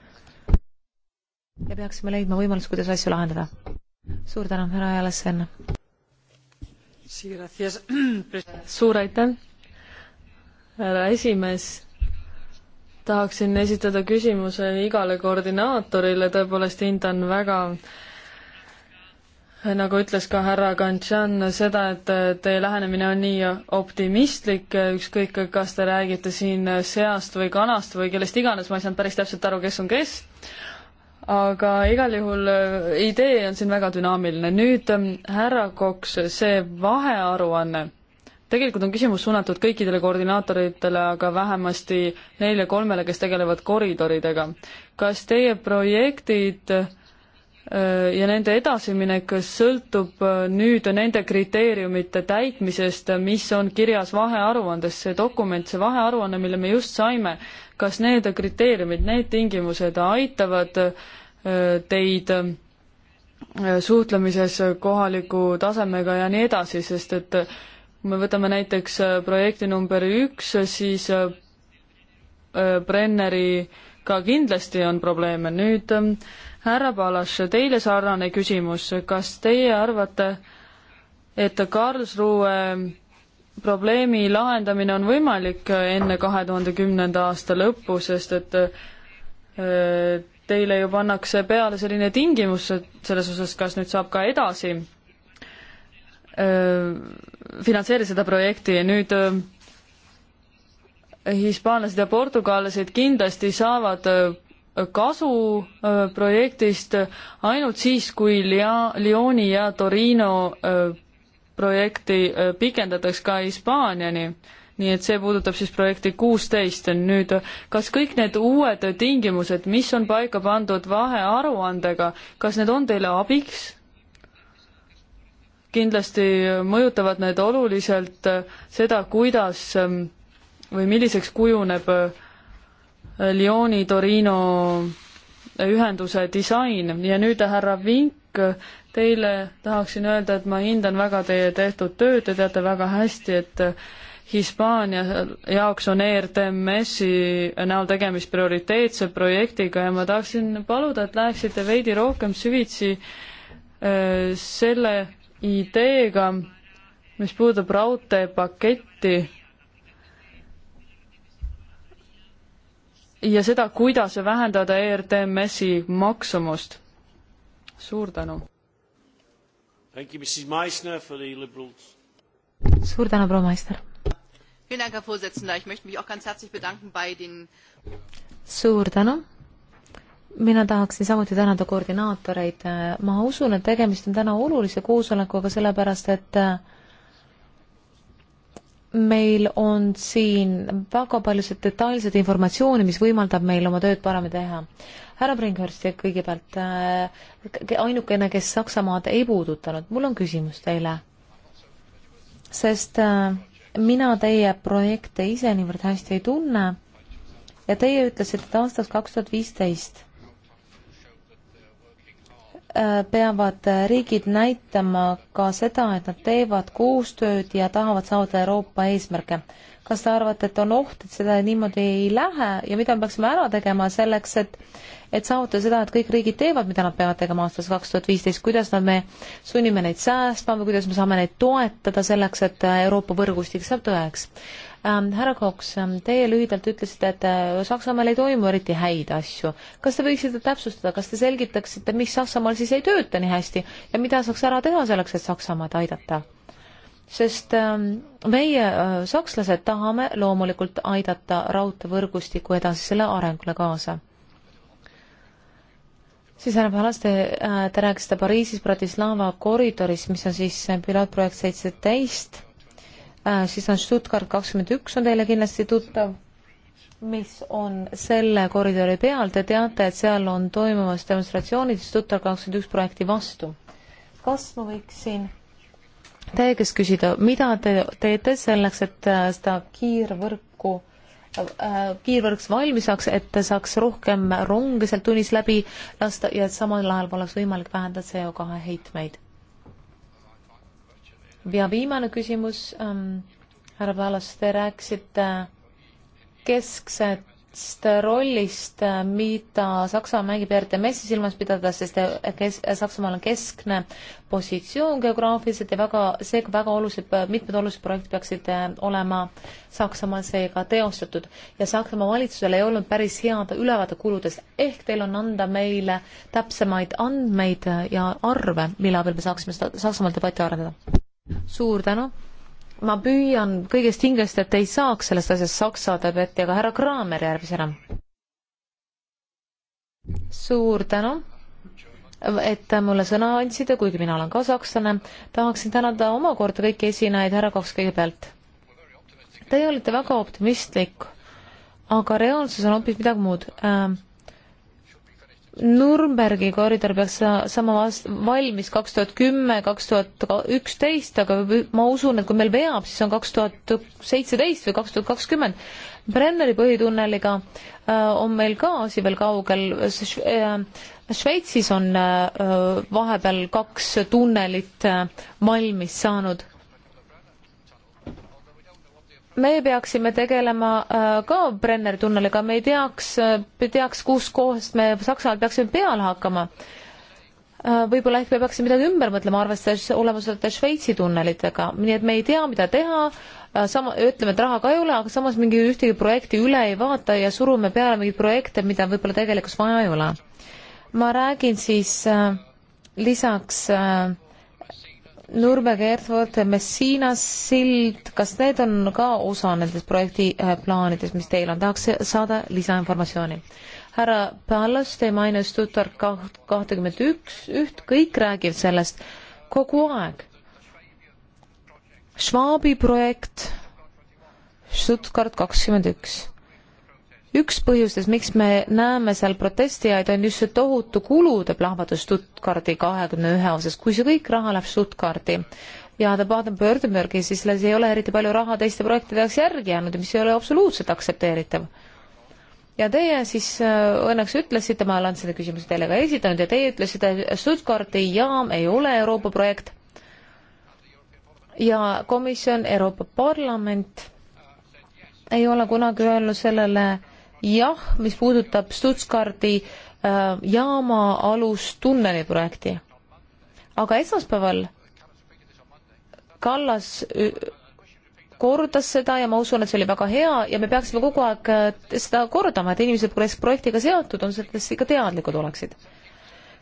ja peaksime leidma võimalust, kuidas asju lahendada. suur tänu, härra Jalasen! suur aitäh! härra esimees. tahaksin esitada küsimuse igale koordinaatorile, tõepoolest hindan väga nagu ütles ka härra Kantšan, seda, et teie lähenemine on nii optimistlik, ükskõik, kas te räägite siin seast või kanast või kellest iganes, ma ei saanud päris täpselt aru, kes on kes, aga igal juhul idee on siin väga dünaamiline. nüüd ähm, härra Koks, see vahearuanne tegelikult on küsimus suunatud kõikidele koordinaatoritele, aga vähemasti neile kolmele, kes tegelevad koridoridega. kas teie projektid äh, ja nende edasiminek sõltub äh, nüüd nende kriteeriumite täitmisest, mis on kirjas vahearuandes, see dokument, see vahearuanne, mille me just saime, kas need kriteeriumid, need tingimused aitavad äh, teid suhtlemises kohaliku tasemega ja nii edasi, sest et kui me võtame näiteks äh, projekti number üks, siis äh, äh, Brenneriga kindlasti on probleeme. nüüd ähm, härra Palas, teile sarnane küsimus, kas teie arvate, et Karlsruhe probleemi lahendamine on võimalik enne kahe tuhande kümnenda aasta lõppu, sest et teile ju pannakse peale selline tingimus, et selles osas, kas nüüd saab ka edasi finantseeris seda projekti, nüüd äh, hispaanlased ja portugallased kindlasti saavad äh, kasu äh, projektist ainult siis, kui Lia-, Lyoni ja Torino projekti pikendatakse ka Hispaaniani. nii et see puudutab siis projekti kuusteist. nüüd, kas kõik need uued tingimused, mis on paika pandud vahearuandega, kas need on teile abiks? kindlasti mõjutavad need oluliselt äh, seda, kuidas ähm, või milliseks kujuneb äh, Lyoni, Torino äh, ühenduse disain ja nüüd härra Vink, teile tahaksin öelda, et ma hindan väga teie tehtud tööd, te teate väga hästi, et Hispaania jaoks on ERTMS-i näol tegemist prioriteetse projektiga ja ma tahaksin paluda, et läheksite veidi rohkem süvitsi selle ideega, mis puudutab raudteepaketti ja seda, kuidas vähendada ERTMS-i maksumust. suur tänu! suur tänu, proua Meister! suur tänu! mina tahaksin samuti tänada koordinaatoreid. ma usun, et tegemist on täna olulise koosolekuga, sellepärast et äh, meil on siin väga palju detailset informatsiooni, mis võimaldab meil oma tööd paremini teha. härra Brinkhorst kõigepealt äh,, ainukene, kes Saksamaad ei puudutanud, mul on küsimus teile. sest äh, mina teie projekte ise niivõrd hästi ei tunne ja teie ütlesite, et aastast kaks tuhat viisteist Äh, peavad riigid näitama ka seda, et nad teevad koostööd ja tahavad saada Euroopa eesmärke. kas te arvate, et on oht, et seda niimoodi ei lähe ja mida me peaksime ära tegema selleks, et et saavutada seda, et kõik riigid teevad, mida nad peavad tegema aastast kaks tuhat viisteist, kuidas nad, me sunnime neid säästma või kuidas me saame neid toetada selleks, et Euroopa võrgustik saab tõeks. Ähm, härra Cox, ähm, teie lühidalt ütlesite, et äh, Saksamaal ei toimu eriti häid asju. kas te võiksite täpsustada, kas te selgitaksite, mis Saksamaal siis ei tööta nii hästi ja mida saaks ära teha selleks, et Saksamaad aidata? sest ähm, meie, äh, sakslased, tahame loomulikult aidata raudteevõrgustiku edasisele arengule kaasa siis härra Palas, te, äh, te rääkisite Pariisis Bratislava koridoris, mis on siis pilootprojekt seitseteist Äh, siis on Stuttgart kakskümmend üks on teile kindlasti tuttav, mis on selle koridori peal, te teate, et seal on toimumas demonstratsioonid Stuttgart kakskümmend üks projekti vastu. kas ma võiksin teie käest küsida, mida te teete selleks, et äh, seda kiirvõrku äh, kiirvõrks valmis saaks, et saaks rohkem ronge sealt tunnis läbi lasta ja et samal ajal oleks võimalik vähendada CO2 heitmeid ja viimane küsimus ähm,, härra Paalas, te rääkisite kesksest rollist, mida Saksa mängib RTMS-i silmas pidada, sest kes, Saksamaal on keskne positsioon geograafiliselt ja väga, seega väga olulised, mitmed olulised projektid peaksid äh, olema Saksamaal seega teostatud. ja Saksamaa valitsusel ei olnud päris head ülevaade kuludest, ehk teil on anda meile täpsemaid andmeid ja arve, mille abil me saaksime seda Saksamaal debatti arendada? suur tänu. ma püüan kõigest hingest, et ei saaks sellest asjast saksa tabletti, aga härra Kraamer järgmisena. suur tänu, et mulle sõna andsite, kuigi mina olen ka sakslane. tahaksin tänada omakorda kõiki esinejaid, härra Kaks kõigepealt. Teie olite väga optimistlik, aga reaalsus on hoopis midagi muud ähm, Nürnbergi koridor peaks sama vast-, valmis kaks tuhat kümme, kaks tuhat üksteist, aga ma usun, et kui meil veab, siis on kaks tuhat seitseteist või kaks tuhat kakskümmend. Brenneri põhitunneliga äh, on meil ka asi veel kaugel äh,, Šveitsis on äh, vahepeal kaks tunnelit äh, valmis saanud me peaksime tegelema äh, ka Brenneri tunneliga, me ei teaks, äh, teaks, kuskohast me Saksamaal peaksime peale hakkama. Äh, võib-olla ehk me peaksime midagi ümber mõtlema, arvestades olemasolevate Šveitsi tunnelitega, nii et me ei tea, mida teha, sama, ütleme, et raha ka ei ole, aga samas mingi ühtegi projekti üle ei vaata ja surume peale mingeid projekte, mida võib-olla tegelikult vaja ei ole. ma räägin siis äh, lisaks äh, Nurmega, Erfurt, Messina sild, kas need on ka osa nendest projektiplaanidest, äh, mis teil on, tahaks saada lisainformatsiooni. härra Pallas, te mainis tutar kahtekümmet üks, üht, kõik räägivad sellest kogu aeg. Schwabi projekt, Stuttgart kakskümmend üks üks põhjustest, miks me näeme seal protestijaid, on just see tohutu kulude plahvatus Stuttgardi kahekümne ühe osas, kui see kõik raha läheb Stuttgardi ja ta Baden-Württembergi, siis selles ei ole eriti palju raha teiste projektide jaoks järgi jäänud ja mis ei ole absoluutselt aktsepteeritav. ja teie siis äh, õnneks ütlesite, ma olen selle küsimuse teile ka esitanud ja teie ütlesite, Stuttgardi jaam ei ole Euroopa projekt ja komisjon, Euroopa Parlament ei ole kunagi öelnud sellele jah, mis puudutab Stuttgardi äh, jaama alustunneli projekti. aga esmaspäeval Kallas äh, kordas seda ja ma usun, et see oli väga hea ja me peaksime kogu aeg äh, seda kordama, et inimesed, kes projektiga seotud on, sellest ikka teadlikud oleksid.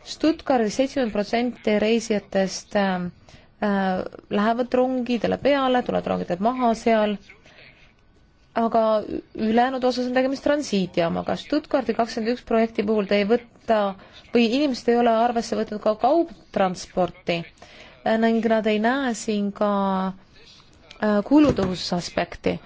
Stuttgardis seitsekümmend protsenti reisijatest äh, äh, lähevad rongidele peale, tulevad rongidelt maha seal äh,, aga ülejäänud osas on tegemist transiitjaamaga. Stuttgardi kakskümmend üks projekti puhul te ei võta või inimesed ei ole arvesse võtnud ka kaubtransporti ning nad ei näe siin ka äh, kulutõhususaspekti.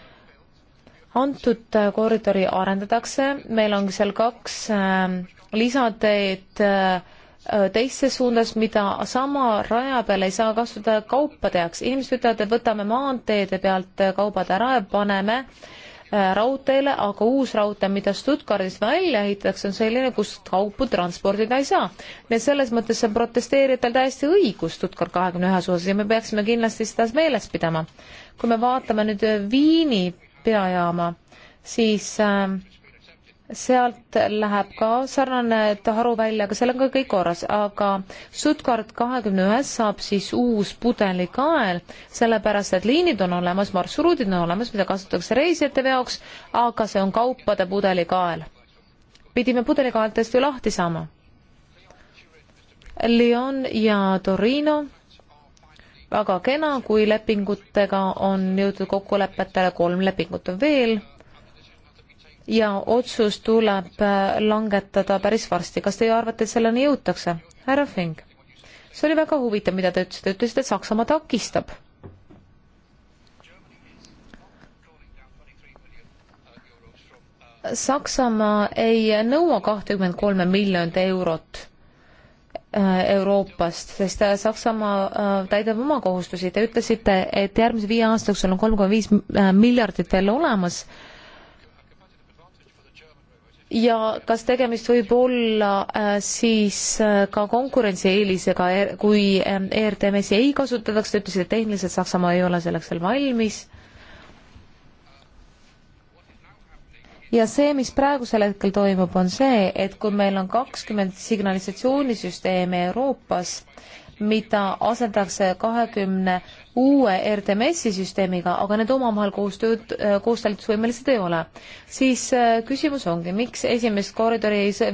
antud äh, koridori arendatakse, meil on seal kaks äh, lisateed äh, Äh, teisse suunas, mida sama raja peal ei saa kasutada kaupade jaoks. inimesed ütlevad, et võtame maanteede pealt kaubad ära ja paneme äh, raudteele, aga uus raudtee, mida Stuttgardis välja ehitatakse, on selline, kus kaupu transportida ei saa. nii et selles mõttes on protesteerijatel täiesti õigus Stuttgart kahekümne ühes osas ja me peaksime kindlasti seda meeles pidama. kui me vaatame nüüd Viini peajaama, siis äh, sealt läheb ka sarnane haru välja, aga seal on ka kõik korras, aga Stuttgart kahekümne ühes saab siis uus pudelikael, sellepärast et liinid on olemas, marsruudid on olemas, mida kasutatakse reisijate veoks, aga see on kaupade pudelikael. pidime pudelikaeltest ju lahti saama. Lyon ja Torino, väga kena, kui lepingutega on jõutud kokkulepetele, kolm lepingut on veel ja otsus tuleb äh, langetada päris varsti. kas teie arvate, et selleni jõutakse? härra Fink, see oli väga huvitav, mida te ütlesite, ütlesite, et Saksamaa takistab. Saksamaa ei nõua kahtekümmend kolme miljonit eurot äh, Euroopast, sest äh, Saksamaa täidab oma kohustusi. Te ütlesite, et järgmise viie aasta jooksul on kolm koma viis miljardit veel olemas äh, ja kas tegemist võib olla äh, siis äh, ka konkurentsieelisega, e kui ähm, ERTMS-i ei kasutataks, te ütlesite, et tehniliselt Saksamaa ei ole selleks veel valmis. ja see, mis praegusel hetkel toimub, on see, et kui meil on kakskümmend signalisatsioonisüsteemi Euroopas, mida asendatakse kahekümne uue RTMS-i süsteemiga, aga need omavahel koostööd, äh, koostalitusvõimelised ei ole. siis äh, küsimus ongi, miks esimest koridori ei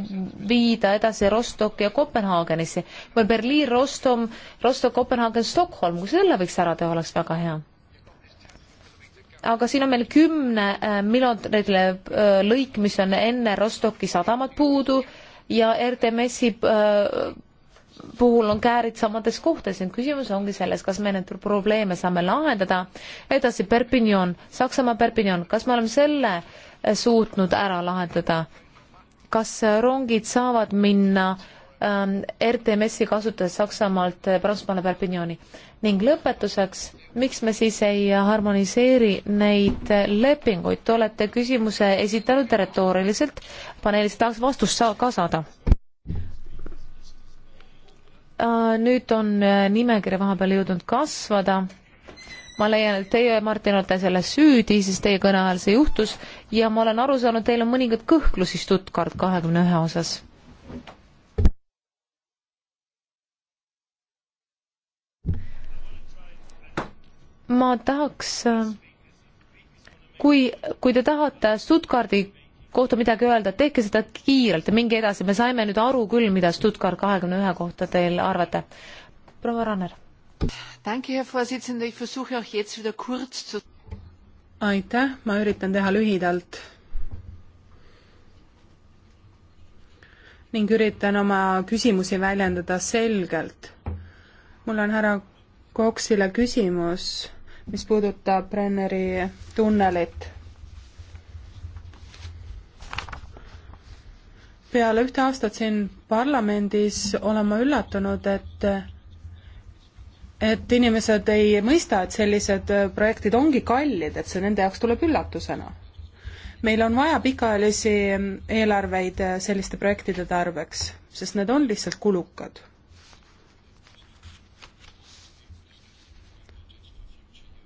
viida edasi Rostocki ja Kopenhaagenisse või Berliin, Rostom, Rostock, Kopenhaagen, Stockholm, kui selle võiks ära teha, oleks väga hea aga siin on meil kümne äh, miljardile lõik, mis on enne Rostocki sadamat puudu ja RTMS-i puhul on käärid samades kohtades, nüüd küsimus ongi selles, kas me neid probleeme saame lahendada. edasi Perpignan, Saksamaa Perpignan, kas me oleme selle eh, suutnud ära lahendada? kas rongid saavad minna ähm, RTMS-i kasutades Saksamaalt eh, Prantsusmaale Perpignani? ning lõpetuseks, miks me siis ei harmoniseeri neid eh, lepinguid? Te olete küsimuse esitanud retooriliselt, paneelist tahaks vastust ka saada. Äh, nüüd on äh, nimekiri vahepeal jõudnud kasvada. ma leian, et teie, Martin, olete selles süüdi, sest teie kõne ajal see juhtus ja ma olen aru saanud, teil on mõningad kõhklusi Stuttgart kahekümne ühe osas. ma tahaks, äh, kui, kui te tahate Stuttgardi kohta midagi öelda, tehke seda kiirelt ja minge edasi, me saime nüüd aru küll, mida Stuttgart kahekümne ühe kohta teil arvate. proua Ranner. aitäh, ma üritan teha lühidalt. ning üritan oma küsimusi väljendada selgelt. mul on härra Koksile küsimus, mis puudutab Brenneri tunnelit peale ühte aastat siin parlamendis olen ma üllatunud, et et inimesed ei mõista, et sellised projektid ongi kallid, et see nende jaoks tuleb üllatusena. meil on vaja pikaajalisi eelarveid selliste projektide tarbeks, sest need on lihtsalt kulukad.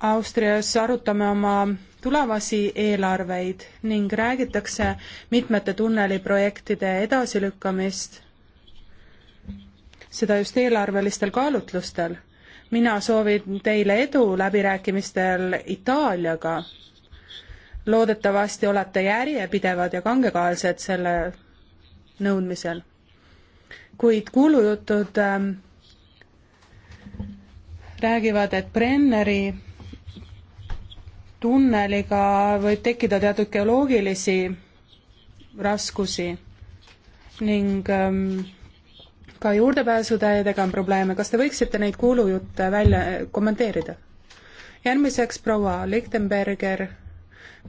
Austrias arutame oma tulevasi eelarveid ning räägitakse mitmete tunneliprojektide edasilükkamist, seda just eelarvelistel kaalutlustel. mina soovin teile edu läbirääkimistel Itaaliaga. loodetavasti olete järjepidevad ja kangekaelsed selle nõudmisel. kuid kuulujutud ähm, räägivad, et Brenneri tunneliga võib tekkida teatud geoloogilisi raskusi ning ähm, ka juurdepääsutäiedega on probleeme, kas te võiksite neid kuulujutte välja äh, kommenteerida? järgmiseks proua Lichtenberger,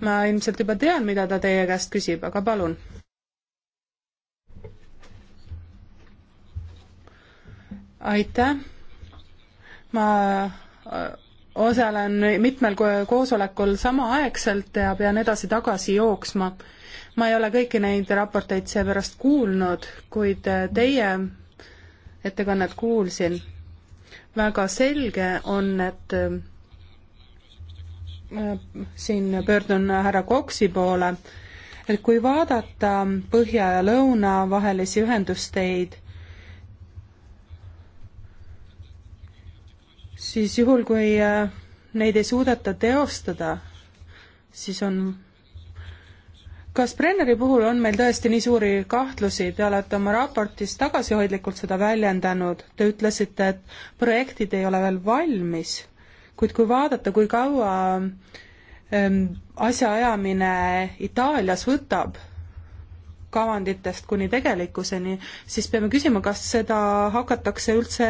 ma ilmselt juba tean, mida ta teie käest küsib, aga palun. aitäh, ma äh, osalen mitmel koosolekul samaaegselt ja pean edasi-tagasi jooksma. ma ei ole kõiki neid raporteid seepärast kuulnud, kuid äh, teie ettekannet kuulsin. väga selge on, et äh, äh, siin pöördun härra Koksi poole, et kui vaadata põhja ja lõuna vahelisi ühendusteid, siis juhul, kui äh, neid ei suudeta teostada, siis on kas Brenneri puhul on meil tõesti nii suuri kahtlusi, te olete oma raportis tagasihoidlikult seda väljendanud, te ütlesite, et projektid ei ole veel valmis, kuid kui vaadata, kui kaua ähm, asjaajamine Itaalias võtab, kavanditest kuni tegelikkuseni, siis peame küsima, kas seda hakatakse üldse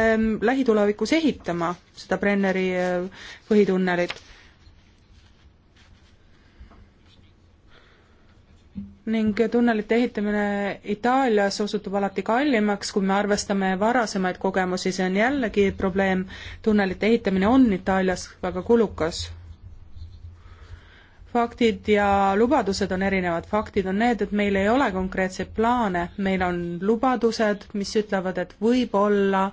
lähitulevikus ehitama, seda Brenneri äh, põhitunnelit. ning tunnelite ehitamine Itaalias osutub alati kallimaks, kui me arvestame varasemaid kogemusi, see on jällegi probleem, tunnelite ehitamine on Itaalias väga kulukas faktid ja lubadused on erinevad. faktid on need, et meil ei ole konkreetseid plaane, meil on lubadused, mis ütlevad, et võib-olla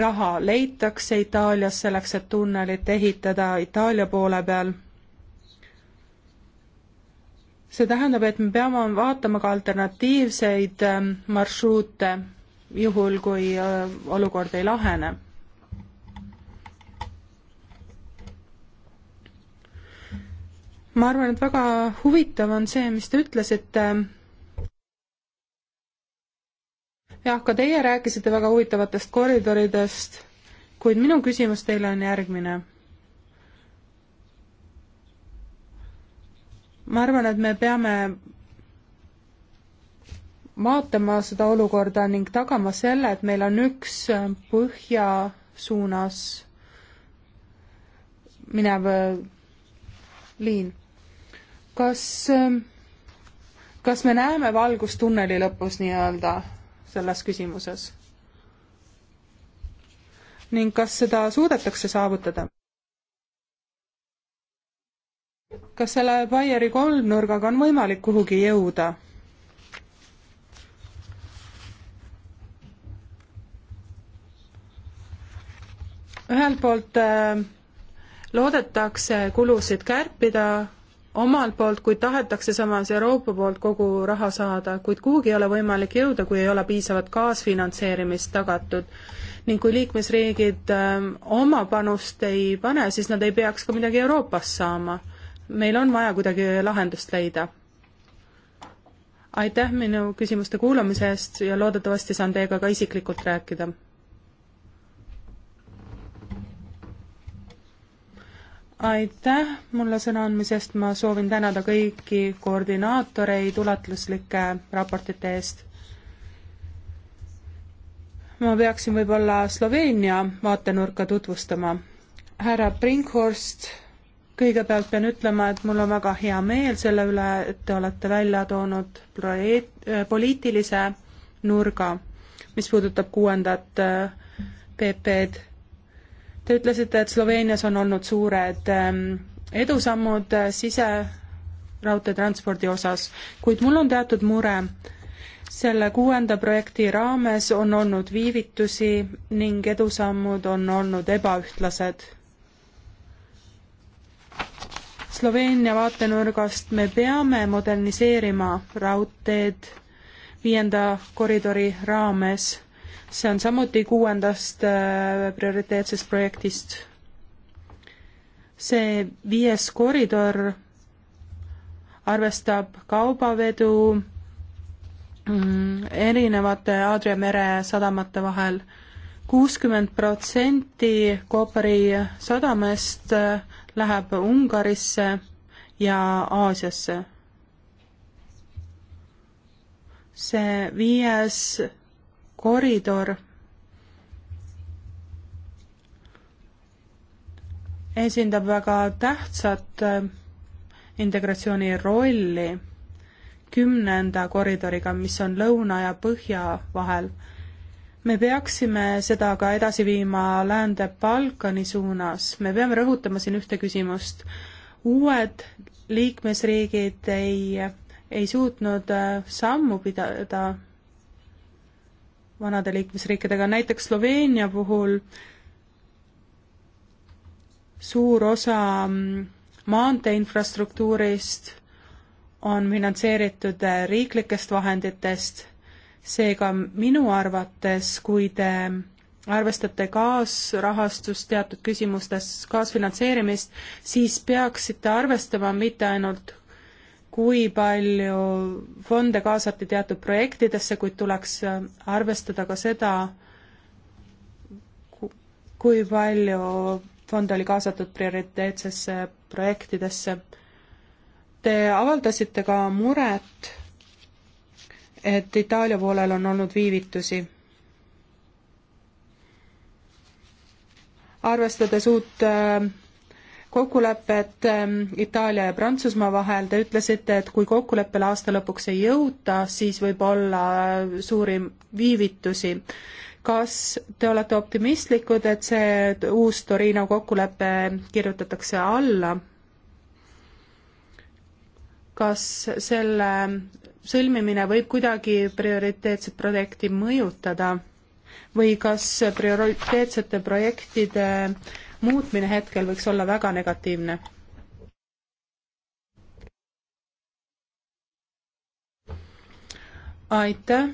raha leitakse Itaalias selleks, et tunnelit ehitada Itaalia poole peal. see tähendab, et me peame vaatama ka alternatiivseid ähm, marsruute, juhul kui äh, olukord ei lahene ma arvan, et väga huvitav on see, mis te ütlesite. jah, ka teie rääkisite väga huvitavatest koridoridest, kuid minu küsimus teile on järgmine ma arvan, et me peame vaatama seda olukorda ning tagama selle, et meil on üks põhja suunas minev liin kas, kas me näeme valgust tunneli lõpus nii-öelda selles küsimuses? ning kas seda suudetakse saavutada? kas selle Baieri kolmnurgaga on võimalik kuhugi jõuda? ühelt poolt äh, loodetakse kulusid kärpida omalt poolt, kuid tahetakse samas Euroopa poolt kogu raha saada, kuid kuhugi ei ole võimalik jõuda, kui ei ole piisavat kaasfinantseerimist tagatud. ning kui liikmesriigid ähm, oma panust ei pane, siis nad ei peaks ka midagi Euroopast saama. meil on vaja kuidagi lahendust leida. aitäh minu küsimuste kuulamise eest ja loodetavasti saan teiega ka isiklikult rääkida aitäh mulle sõna andmise eest, ma soovin tänada kõiki koordinaatoreid ulatuslike raportite eest. ma peaksin võib-olla Sloveenia vaatenurka tutvustama. härra Brinkhorst, kõigepealt pean ütlema, et mul on väga hea meel selle üle, et te olete välja toonud projekt, äh, poliitilise nurga, mis puudutab kuuendat äh, PP-d Te ütlesite, et Sloveenias on olnud suured ähm, edusammud äh, siseraudteetranspordi osas, kuid mul on teatud mure selle kuuenda projekti raames on olnud viivitusi ning edusammud on olnud ebaühtlased. Sloveenia vaatenurgast me peame moderniseerima raudteed viienda koridori raames see on samuti kuuendast äh, prioriteetsest projektist. see viies koridor arvestab kaubavedu mm, erinevate Aadria mere sadamate vahel. kuuskümmend protsenti Kopari sadamast äh, läheb Ungarisse ja Aasiasse. see viies koridor esindab väga tähtsat äh, integratsiooni rolli kümnenda koridoriga, mis on lõuna ja põhja vahel. me peaksime seda ka edasi viima Läände-Balkani suunas, me peame rõhutama siin ühte küsimust. uued liikmesriigid ei, ei suutnud äh, sammu pidada vanade liikmesriikidega, näiteks Sloveenia puhul suur osa mm, maantee infrastruktuurist on finantseeritud äh, riiklikest vahenditest, seega minu arvates, kui te arvestate kaasrahastust teatud küsimustes, kaasfinantseerimist, siis peaksite arvestama mitte ainult kui palju fonde kaasati teatud projektidesse, kuid tuleks äh, arvestada ka seda, kui palju fond oli kaasatud prioriteetsesse projektidesse. Te avaldasite ka muret, et Itaalia poolel on olnud viivitusi. arvestades uut äh, kokkulepet ähm, Itaalia ja Prantsusmaa vahel, te ütlesite, et kui kokkuleppele aasta lõpuks ei jõuta, siis võib olla äh, suuri viivitusi. kas te olete optimistlikud, et see uus Torino kokkulepe kirjutatakse alla? kas selle sõlmimine võib kuidagi prioriteetset projekti mõjutada või kas prioriteetsete projektide äh, muutmine hetkel võiks olla väga negatiivne. aitäh.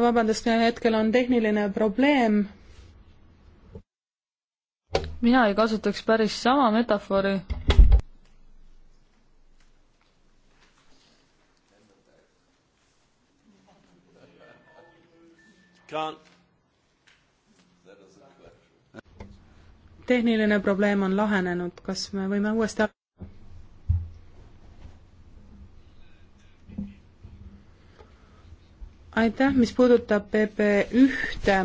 vabandust, hetkel on tehniline probleem mina ei kasutaks päris sama metafoori. Can't. tehniline probleem on lahenenud, kas me võime uuesti aitäh, mis puudutab PP1-te,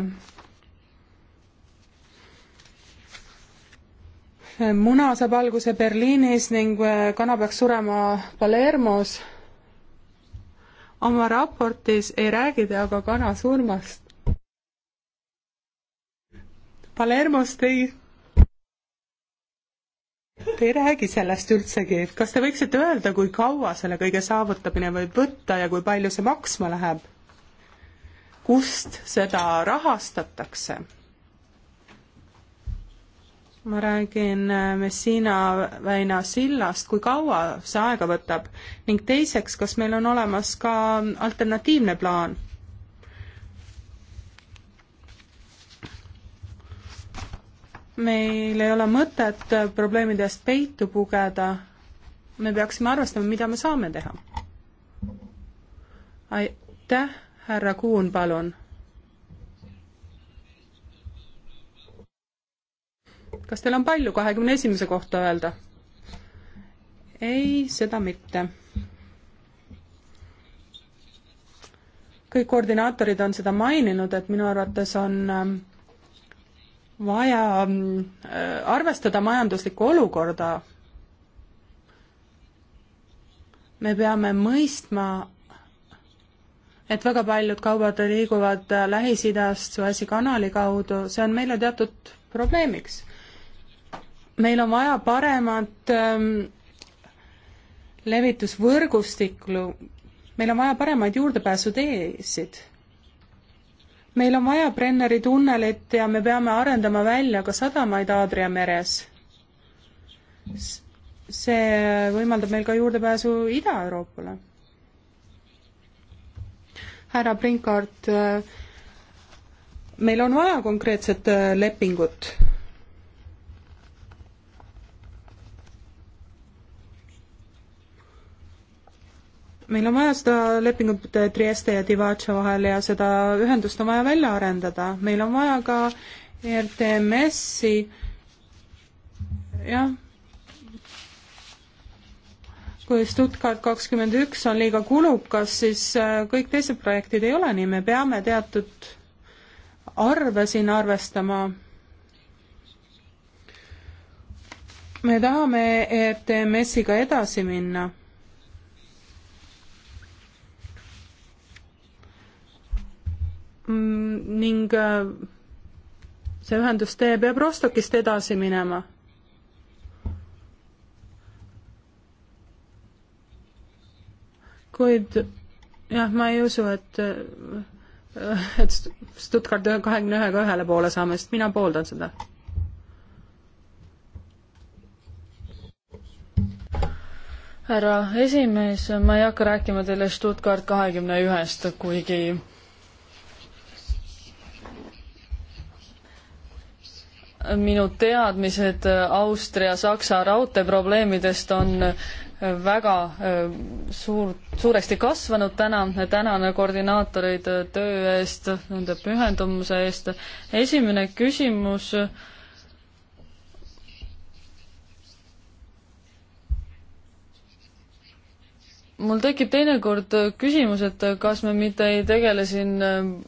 muna saab alguse Berliinis ning äh, kana peaks surema Palermos. oma raportis ei räägi te aga kana surmast. Palermos te ei, te ei räägi sellest üldsegi, kas te võiksite öelda, kui kaua selle kõige saavutamine võib võtta ja kui palju see maksma läheb? kust seda rahastatakse? ma räägin äh, Messina väina sillast, kui kaua see aega võtab ning teiseks, kas meil on olemas ka alternatiivne plaan? meil ei ole mõtet probleemidest peitu pugeda, me peaksime arvestama, mida me saame teha. aitäh, härra Kuun, palun. kas teil on palju kahekümne esimese kohta öelda? ei, seda mitte. kõik koordinaatorid on seda maininud, et minu arvates on ähm, vaja mm, äh, arvestada majanduslikku olukorda. me peame mõistma, et väga paljud kaubad liiguvad äh, Lähis-Idast Suessi kanali kaudu, see on meile teatud probleemiks. meil on vaja paremat ähm, levitusvõrgustikku, meil on vaja paremaid juurdepääsuteesid meil on vaja Brenneri tunnelit ja me peame arendama välja ka sadamaid Aadria meres. see võimaldab meil ka juurdepääsu Ida-Euroopale. härra Brinkart, äh, meil on vaja konkreetset äh, lepingut meil on vaja seda lepingut Trieste ja Divace vahel ja seda ühendust on vaja välja arendada, meil on vaja ka RTMS-i, jah, kui Stuttgart kakskümmend üks on liiga kulukas, siis äh, kõik teised projektid ei ole nii, me peame teatud arve siin arvestama. me tahame RTMS-iga edasi minna Mm, ning äh, see ühendustee peab Rostokist edasi minema. kuid jah, ma ei usu, et äh, et Stuttgart kahekümne ühega ühele poole saame, sest mina pooldan seda. härra esimees, ma ei hakka rääkima teile Stuttgart kahekümne ühest, kuigi minu teadmised äh, Austria-Saksa raudteeprobleemidest on äh, väga äh, suur, suuresti kasvanud täna, tänane koordinaatorid töö eest, nende pühendumuse eest. esimene küsimus mul tekib teinekord küsimus, et kas me mitte ei tegele siin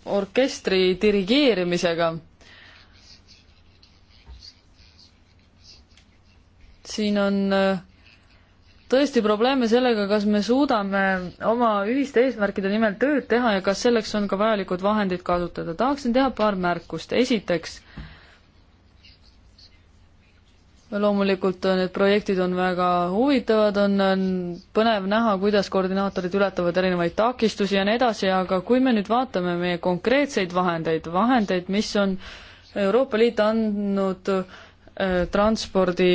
orkestri dirigeerimisega. siin on äh, tõesti probleeme sellega, kas me suudame oma ühiste eesmärkide nimel tööd teha ja kas selleks on ka vajalikud vahendid kasutada. tahaksin teha paar märkust. esiteks, loomulikult äh, need projektid on väga huvitavad, on, on põnev näha, kuidas koordinaatorid ületavad erinevaid takistusi ja nii edasi, aga kui me nüüd vaatame meie konkreetseid vahendeid, vahendeid, mis on Euroopa Liit andnud äh, transpordi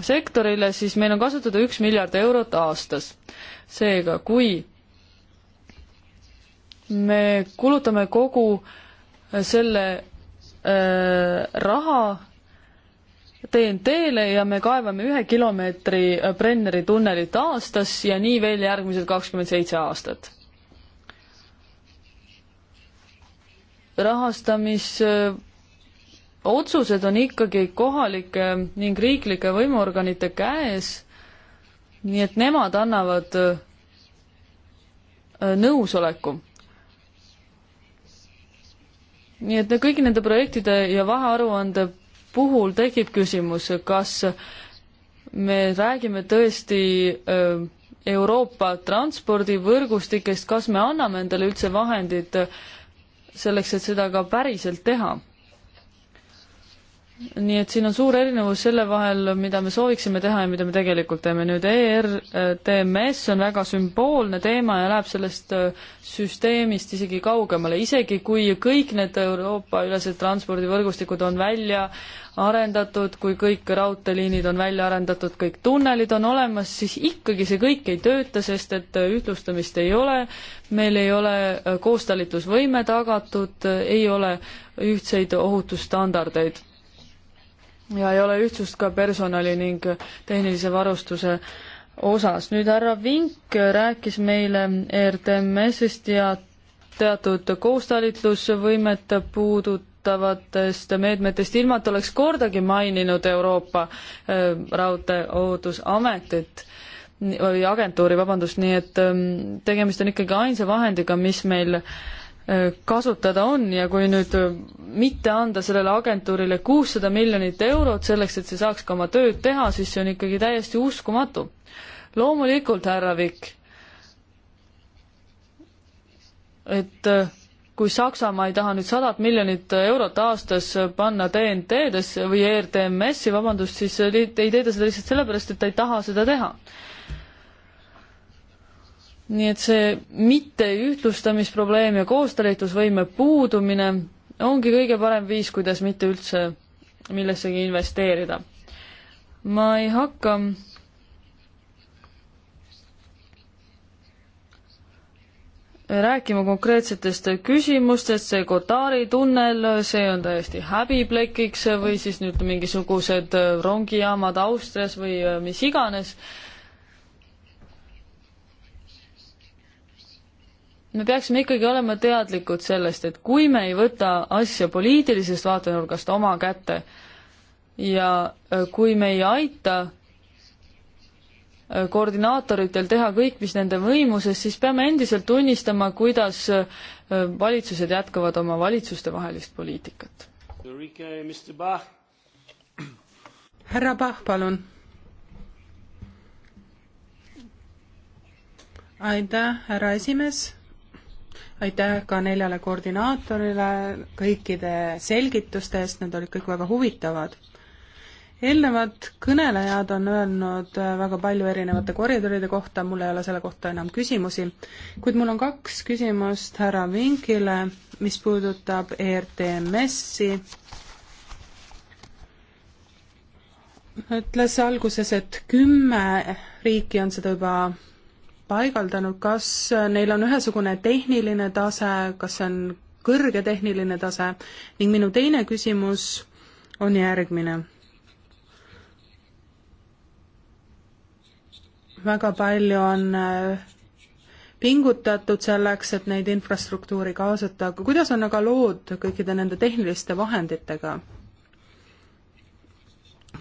sektorile, siis meil on kasutada üks miljard eurot aastas. seega, kui me kulutame kogu äh, selle äh, raha TNT-le ja me kaevame ühe kilomeetri äh, Brenneri tunnelit aastas ja nii veel järgmised kakskümmend seitse aastat. rahastamis äh, otsused on ikkagi kohalike ning riiklike võimuorganite käes, nii et nemad annavad äh, nõusoleku. nii et kõigi nende projektide ja vahearuande puhul tekib küsimus, kas me räägime tõesti äh, Euroopa transpordivõrgustikest, kas me anname endale üldse vahendid selleks, et seda ka päriselt teha nii et siin on suur erinevus selle vahel, mida me sooviksime teha ja mida me tegelikult teeme. nüüd ERTMS äh, on väga sümboolne teema ja läheb sellest äh, süsteemist isegi kaugemale, isegi kui kõik need Euroopa-ülesed transpordivõrgustikud on välja arendatud, kui kõik raudteeliinid on välja arendatud, kõik tunnelid on olemas, siis ikkagi see kõik ei tööta, sest et äh, ühtlustamist ei ole, meil ei ole koostalitlusvõime tagatud, ei ole ühtseid ohutusstandardeid ja ei ole ühtsust ka personali ning tehnilise varustuse osas. nüüd härra Vink rääkis meile RTMS-ist ja teatud koostalitlusvõimet puudutavatest meetmetest, ilma et oleks kordagi maininud Euroopa äh, Raudteeohutusametit või agentuuri, vabandust, nii et ähm, tegemist on ikkagi ainsa vahendiga, mis meil äh, Äh, kasutada on ja kui nüüd äh, mitte anda sellele agentuurile kuussada miljonit eurot selleks, et see saaks ka oma tööd teha, siis see on ikkagi täiesti uskumatu. loomulikult, härra Vikk, et äh, kui Saksamaa ei taha nüüd sadat miljonit eurot aastas panna TNT-desse või ERTMS-i, vabandust, siis ei tee ta seda lihtsalt sellepärast, et ta ei taha seda teha nii et see mitteühtlustamisprobleem ja koostalitusvõime puudumine ongi kõige parem viis, kuidas mitte üldse millessegi investeerida. ma ei hakka rääkima konkreetsetest küsimustest, see Kotari tunnel, see on täiesti häbiplekiks või siis nüüd mingisugused rongijaamad Austrias või äh, mis iganes me peaksime ikkagi olema teadlikud sellest, et kui me ei võta asja poliitilisest vaatenurgast oma kätte ja äh, kui me ei aita äh, koordinaatoritel teha kõik, mis nende võimuses, siis peame endiselt tunnistama, kuidas äh, valitsused jätkavad oma valitsustevahelist poliitikat. härra Pahv, palun. aitäh, härra esimees aitäh ka neljale koordinaatorile kõikide selgituste eest, need olid kõik väga huvitavad. eelnevad kõnelejad on öelnud äh, väga palju erinevate koridoride kohta, mul ei ole selle kohta enam küsimusi, kuid mul on kaks küsimust härra Vinkile, mis puudutab ERTMS-i. ütles alguses, et kümme riiki on seda juba paigaldanud, kas neil on ühesugune tehniline tase, kas see on kõrge tehniline tase ning minu teine küsimus on järgmine. väga palju on äh, pingutatud selleks, et neid infrastruktuuri kaasata, aga kuidas on aga lood kõikide nende tehniliste vahenditega?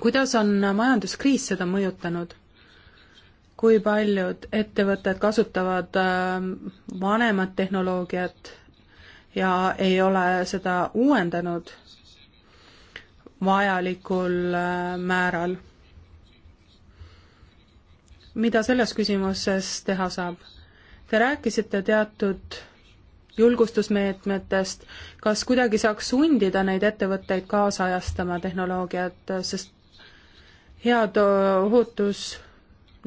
kuidas on majanduskriis seda mõjutanud? kui paljud ettevõtted kasutavad ähm, vanemat tehnoloogiat ja ei ole seda uuendanud vajalikul äh, määral. mida selles küsimuses teha saab? Te rääkisite teatud julgustusmeetmetest, kas kuidagi saaks sundida neid ettevõtteid kaasajastama tehnoloogiat, sest head ohutus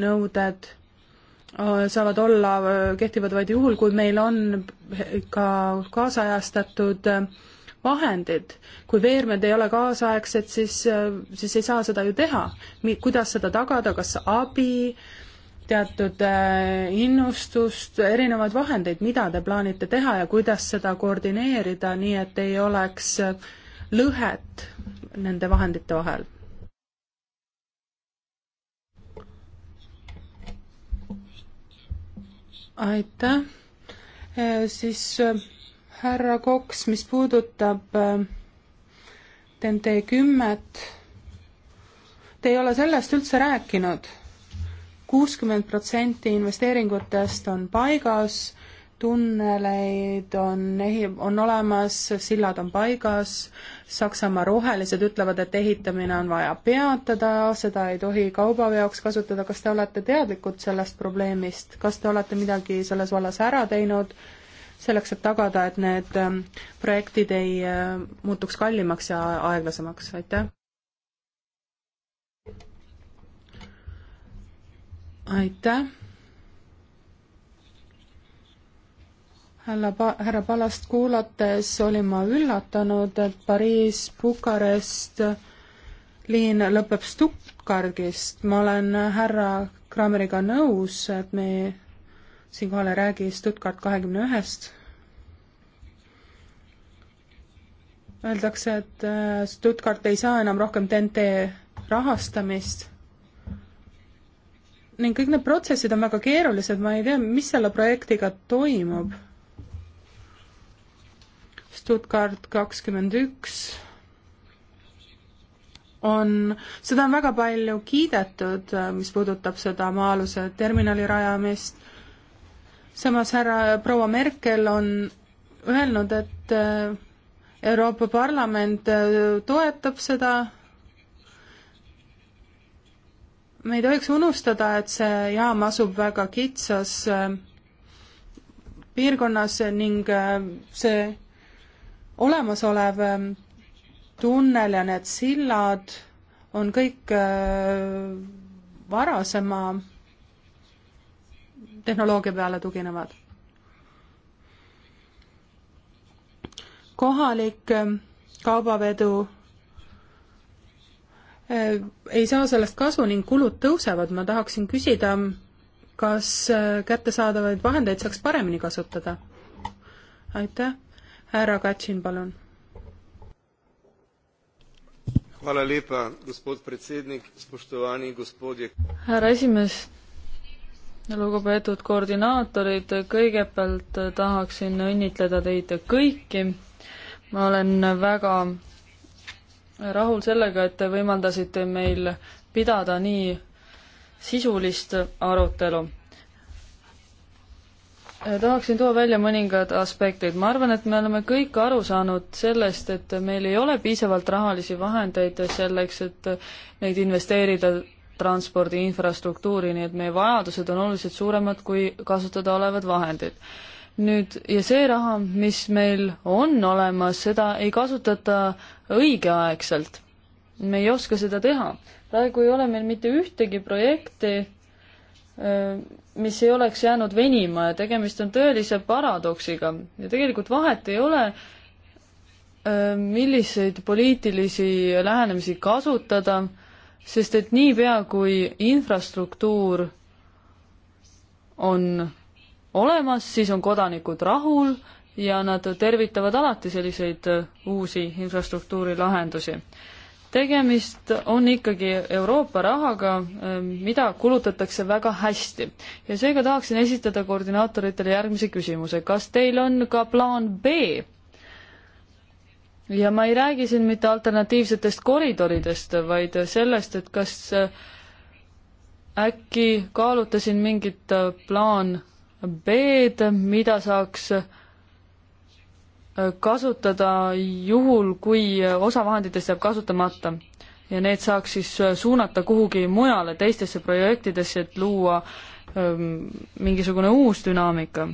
nõuded äh, saavad olla, äh, kehtivad vaid juhul, kui meil on ka kaasajastatud äh, vahendid. kui veermed ei ole kaasaegsed, siis, siis ei saa seda ju teha. kuidas seda tagada, kas abi, teatud innustust, erinevaid vahendeid, mida te plaanite teha ja kuidas seda koordineerida, nii et ei oleks lõhet nende vahendite vahel? aitäh, äh, siis äh, härra Koks, mis puudutab TNT äh, kümmet, te ei ole sellest üldse rääkinud kuuskümmend protsenti investeeringutest on paigas tunneleid on, on olemas, sillad on paigas, Saksamaa rohelised ütlevad, et ehitamine on vaja peatada, seda ei tohi kaubaveoks kasutada, kas te olete teadlikud sellest probleemist, kas te olete midagi selles vallas ära teinud, selleks, et tagada, et need ähm, projektid ei äh, muutuks kallimaks ja aeglasemaks, aitäh? aitäh! härra pa-, härra Palast kuulates olin ma üllatunud, et Pariis, Bukarest liin lõpeb Stuttgardist, ma olen härra Krammeriga nõus, et me siinkohal ei räägi Stuttgart kahekümne ühest. Öeldakse, et äh, Stuttgart ei saa enam rohkem TNT rahastamist ning kõik need protsessid on väga keerulised, ma ei tea, mis selle projektiga toimub Stuttgart kakskümmend üks on, seda on väga palju kiidetud, äh, mis puudutab seda maa-aluse terminali rajamist, samas härra, äh, proua Merkel on öelnud, et äh, Euroopa Parlament toetab seda, me ei tohiks unustada, et see jaam asub väga kitsas piirkonnas ning see olemasolev ähm, tunnel ja need sillad on kõik äh, varasema tehnoloogia peale tuginevad. kohalik ähm, kaubavedu äh, ei saa sellest kasu ning kulud tõusevad, ma tahaksin küsida, kas äh, kättesaadavaid vahendeid saaks paremini kasutada? aitäh, härra Katsin, palun. härra esimees, lugupeetud koordinaatorid, kõigepealt tahaksin õnnitleda teid kõiki. ma olen väga rahul sellega, et te võimaldasite meil pidada nii sisulist arutelu tahaksin tuua välja mõningad aspektid. ma arvan, et me oleme kõik aru saanud sellest, et meil ei ole piisavalt rahalisi vahendeid selleks, et neid investeerida transpordi infrastruktuuri, nii et meie vajadused on oluliselt suuremad kui kasutada olevad vahendid. nüüd, ja see raha, mis meil on olemas, seda ei kasutata õigeaegselt. me ei oska seda teha. praegu ei ole meil mitte ühtegi projekti, mis ei oleks jäänud venima ja tegemist on tõelise paradoksiga ja tegelikult vahet ei ole, milliseid poliitilisi lähenemisi kasutada, sest et niipea, kui infrastruktuur on olemas, siis on kodanikud rahul ja nad tervitavad alati selliseid uusi infrastruktuuri lahendusi tegemist on ikkagi Euroopa rahaga, ähm, mida kulutatakse väga hästi. ja seega tahaksin esitada koordinaatoritele järgmise küsimuse, kas teil on ka plaan B? ja ma ei räägi siin mitte alternatiivsetest koridoridest, vaid sellest, et kas äh, äkki kaalutasin mingit äh, plaan B-d, mida saaks äh, kasutada juhul, kui osa vahenditest jääb kasutamata ja need saaks siis suunata kuhugi mujale, teistesse projektidesse, et luua öö, ähm, mingisugune uus dünaamika.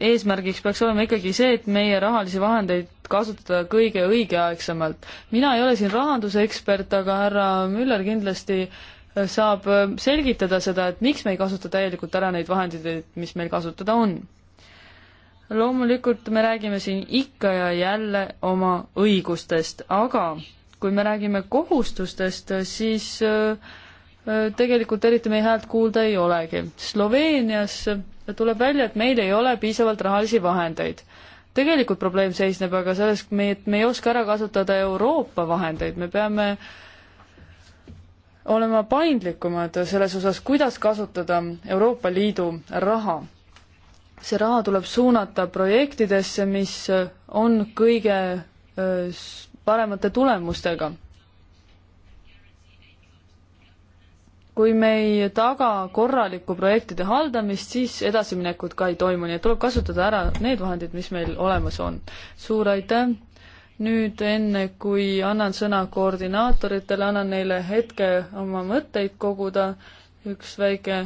eesmärgiks peaks olema ikkagi see, et meie rahalisi vahendeid kasutada kõige õigeaegsemalt. mina ei ole siin rahanduse ekspert, aga härra Müller kindlasti äh, saab äh, selgitada seda, et miks me ei kasuta täielikult ära neid vahendeid, mis meil kasutada on loomulikult me räägime siin ikka ja jälle oma õigustest, aga kui me räägime kohustustest, siis äh, äh, tegelikult eriti meie häält kuulda ei olegi. Sloveenias tuleb välja, et meil ei ole piisavalt rahalisi vahendeid. tegelikult probleem seisneb aga selles, et me ei oska ära kasutada Euroopa vahendeid, me peame olema paindlikumad selles osas, kuidas kasutada Euroopa Liidu raha see raha tuleb suunata projektidesse, mis äh, on kõige äh, paremate tulemustega. kui me ei taga korralikku projektide haldamist, siis edasiminekut ka ei toimu, nii et tuleb kasutada ära need vahendid, mis meil olemas on. suur aitäh! nüüd enne, kui annan sõna koordinaatoritele, annan neile hetke oma mõtteid koguda, üks väike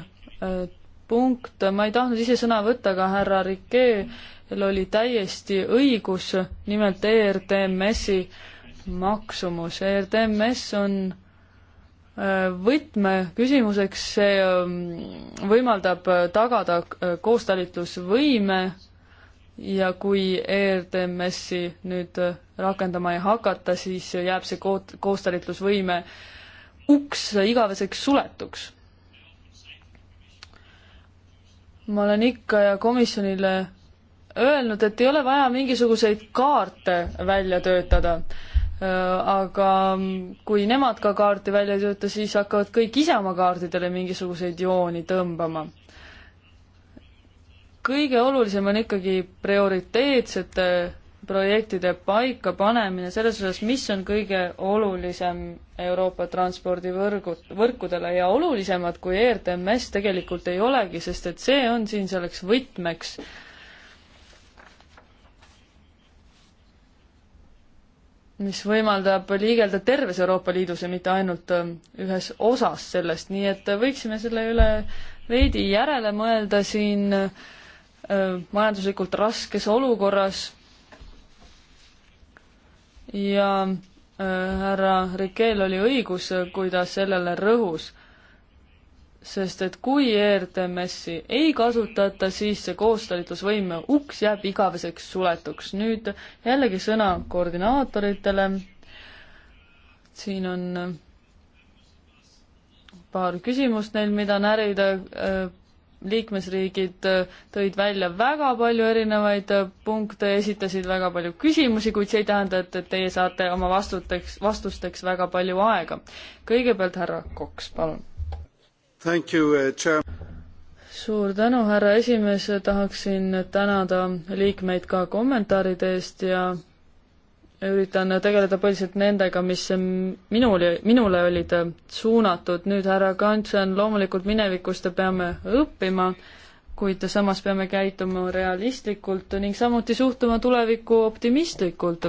äh, punkt, ma ei tahtnud ise sõna võtta, aga härra Rikeel oli täiesti õigus, nimelt ERTMS-i maksumus. ERTMS on äh, võtmeküsimuseks, see ähm, võimaldab tagada äh, koostalitlusvõime ja kui ERTMS-i nüüd äh, rakendama ei hakata, siis jääb see koostalitlusvõime uks igaveseks suletuks ma olen ikka ja komisjonile öelnud, et ei ole vaja mingisuguseid kaarte välja töötada. aga kui nemad ka kaarti välja ei tööta, siis hakkavad kõik ise oma kaardidele mingisuguseid jooni tõmbama. kõige olulisem on ikkagi prioriteetsete projektide paikapanemine selles osas, mis on kõige olulisem Euroopa transpordivõrgu, võrkudele ja olulisemad kui ERTMS tegelikult ei olegi, sest et see on siin selleks võtmeks. mis võimaldab liigelda terves Euroopa Liidus ja mitte ainult ähm, ühes osas sellest, nii et võiksime selle üle veidi järele mõelda siin äh, majanduslikult raskes olukorras ja äh, härra Rikel oli õigus, kui ta sellele rõhus. sest et kui ERTMS-i ei kasutata, siis see koostalitlusvõime uks jääb igaveseks suletuks. nüüd jällegi sõna koordinaatoritele. siin on äh, paar küsimust neil, mida närida äh, liikmesriigid äh, tõid välja väga palju erinevaid äh, punkte, esitasid väga palju küsimusi, kuid see ei tähenda, et, et teie saate oma vastuteks, vastusteks väga palju aega. kõigepealt härra Koks, palun. Uh, suur tänu, härra esimees, tahaksin tänada liikmeid ka kommentaaride eest ja üritan tegeleda põhiliselt nendega, mis minule, minule olid suunatud. nüüd härra Kantsen, loomulikult minevikust peame õppima, kuid samas peame käituma realistlikult ning samuti suhtuma tulevikku optimistlikult.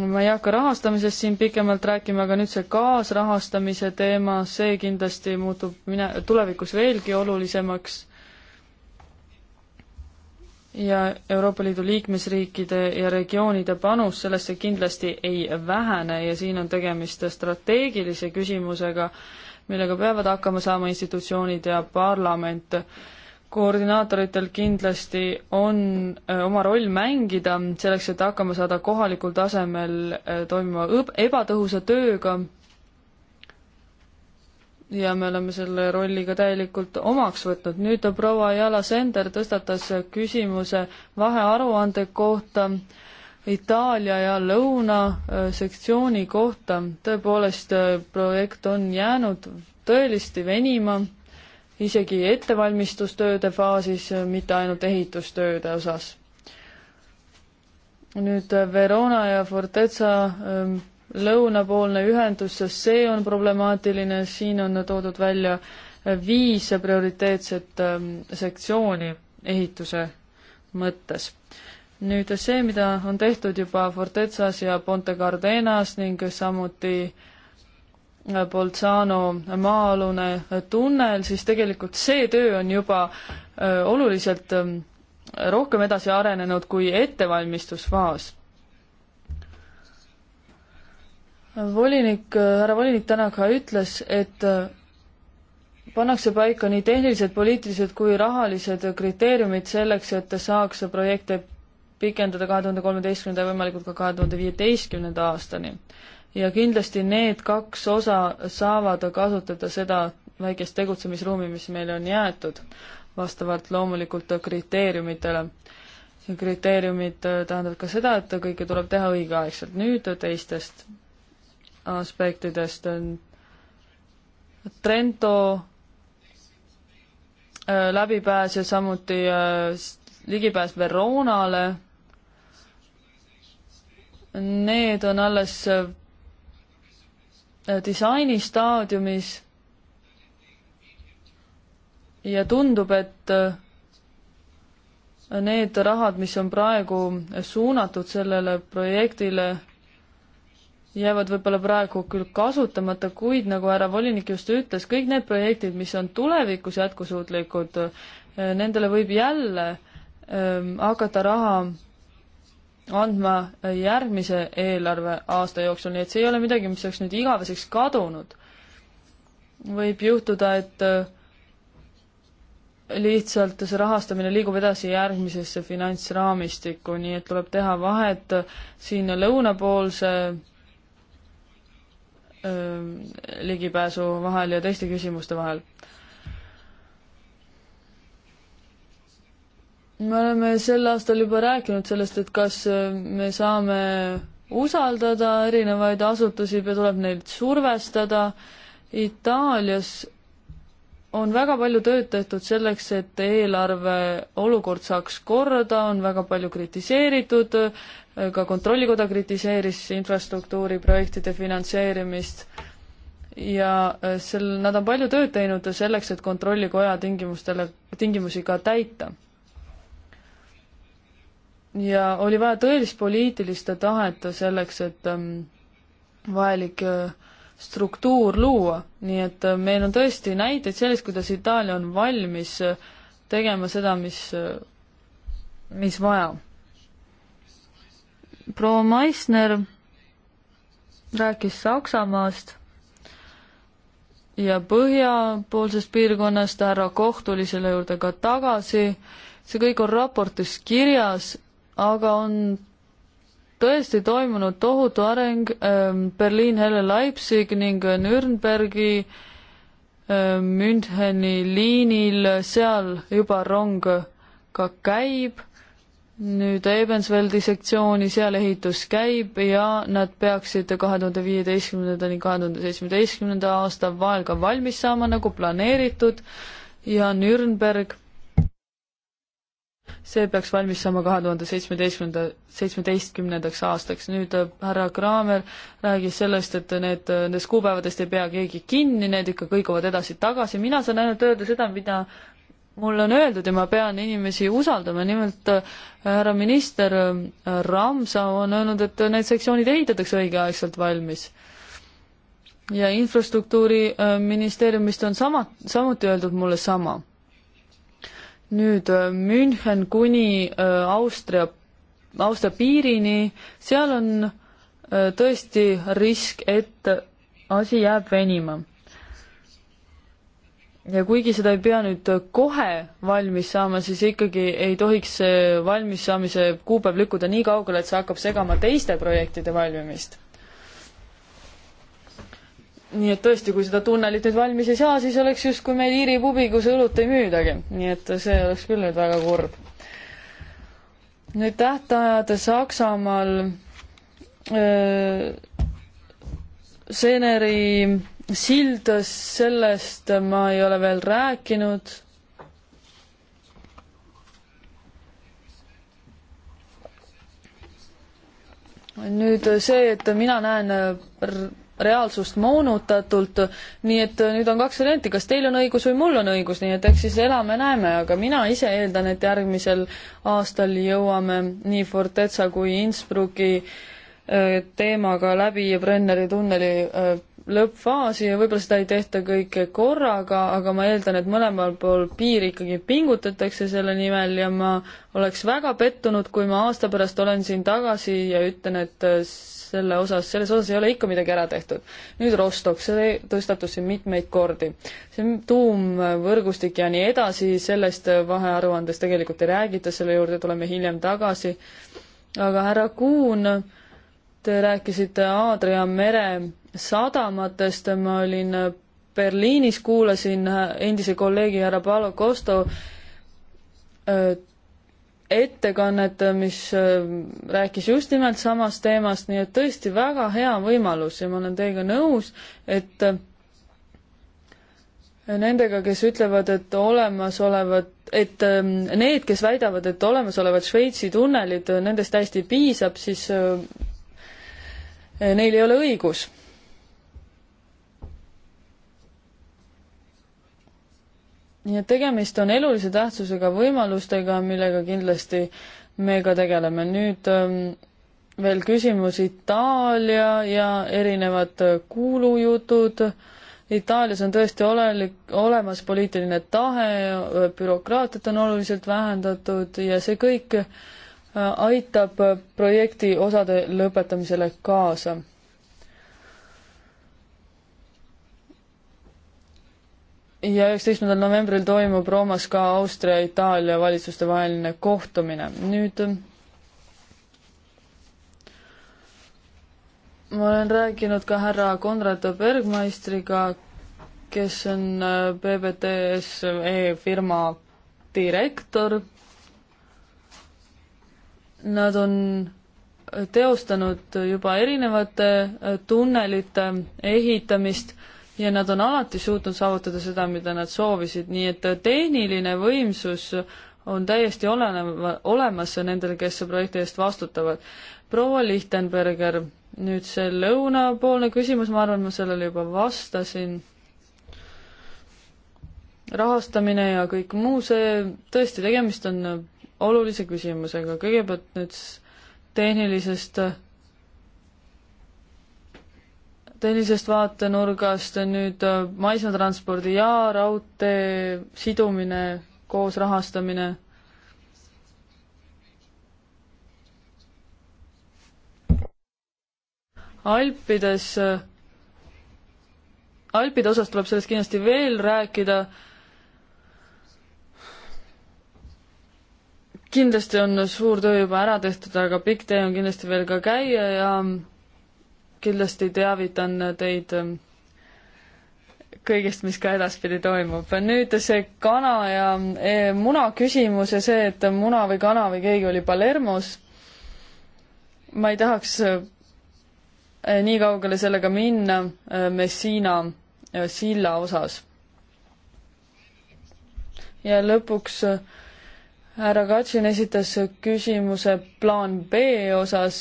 ma ei hakka rahastamisest siin pikemalt rääkima, aga nüüd see kaasrahastamise teema, see kindlasti muutub mine-, tulevikus veelgi olulisemaks ja Euroopa Liidu liikmesriikide ja regioonide panus sellesse kindlasti ei vähene ja siin on tegemist strateegilise küsimusega, millega peavad hakkama saama institutsioonid ja parlament. koordinaatoritel kindlasti on äh, oma roll mängida selleks, et hakkama saada kohalikul tasemel äh, toimuva ebatõhusa tööga ja me oleme selle rolli ka täielikult omaks võtnud. nüüd proua Jala Sender tõstatas küsimuse vahearuande kohta Itaalia ja lõunasektsiooni äh, kohta. tõepoolest, äh, projekt on jäänud tõelisti venima, isegi ettevalmistustööde faasis, äh, mitte ainult ehitustööde osas. nüüd Verona ja Fortezza ähm, lõunapoolne ühendus, sest see on problemaatiline, siin on toodud välja viis prioriteetset ähm, sektsiooni ehituse mõttes. nüüd see, mida on tehtud juba Fortezas ja Ponte Cardenas ning samuti äh, Bolzano maa-alune tunnel, siis tegelikult see töö on juba äh, oluliselt ähm, rohkem edasi arenenud kui ettevalmistusfaas volinik, äh, härra volinik Tanaka ütles, et äh, pannakse paika nii tehnilised, poliitilised kui rahalised kriteeriumid selleks, et saaks projekte pikendada kahe tuhande kolmeteistkümnenda ja võimalikult ka kahe tuhande viieteistkümnenda aastani. ja kindlasti need kaks osa saavad kasutada seda väikest tegutsemisruumi, mis meile on jäetud, vastavalt loomulikult kriteeriumitele. kriteeriumid äh, tähendavad ka seda, et kõike tuleb teha õigeaegselt. nüüd teistest aspektidest. Trento äh, läbipääs ja samuti äh, ligipääs Veroonale. Need on alles äh, disainistaadiumis. ja tundub, et need rahad, mis on praegu suunatud sellele projektile, jäävad võib-olla praegu küll kasutamata, kuid nagu härra volinik just ütles, kõik need projektid, mis on tulevikus jätkusuutlikud, eh, nendele võib jälle ehm, hakata raha andma järgmise eelarveaasta jooksul, nii et see ei ole midagi, mis oleks nüüd igaveseks kadunud. võib juhtuda, et eh, lihtsalt see rahastamine liigub edasi järgmisesse finantsraamistikku, nii et tuleb teha vahet eh, siin lõunapoolse ligipääsu vahel ja teiste küsimuste vahel. me oleme sel aastal juba rääkinud sellest, et kas me saame usaldada erinevaid asutusi või tuleb neid survestada. Itaalias on väga palju tööd tehtud selleks, et eelarve olukord saaks korda, on väga palju kritiseeritud ka Kontrollikoda kritiseeris infrastruktuuriprojektide finantseerimist ja äh, sel, nad on palju tööd teinud selleks, et Kontrollikoja tingimustele, tingimusi ka täita. ja oli vaja tõelist poliitilist tahet selleks, et ähm, vajalik äh, struktuur luua, nii et äh, meil on tõesti näiteid sellest, kuidas Itaalia on valmis äh, tegema seda, mis, äh, mis vaja proua Meissner rääkis Saksamaast ja põhjapoolsest piirkonnast, härra Koht tuli selle juurde ka tagasi, see kõik on raportis kirjas, aga on tõesti toimunud tohutu areng ähm, Berliin, Helle, Leipzig ning Nürnbergi, ähm, Müncheni liinil, seal juba rong ka käib nüüd Ebensveldi sektsiooni, seal ehitus käib ja nad peaksid kahe tuhande viieteistkümnendani kahe tuhande seitsmeteistkümnenda aasta vahel ka valmis saama nagu planeeritud ja Nürnberg, see peaks valmis saama kahe tuhande seitsmeteistkümnenda, seitsmeteistkümnendaks aastaks. nüüd äh, härra Kramer räägis sellest, et need, äh, nendest kuupäevadest ei pea keegi kinni, need ikka kõiguvad edasi-tagasi, mina saan ainult öelda seda, mida mulle on öeldud ja ma pean inimesi usaldama, nimelt äh, härra minister äh, Ramsa on öelnud, et need sektsioonid ehitatakse õigeaegselt valmis. ja infrastruktuuriministeeriumist äh, on sama, samuti öeldud mulle sama. nüüd München kuni Austria, Austria piirini, seal on tõesti risk, et asi jääb venima ja kuigi seda ei pea nüüd kohe valmis saama, siis ikkagi ei tohiks see valmis saamise kuupäev lükkuda nii kaugele, et see hakkab segama teiste projektide valmimist. nii et tõesti, kui seda tunnelit nüüd valmis ei saa, siis oleks justkui meil Iiri pubi, kus õlut ei müüdagi, nii et see oleks küll nüüd väga kurb. nüüd tähtajad Saksamaal öö, Seneri sild, sellest ma ei ole veel rääkinud. nüüd see, et mina näen reaalsust moonutatult, nii et nüüd on kaks varianti, kas teil on õigus või mul on õigus, nii et eks siis elame-näeme, aga mina ise eeldan, et järgmisel aastal jõuame nii Forteza kui Innsbrucki äh, teemaga läbi Brenneri tunneli äh, lõppfaasi ja võib-olla seda ei tehta kõike korraga, aga ma eeldan, et mõlemal pool piiri ikkagi pingutatakse selle nimel ja ma oleks väga pettunud, kui ma aasta pärast olen siin tagasi ja ütlen, et äh, selle osas, selles osas ei ole ikka midagi ära tehtud. nüüd Rostock, see tõstatus siin mitmeid kordi. see tuumvõrgustik ja nii edasi, sellest äh, vahearuandes tegelikult ei räägita, selle juurde tuleme hiljem tagasi. aga härra Kuhn, te rääkisite Aadria mere sadamatest, ma olin Berliinis, kuulasin endise kolleegi härra Paolo Costo ettekannet, mis rääkis just nimelt samast teemast, nii et tõesti väga hea võimalus ja ma olen teiega nõus, et nendega, kes ütlevad, et olemasolevad, et need, kes väidavad, et olemasolevad Šveitsi tunnelid, nendest hästi piisab, siis neil ei ole õigus nii et tegemist on elulise tähtsusega võimalustega, millega kindlasti me ka tegeleme. nüüd ähm, veel küsimus Itaalia ja erinevad äh, kuulujutud. Itaalias on tõesti olelik, olemas poliitiline tahe, äh, bürokraatiat on oluliselt vähendatud ja see kõik äh, aitab projekti osade lõpetamisele kaasa ja üheksateistkümnendal novembril toimub Roomas ka Austria ja Itaalia valitsuste vaheline kohtumine. nüüd ma olen rääkinud ka härra Konrad Bergmeistriga, kes on PBTS äh, e-firma direktor. Nad on teostanud juba erinevate äh, tunnelite ehitamist ja nad on alati suutnud saavutada seda, mida nad soovisid, nii et tehniline võimsus on täiesti oleneva, olemas nendel, kes projekti eest vastutavad. proua Lichtenberger, nüüd see lõunapoolne küsimus, ma arvan, ma sellele juba vastasin. rahastamine ja kõik muu, see tõesti, tegemist on olulise küsimusega, kõigepealt nüüd tehnilisest tehnilisest vaatenurgast nüüd äh, maismaatranspordi ja raudtee sidumine, koos rahastamine. Alpides, äh, Alpide osas tuleb sellest kindlasti veel rääkida. kindlasti on suur töö juba ära tehtud, aga pikk tee on kindlasti veel ka käia ja kindlasti teavitan teid ähm, kõigest, mis ka edaspidi toimub. nüüd see kana ja äh, muna küsimus ja see, et muna või kana või keegi oli Palermos. ma ei tahaks äh, nii kaugele sellega minna äh, Messina silla osas. ja lõpuks härra Katsin esitas küsimuse plaan B osas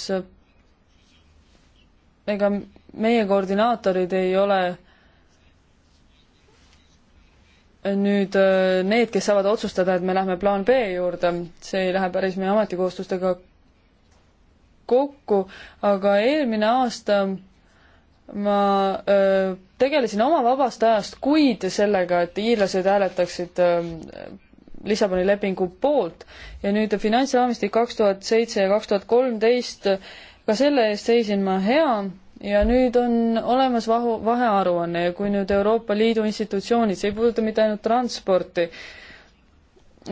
ega meie koordinaatorid ei ole nüüd äh, need, kes saavad otsustada, et me lähme plaan B juurde, see ei lähe päris meie ametikohustustega kokku, aga eelmine aasta ma öö, äh, tegelesin oma vabast ajast kuid sellega, et iirlased hääletaksid öö, äh, Lissaboni lepingu poolt ja nüüd finantsraamistik kaks tuhat seitse ja kaks tuhat kolmteist ka selle eest seisin ma hea ja nüüd on olemas vahu, vahearuanne ja kui nüüd Euroopa Liidu institutsioonid, see ei puuduta mitte ainult transporti,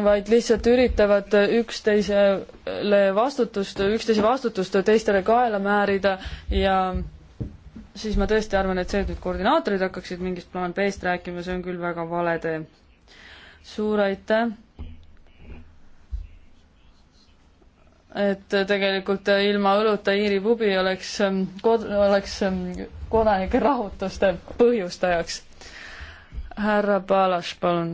vaid lihtsalt üritavad üksteisele vastutust, üksteise vastutust teistele kaela määrida ja siis ma tõesti arvan, et see, et nüüd koordinaatorid hakkaksid mingist plaan B-st rääkima, see on küll väga vale tee. suur aitäh! et tegelikult ilma õluta Iiri pubi oleks ähm, kod-, oleks ähm, kodanike rahutuste põhjustajaks. härra Palas, palun.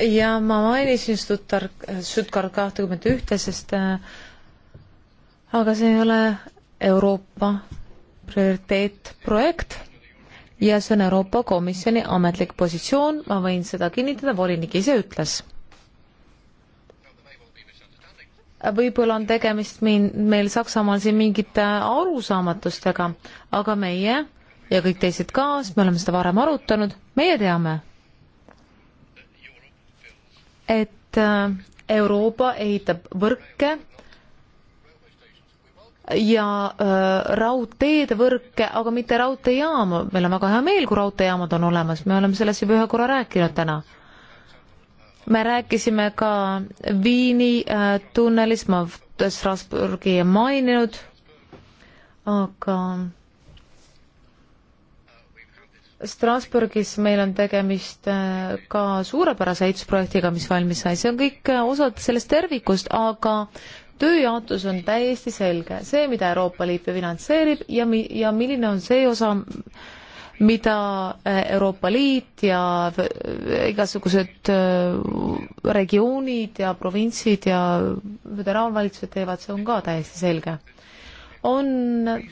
ja ma mainisin Stuttgart, Stuttgart kahtekümmet ühte, sest äh, aga see ei ole Euroopa prioriteetprojekt ja see on Euroopa Komisjoni ametlik positsioon, ma võin seda kinnitada, volinik ise ütles. võib-olla on tegemist min-, meil Saksamaal siin mingite arusaamatustega, aga meie ja kõik teised ka, sest me oleme seda varem arutanud, meie teame, et äh, Euroopa ehitab võrke ja äh, raudteedvõrke, aga mitte raudteejaama. meil on väga hea meel, kui raudteejaamad on olemas, me oleme sellest juba ühe korra rääkinud täna. me rääkisime ka Viini äh, tunnelist, ma Strasbourgi ei maininud, aga Strasbourgis meil on tegemist äh, ka suurepärase ehitusprojektiga, mis valmis sai, see on kõik äh, osad sellest tervikust, aga tööjaotus on täiesti selge, see, mida Euroopa Liit finantseerib ja mi-, ja milline on see osa, mida äh, Euroopa Liit ja igasugused äh, regioonid ja provintsid ja föderaalvalitsused teevad, see on ka täiesti selge. on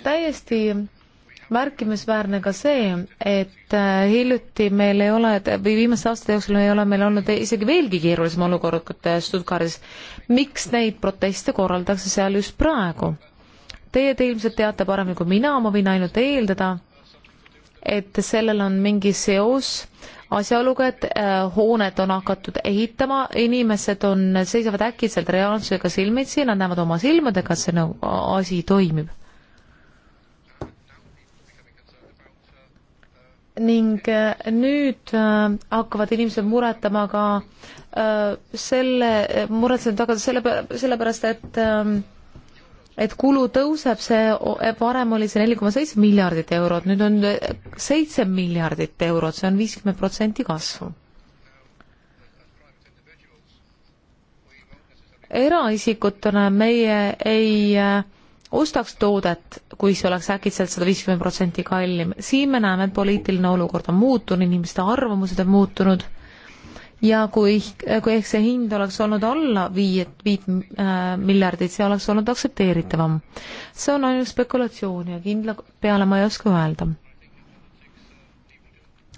täiesti märkimisväärne ka see, et äh, hiljuti meil ei ole või viimaste aastate jooksul ei ole meil olnud isegi veelgi keerulisem olukord kui Stuttgardis. miks neid proteste korraldatakse seal just praegu? Teie te ilmselt teate paremini kui mina, ma võin ainult eeldada, et sellel on mingi seos asjaoluga, et äh, hoonet on hakatud ehitama, inimesed on, seisavad äkitselt reaalsusega silmitsi, nad näevad oma silmadega, et see nagu asi toimib ning äh, nüüd äh, hakkavad inimesed muretama ka äh, selle, muretsema tagasi selle, sellepärast et et kulu tõuseb, see varem oli see neli koma seitse miljardit eurot, nüüd on seitse miljardit eurot, see on viiskümmend protsenti kasvu. eraisikutena meie ei äh, ostaks toodet, kui see oleks äkitselt sada viiskümmend protsenti kallim. siin me näeme, et poliitiline olukord on muutunud, inimeste arvamused on muutunud ja kui, kui ehk see hind oleks olnud alla viie, viit äh, miljardit, see oleks olnud aktsepteeritavam. see on ainult spekulatsioon ja kindla peale ma ei oska öelda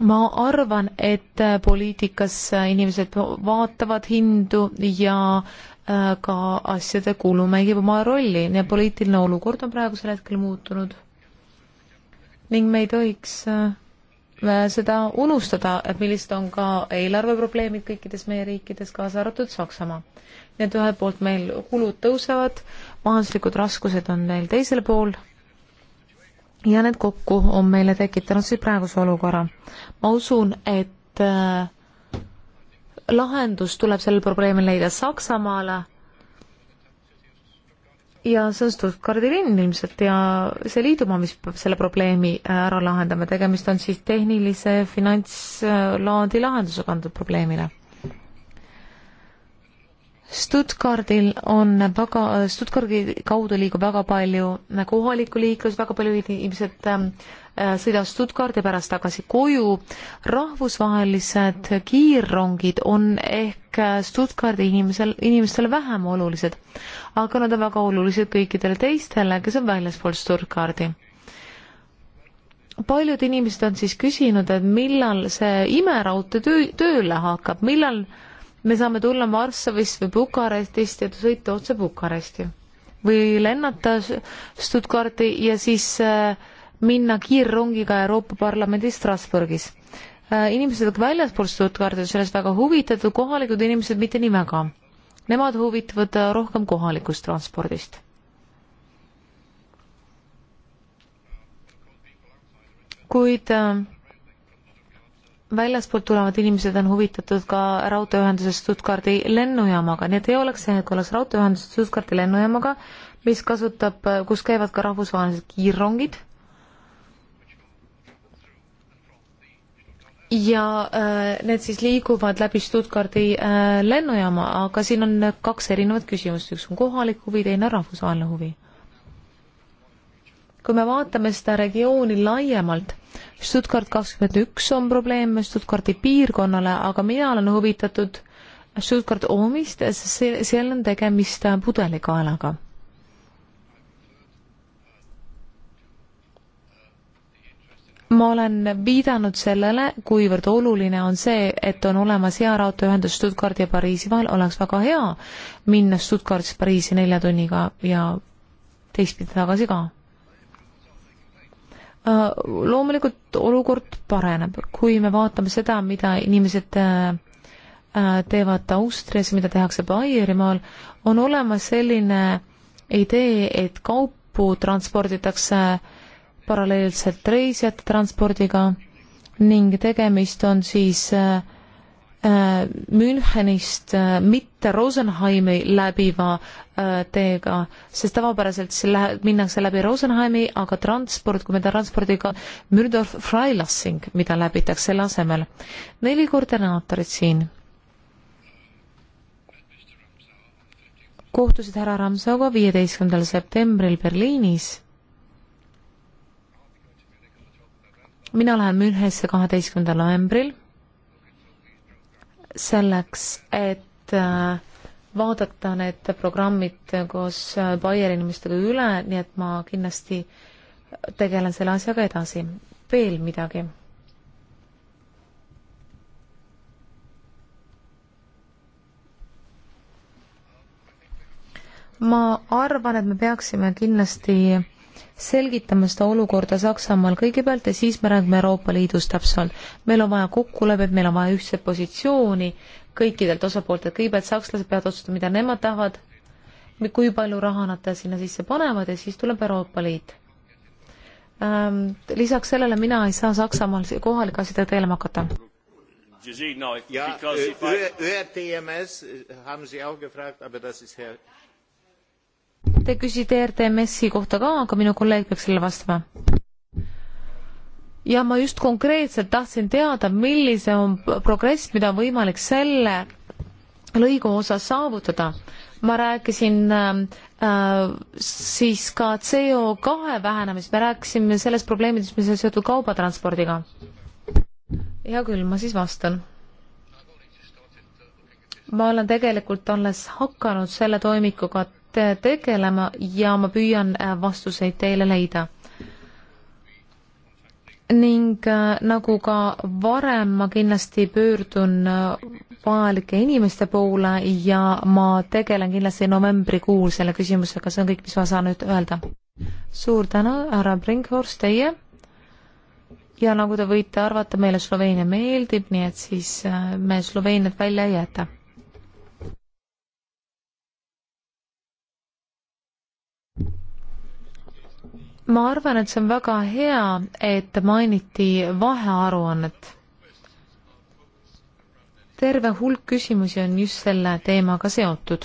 ma arvan, et poliitikas inimesed vaatavad hindu ja Äh, ka asjade kulu mängib oma rolli ja poliitiline olukord on praegusel hetkel muutunud. ning me ei tohiks äh, seda unustada, et millised on ka eelarveprobleemid kõikides meie riikides, kaasa arvatud Saksamaa. nii et ühelt poolt meil kulud tõusevad, majanduslikud raskused on meil teisel pool ja need kokku on meile tekitanud siis praeguse olukorra. ma usun, et äh, lahendus tuleb sellel probleemil leida Saksamaale ja see on Stuttgardi linn ilmselt ja see liidumaa, mis peab selle probleemi äh, ära lahendama, tegemist on siis tehnilise finantslaadi lahendusega antud probleemile. Stuttgardil on väga, Stuttgardi kaudu liigub väga palju kohalikku liiklust, väga palju inimesed äh, Äh, sõidas Stuttgardi pärast tagasi koju. rahvusvahelised kiirrongid on ehk äh, Stuttgardi inimesel, inimestele vähem olulised, aga nad on väga olulised kõikidele teistele, kes on väljaspool Stuttgardi paljud inimesed on siis küsinud, et millal see imeraudtee töö, tööle hakkab, millal me saame tulla Varssavist või Bukarestist ja sõita otse Bukaresti või lennata Stuttgarti ja siis äh, minna kiirrongiga Euroopa Parlamendi Strasbourgis. Äh, inimesed väljaspool Stuttgarti on sellest väga huvitatud, kohalikud inimesed mitte nii väga. Nemad huvituvad äh, rohkem kohalikust transpordist. kuid äh, väljaspoolt tulevad inimesed on huvitatud ka raudteeühendusest Stuttgardi lennujaamaga, nii et ei oleks see, et oleks raudteeühendus Stuttgardi lennujaamaga, mis kasutab, kus käivad ka rahvusvahelised kiirrongid ja äh, need siis liiguvad läbi Stuttgardi äh, lennujaama, aga siin on kaks erinevat küsimust, üks on kohalik huvi, teine rahvusvaheline huvi. kui me vaatame seda regiooni laiemalt, Stuttgart kakskümmend üks on probleem Stuttgardi piirkonnale, aga mina olen huvitatud Stuttgart omist, sest seal on tegemist pudelikaelaga ma olen viidanud sellele, kuivõrd oluline on see, et on olemas hea raudteeühendus Stuttgardi ja Pariisi vahel, oleks väga hea minna Stuttgardist Pariisi nelja tunniga ja teistpidi tagasi ka. Äh, loomulikult olukord pareneb, kui me vaatame seda, mida inimesed äh, äh, teevad Austrias, mida tehakse Baierimaal, on olemas selline idee, et kaupu transporditakse äh, paralleelselt reisijate transpordiga ning tegemist on siis äh, äh, Münchenist äh, mitte Rosenheimi läbiva äh, teega, sest tavapäraselt siis lähe-, minnakse läbi Rosenheimi, aga transport, kui me transpordiga Mürdorf-Freilassing, mida läbitakse selle asemel. neli koordinaatorit siin kohtusid härra Ramsauga viieteistkümnendal septembril Berliinis mina lähen Münchesse kaheteistkümnendal novembril selleks, et äh, vaadata need programmid koos äh, Bayer inimestega üle, nii et ma kindlasti tegelen selle asjaga edasi. veel midagi? ma arvan, et me peaksime kindlasti selgitama seda olukorda Saksamaal kõigepealt ja siis me räägime Euroopa Liidus täpsemalt. meil on vaja kokkulepet, meil on vaja ühtset positsiooni kõikidelt osapooltelt, kõigepealt sakslased peavad otsustama, mida nemad tahavad, kui palju raha nad sinna sisse panevad ja siis tuleb Euroopa Liit ähm,. lisaks sellele mina ei saa Saksamaal kohalike asjadega tegelema hakata. ja ÜRTMS, äh, äh, haben Sie auch gefragt, aber das ist Herr Te küsite RTMS-i kohta ka, aga minu kolleeg peaks sellele vastama. ja ma just konkreetselt tahtsin teada, millise on progress, mida on võimalik selle lõigu osas saavutada. ma rääkisin ähm, äh, siis ka CO kahe vähenemist, me rääkisime sellest probleemidest, mis on seotud kaubatranspordiga. hea küll, ma siis vastan ma olen tegelikult alles hakanud selle toimikuga Äh, tegelema ja ma püüan äh, vastuseid teile leida. ning äh, nagu ka varem, ma kindlasti pöördun vajalike inimeste poole ja ma tegelen kindlasti novembrikuul selle küsimusega, see on kõik, mis ma saan nüüd öelda. suur tänu, härra Brinkhorst, teie ja nagu te võite arvata, meile Sloveenia meeldib, nii et siis me Sloveeniat välja ei jäta ma arvan, et see on väga hea, et mainiti vahearuannet. terve hulk küsimusi on just selle teemaga seotud.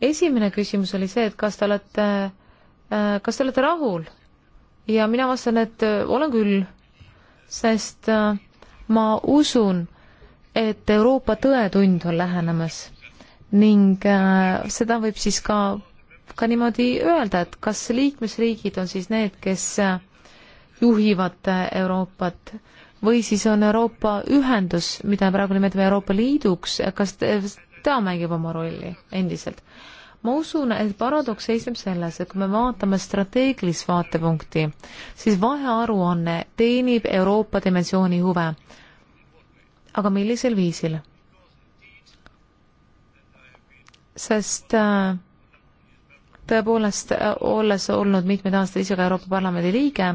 esimene küsimus oli see, et kas te olete, äh, kas te olete rahul? ja mina vastan, et äh, olen küll, sest äh, ma usun, et Euroopa tõetund on lähenemas ning seda võib siis ka ka niimoodi öelda, et kas liikmesriigid on siis need, kes juhivad Euroopat või siis on Euroopa ühendus, mida praegu nimetame Euroopa Liiduks, kas ta mängib oma rolli endiselt? ma usun, et paradoks seisneb selles, et kui me vaatame strateegilist vaatepunkti, siis vahearuanne teenib Euroopa dimensiooni huve. aga millisel viisil? sest äh, tõepoolest, äh, olles olnud mitmeid aastaid ise ka Euroopa Parlamendi liige,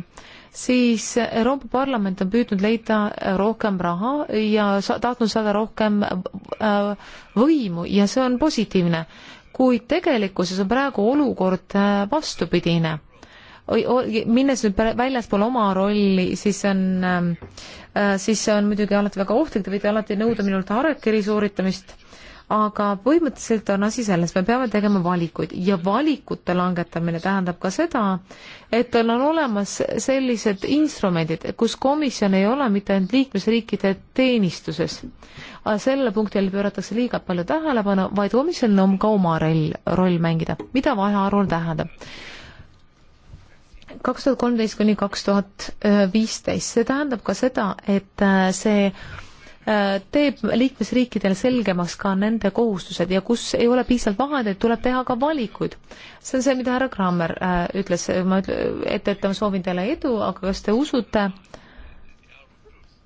siis Euroopa Parlament on püüdnud leida äh, rohkem raha ja sa tahtnud saada rohkem äh, võimu ja see on positiivne, kuid tegelikkuses on praegu olukord vastupidine minnes nüüd väljaspool oma rolli, siis on, ähm, siis see on muidugi alati väga ohtlik, te võite alati nõuda minult harakiri sooritamist aga põhimõtteliselt on asi selles, me peame tegema valikuid ja valikute langetamine tähendab ka seda, et on olemas sellised instrumendid, kus komisjon ei ole mitte ainult liikmesriikide teenistuses, sellele punktile pööratakse liiga palju tähelepanu, vaid komisjonil on ka oma roll, roll mängida, mida vahearuanne tähendab kaks tuhat kolmteist kuni kaks tuhat viisteist, see tähendab ka seda, et äh, see teeb liikmesriikidel selgemaks ka nende kohustused ja kus ei ole piisavalt vahendeid, tuleb teha ka valikuid. see on see, mida härra Krammer äh, ütles, ma ütle, ette, et ma soovin teile edu, aga kas te usute,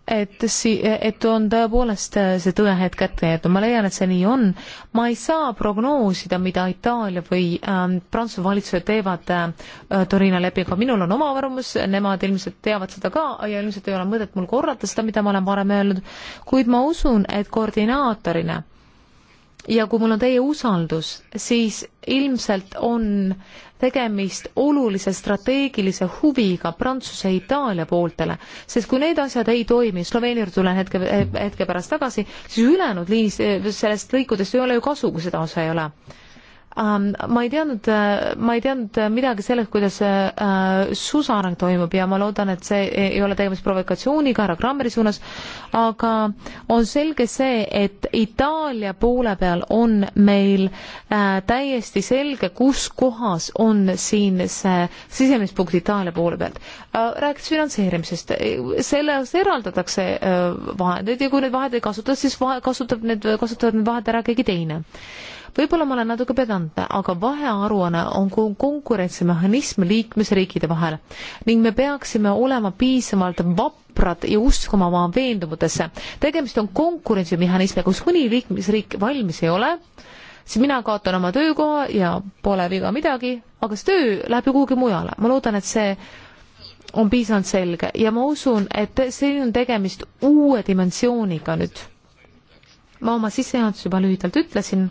et si-, et on tõepoolest äh, see tõehetk kätte jäänud, ma leian, et see nii on. ma ei saa prognoosida, mida Itaalia või ähm, Prantsuse valitsused teevad äh, Torino lepinguga, minul on oma arvamus, nemad ilmselt teavad seda ka ja ilmselt ei ole mõtet mul korrata seda, mida ma olen varem öelnud, kuid ma usun, et koordinaatorina ja kui mul on teie usaldus, siis ilmselt on tegemist olulise strateegilise huviga Prantsuse ja Itaalia pooltele, sest kui need asjad ei toimi, Sloveenia juurde tulen hetke, hetke pärast tagasi, siis ülejäänud liis, sellest lõikudest ei ole ju kasu, kui seda osa ei ole Ähm, ma ei teadnud, äh, ma ei teadnud äh, midagi sellest, kuidas äh, suusareng toimub ja ma loodan, et see ei ole tegemist provokatsiooniga härra Krammeri suunas, aga on selge see, et Itaalia poole peal on meil täiesti selge, kus kohas on siin see sisemispunkt Itaalia poole pealt. rääkides finantseerimisest, selle jaoks eraldatakse vahendeid ja kui neid vahendeid kasutada, siis vahe, kasutab need, kasutavad need vahendid ära keegi teine võib-olla ma olen natuke pedantne, aga vahearuanne on konkurentsimehhanism liikmesriikide vahel ning me peaksime olema piisavalt vaprad ja uskuma oma veendumutesse. tegemist on konkurentsimehhanismiga, kus mõni liikmesriik valmis ei ole, siis mina kaotan oma töökoha ja pole viga midagi, aga see töö läheb ju kuhugi mujale. ma loodan, et see on piisavalt selge ja ma usun, et siin on tegemist uue dimensiooniga nüüd. ma oma sissejuhatuses juba lühidalt ütlesin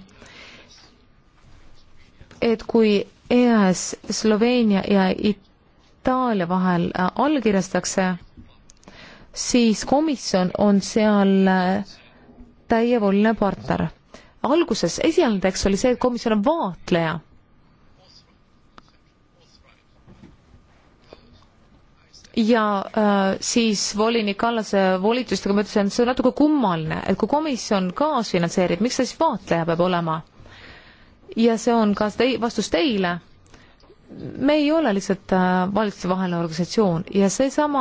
et kui EAS Sloveenia ja Itaalia vahel äh, allkirjastatakse, siis komisjon on seal äh, täievoliline partner. alguses esialgne tekst oli see, et komisjon on vaatleja. ja äh, siis volinik Allase volitustega ma ütlesin, et see on natuke kummaline, et kui komisjon kaasfinantseerib, miks ta siis vaatleja peab olema ja see on ka tei-, vastus teile. me ei ole lihtsalt äh, valitsustevaheline organisatsioon ja seesama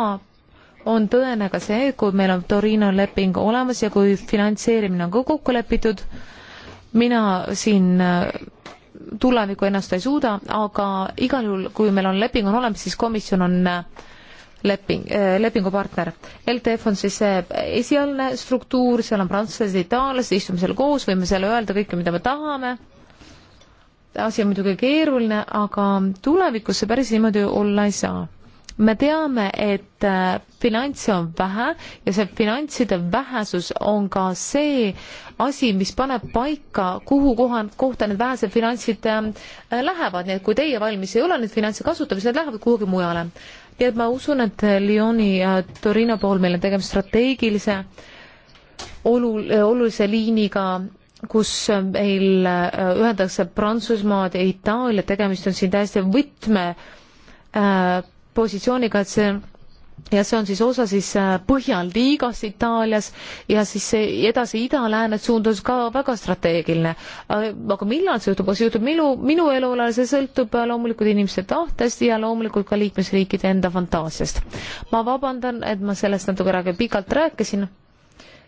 on tõene ka see, kui meil on Torino leping olemas ja kui finantseerimine on ka kokku lepitud, mina siin äh, tulevikku ennast ei suuda, aga igal juhul, kui meil on leping on olemas, siis komisjon on äh, leping, lepingupartner. LTF on siis see esialgne struktuur, seal on prantslased, itaallased, istume seal koos, võime seal öelda kõike, mida me tahame asi on muidugi keeruline, aga tulevikus see päris niimoodi olla ei saa. me teame, et äh, finantse on vähe ja see finantside vähesus on ka see asi, mis paneb paika, kuhu koha, kohta need vähesed finantsid ähm, äh, lähevad, nii et kui teie valmis ei ole neid finantse kasutama, siis need lähevad kuhugi mujale. nii et ma usun, et Lyoni ja äh, Torino puhul meil on tegemist strateegilise olul-, olulise liiniga kus meil äh, ühendatakse Prantsusmaad ja Itaalia, tegemist on siin täiesti võtme äh, positsiooniga, et see ja see on siis osa siis äh, Põhjaliigast Itaalias ja siis edasi ida-lääne suundus ka väga strateegiline. aga millal see juhtub, see juhtub minu, minu elualal, see sõltub loomulikult inimeste tahtest ja loomulikult ka liikmesriikide enda fantaasiast. ma vabandan, et ma sellest natuke pikalt rääkisin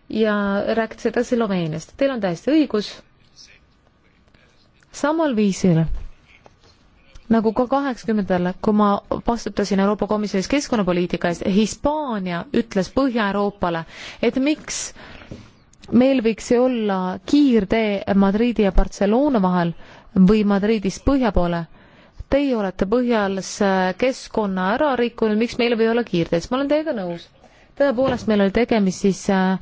ja rääkides edasi Sloveeniast. Teil on täiesti õigus, samal viisil nagu ka kaheksakümnendatel, kui ma vastutasin Euroopa Komisjonis keskkonnapoliitika eest, Hispaania ütles Põhja-Euroopale, et miks meil võiks see olla kiirtee Madridi ja Barcelona vahel või Madridist põhja poole. Teie olete põhjas keskkonna ära rikkunud, miks meil ei või olla kiirteed, siis ma olen teiega nõus. tõepoolest, meil oli tegemist siis äh,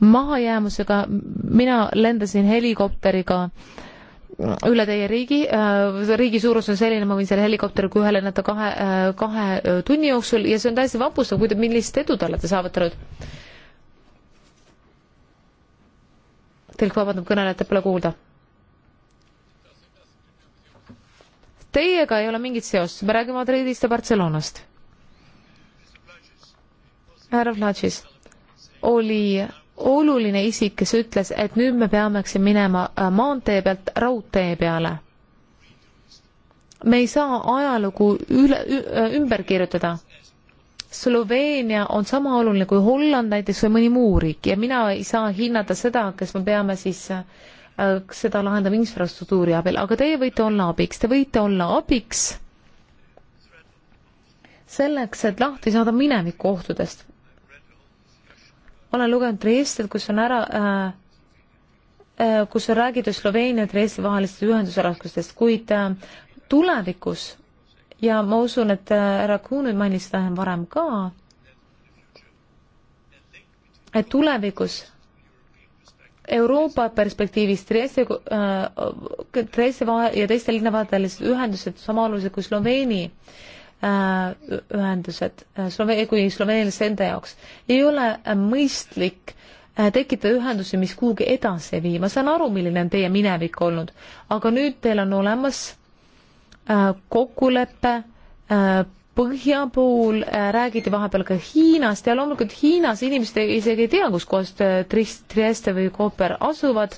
mahajäämusega, mina lendasin helikopteriga üle teie riigi, äh, riigi suurus on selline, ma võin selle helikopteriga ühe lennata kahe, äh, kahe äh, tunni jooksul ja see on täiesti vapustav, kuid millist edu te olete saavutanud? tõlk vabandab, kõnelejat pole kuulda teiega ei ole mingit seost, me räägime Madridist ja Barcelonast. härra Vlatšis oli oluline isik, kes ütles, et nüüd me peaksime minema äh, maantee pealt raudtee peale. me ei saa ajalugu üle, äh, ümber kirjutada. Sloveenia on sama oluline kui Holland näiteks või mõni muu riik ja mina ei saa hinnata seda, kas me peame siis äh, seda lahendama infrastruktuuri abil, aga teie võite olla abiks, te võite olla abiks selleks, et lahti saada mineviku ohtudest ma olen lugenud Dresdet, kus on ära äh, äh, kus on räägitud Sloveenia ja Dresdi vahelistest ühenduse raskustest, kuid äh, tulevikus ja ma usun, et äh, härra Kuhn nüüd mainis seda varem ka, et tulevikus Euroopa perspektiivis Dresdi, Dresdi ja teiste linnavahelised ühendused sama olulised kui Sloveeni äh, Äh, ühendused äh, Slovee-, kui sloveenlaste enda jaoks. ei ole äh, mõistlik tekitada ühendusi, mis kuhugi edasi ei vii, ma saan aru, milline on teie minevik olnud, aga nüüd teil on olemas kokkulepe põhja pool äh, räägiti vahepeal ka Hiinast ja loomulikult Hiinas inimesed isegi ei tea, kus kohas Trieste või Kooper asuvad.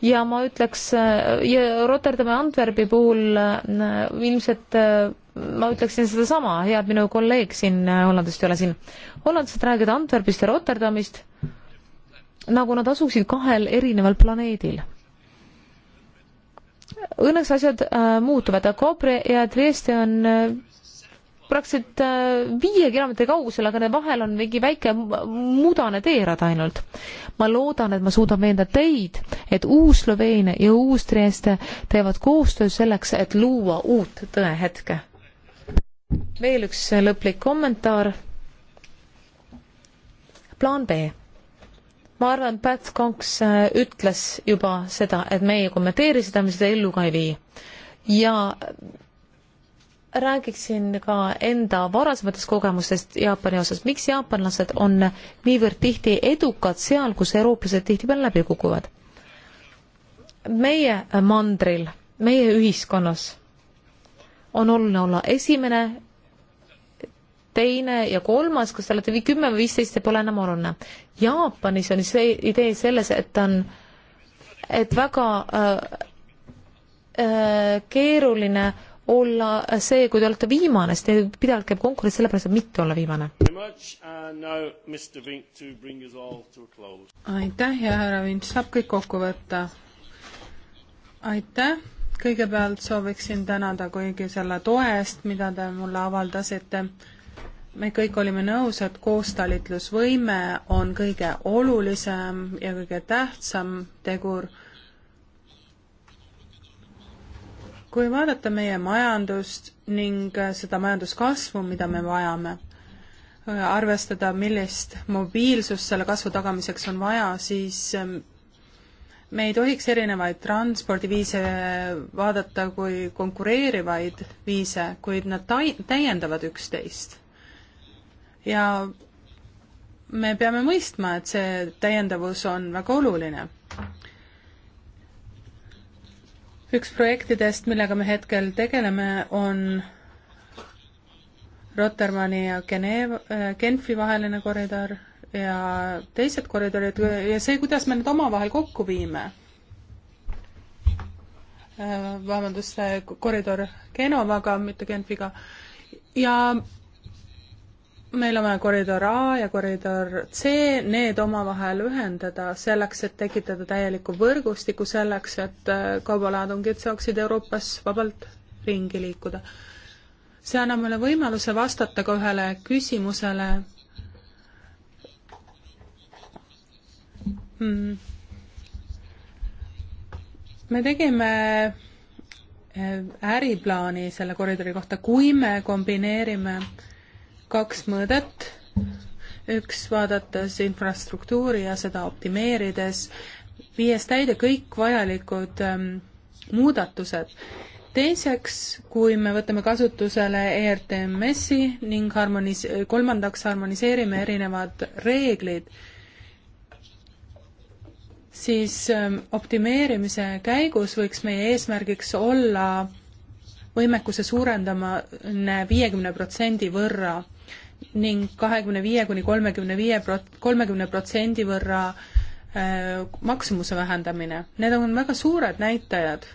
ja ma ütleks äh, ja Rotterdami Antwerpi puhul äh, ilmselt äh, ma ütleksin sedasama, head minu kolleeg siin äh, Hollandist ei ole siin. hollandlased räägivad Antwerpist ja Rotterdamist nagu nad asuksid kahel erineval planeedil. Õnneks asjad äh, muutuvad, Kobre ja Trieste on äh, praktiliselt äh, viie kilomeetri kaugusel, aga vahel on mingi väike mudane teerada ainult. ma loodan, et ma suudan veenda teid, et uus Sloveenia ja uus Trieste teevad koostöö selleks, et luua uut tõehetke veel üks lõplik kommentaar. plaan B. ma arvan, Pat Conks äh, ütles juba seda, et meie ei kommenteeri seda, me seda ellu ka ei vii. ja räägiksin ka enda varasematest kogemustest Jaapani osas. miks jaapanlased on niivõrd tihti edukad seal, kus eurooplased tihtipeale läbi kukuvad? meie mandril, meie ühiskonnas on oluline olla esimene, teine ja kolmas, kas te olete või kümme või viisteist, see pole enam oluline. Jaapanis on see idee selles, et on, et väga äh, äh, keeruline olla see, kui te olete viimane, sest teil pidevalt käib konkurents selle pärast, et mitte olla viimane. aitäh ja härra Vint saab kõik kokku võtta. aitäh kõigepealt sooviksin tänada kõigi selle toe eest, mida te mulle avaldasite. me kõik olime nõus, et koostalitlusvõime on kõige olulisem ja kõige tähtsam tegur. kui vaadata meie majandust ning seda majanduskasvu, mida me vajame, arvestada, millist mobiilsust selle kasvu tagamiseks on vaja, siis me ei tohiks erinevaid transpordiviise vaadata kui konkureerivaid viise, kuid nad tai-, täiendavad üksteist. ja me peame mõistma, et see täiendavus on väga oluline. üks projektidest, millega me hetkel tegeleme, on Rotermani ja Geneev-, Genfi vaheline koridor ja teised koridorid ja see, kuidas me need omavahel kokku viime. Äh, vabandust, see koridor Genovaga, mitte Genfiga. ja meil on vaja koridor A ja koridor C, need omavahel ühendada selleks, et tekitada täielikku võrgustikku selleks, et äh, kaubalaadungid saaksid Euroopas vabalt ringi liikuda. see annab mulle võimaluse vastata ka ühele küsimusele, Mhm. me tegime eh, äriplaani selle koridori kohta, kui me kombineerime kaks mõõdet, üks vaadates infrastruktuuri ja seda optimeerides, viies täide kõik vajalikud ähm, muudatused. teiseks, kui me võtame kasutusele ERTMS-i ning harmonis-, kolmandaks harmoniseerime erinevad reeglid siis ähm, optimeerimise käigus võiks meie eesmärgiks olla võimekuse suurendamine viiekümne protsendi võrra ning kahekümne viie kuni kolmekümne viie prot-, kolmekümne protsendi võrra äh, maksumuse vähendamine. Need on väga suured näitajad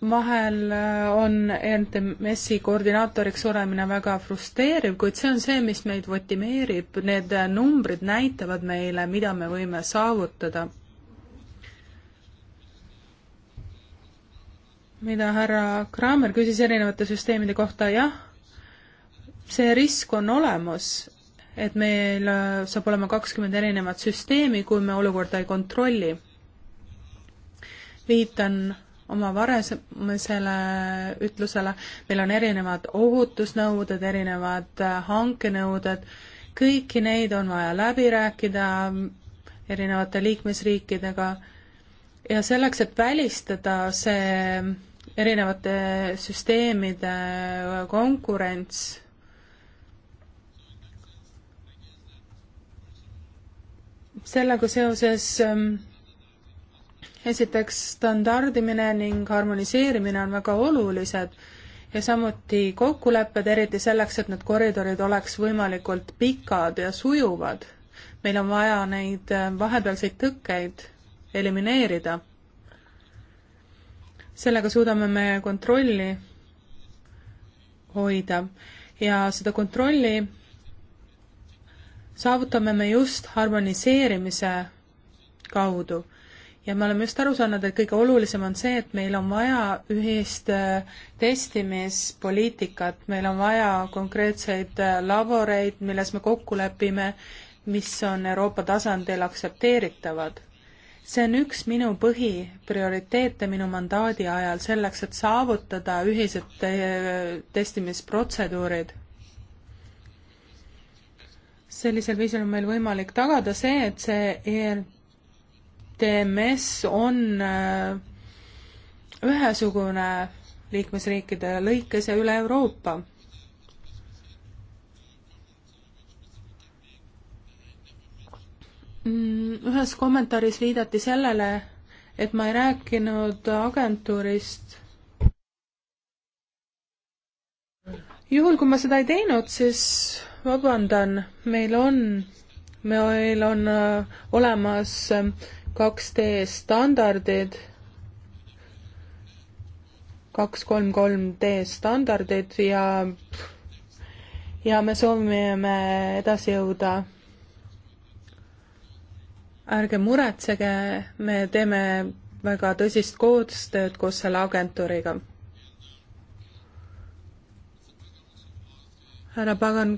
vahel äh, on NTMS-i koordinaatoriks olemine väga frustreeriv, kuid see on see, mis meid motiveerib, need äh, numbrid näitavad meile, mida me võime saavutada. mida härra Kramer küsis erinevate süsteemide kohta, jah, see risk on olemas, et meil äh, saab olema kakskümmend erinevat süsteemi, kui me olukorda ei kontrolli. viitan oma varasemisele ütlusele, meil on erinevad ohutusnõuded, erinevad äh, hankenõuded, kõiki neid on vaja läbi rääkida erinevate liikmesriikidega ja selleks, et välistada see erinevate süsteemide konkurents, sellega seoses ähm, esiteks standardimine ning harmoniseerimine on väga olulised ja samuti kokkulepped, eriti selleks, et need koridorid oleks võimalikult pikad ja sujuvad. meil on vaja neid äh, vahepealseid tõkkeid elimineerida. sellega suudame me kontrolli hoida ja seda kontrolli saavutame me just harmoniseerimise kaudu ja me oleme just aru saanud, et kõige olulisem on see, et meil on vaja ühist äh, testimispoliitikat, meil on vaja konkreetseid äh, laboreid, milles me kokku lepime, mis on Euroopa tasandil aktsepteeritavad. see on üks minu põhiprioriteete minu mandaadi ajal, selleks et saavutada ühised te äh, testimisprotseduurid sellisel viisil on meil võimalik tagada see, et see ER TMS on äh, ühesugune liikmesriikide lõikes ja üle Euroopa. Mm, ühes kommentaaris viidati sellele, et ma ei rääkinud agentuurist. juhul, kui ma seda ei teinud, siis vabandan, meil on, meil on äh, olemas äh, 2D standardid, kaks kolm kolm D standardid ja, ja me soovime edasi jõuda. ärge muretsege, me teeme väga tõsist koostööd koos selle agentuuriga. härra Pagan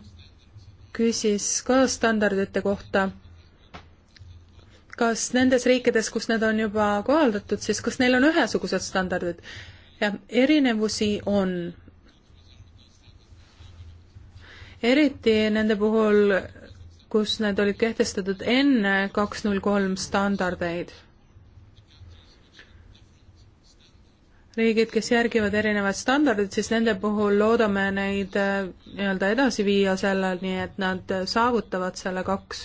küsis ka standardite kohta kas nendes riikides, kus need on juba kohaldatud, siis kas neil on ühesugused standardid? jah, erinevusi on. eriti nende puhul, kus need olid kehtestatud enne kaks null kolm standardeid. riigid, kes järgivad erinevaid standardeid, siis nende puhul loodame neid eh, nii-öelda edasi viia selleni, et nad eh, saavutavad selle kaks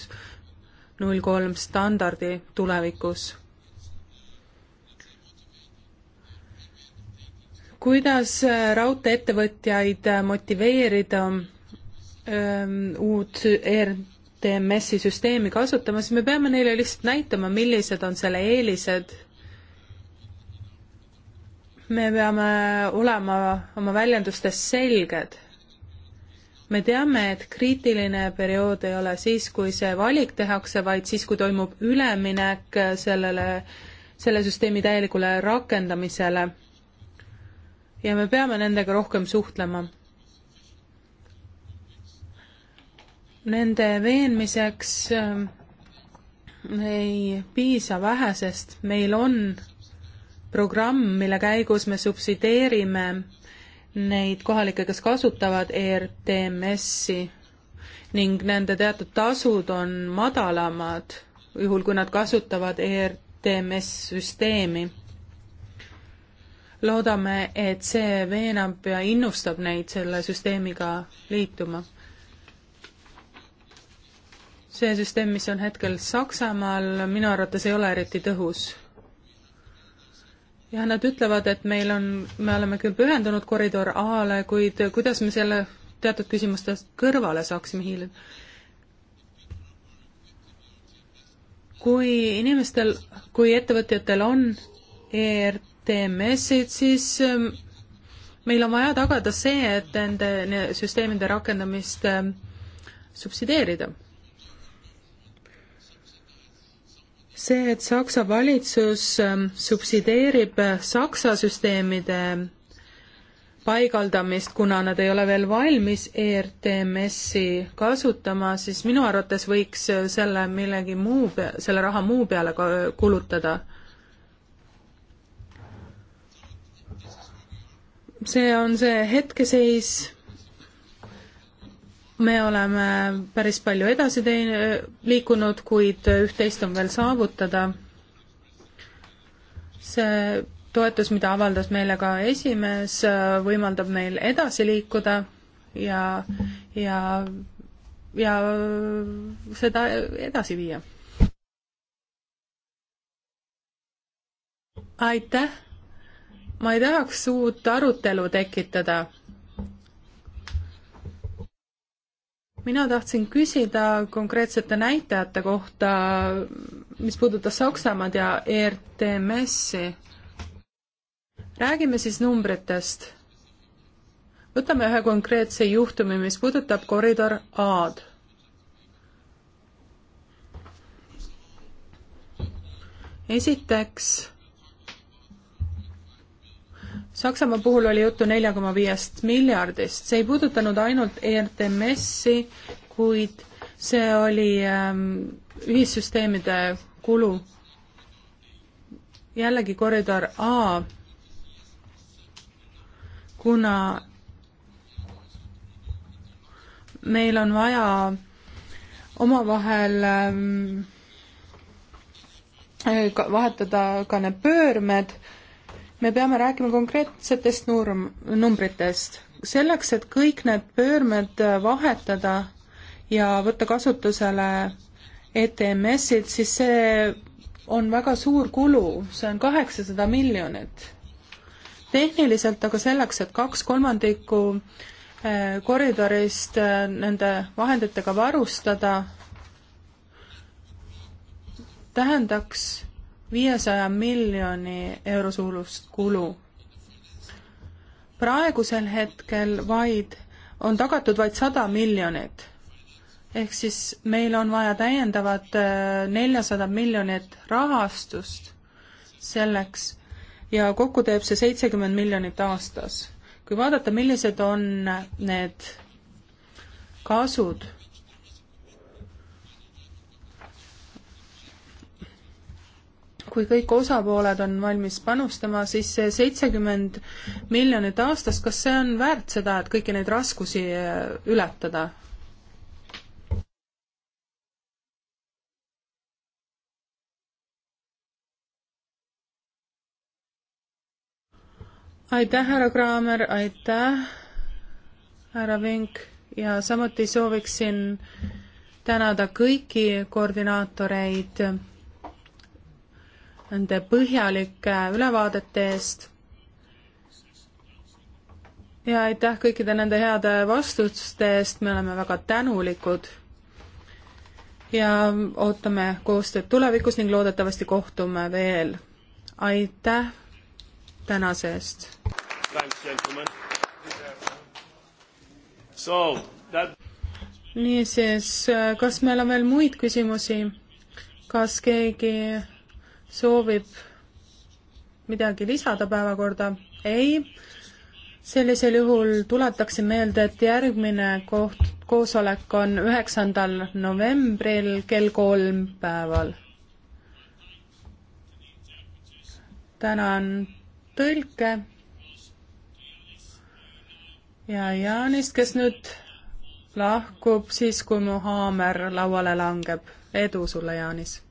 null kolm standardi tulevikus. kuidas äh, raudteeettevõtjaid äh, motiveerida ähm, uut ERTMS-i süsteemi kasutama, siis me peame neile lihtsalt näitama, millised on selle eelised. me peame olema oma väljendustes selged me teame, et kriitiline periood ei ole siis, kui see valik tehakse, vaid siis, kui toimub üleminek sellele, selle süsteemi täielikule rakendamisele. ja me peame nendega rohkem suhtlema. Nende veenmiseks ähm, ei piisa vähesest, meil on programm, mille käigus me subsideerime neid kohalikke, kes kasutavad ERTMS-i ning nende teatud tasud on madalamad, juhul kui nad kasutavad ERTMS-süsteemi. loodame, et see veenab ja innustab neid selle süsteemiga liituma. see süsteem, mis on hetkel Saksamaal, minu arvates ei ole eriti tõhus jah, nad ütlevad, et meil on, me oleme küll pühendunud koridor A-le, kuid kuidas me selle teatud küsimustest kõrvale saaksime hiilida? kui inimestel, kui ettevõtjatel on ERTMS-id, siis ähm, meil on vaja tagada see, et nende süsteemide rakendamist ähm, subsideerida see, et Saksa valitsus ähm, subsideerib äh, Saksa süsteemide paigaldamist, kuna nad ei ole veel valmis ERTMS-i kasutama, siis minu arvates võiks äh, selle millegi muu, selle raha muu peale äh, kulutada. see on see hetkeseis me oleme päris palju edasi teinud, liikunud, kuid üht-teist on veel saavutada. see toetus, mida avaldas meile ka esimees, võimaldab meil edasi liikuda ja, ja, ja seda edasi viia. aitäh! ma ei tahaks uut arutelu tekitada mina tahtsin küsida konkreetsete näitajate kohta, mis puudutas Saksamaad ja ERTMS-i. räägime siis numbritest. võtame ühe konkreetse juhtumi, mis puudutab koridor A-d. esiteks Saksamaa puhul oli juttu nelja koma viiest miljardist, see ei puudutanud ainult ERTMS-i, kuid see oli ähm, ühissüsteemide kulu. jällegi koridor A, kuna meil on vaja omavahel ähm, vahetada ka need pöörmed me peame rääkima konkreetsetest nurm-, numbritest. selleks, et kõik need pöörmed äh, vahetada ja võtta kasutusele ETMS-id, siis see on väga suur kulu, see on kaheksasada miljonit. tehniliselt aga selleks, et kaks kolmandikku äh, koridorist äh, nende vahenditega varustada, tähendaks viiesaja miljoni euro suurust kulu. praegusel hetkel vaid, on tagatud vaid sada miljonit. ehk siis meil on vaja täiendavat äh, neljasada miljonit rahastust selleks ja kokku teeb see seitsekümmend miljonit aastas. kui vaadata, millised on need kasud kui kõik osapooled on valmis panustama, siis see seitsekümmend miljonit aastas, kas see on väärt seda, et kõiki neid raskusi eh, ületada? aitäh, härra Kraamer, aitäh, härra Vink ja samuti sooviksin tänada kõiki koordinaatoreid nende põhjalike ülevaadete eest ja aitäh kõikide nende heade vastuste eest, me oleme väga tänulikud ja ootame koostööd tulevikus ning loodetavasti kohtume veel. aitäh tänase eest! That... niisiis, kas meil on veel muid küsimusi? kas keegi soovib midagi lisada päevakorda? ei. sellisel juhul tuletaksin meelde, et järgmine koht, koosolek on üheksandal novembril kell kolm päeval. tänan tõlke ja Jaanist, kes nüüd lahkub siis, kui mu haamer lauale langeb. edu sulle, Jaanis!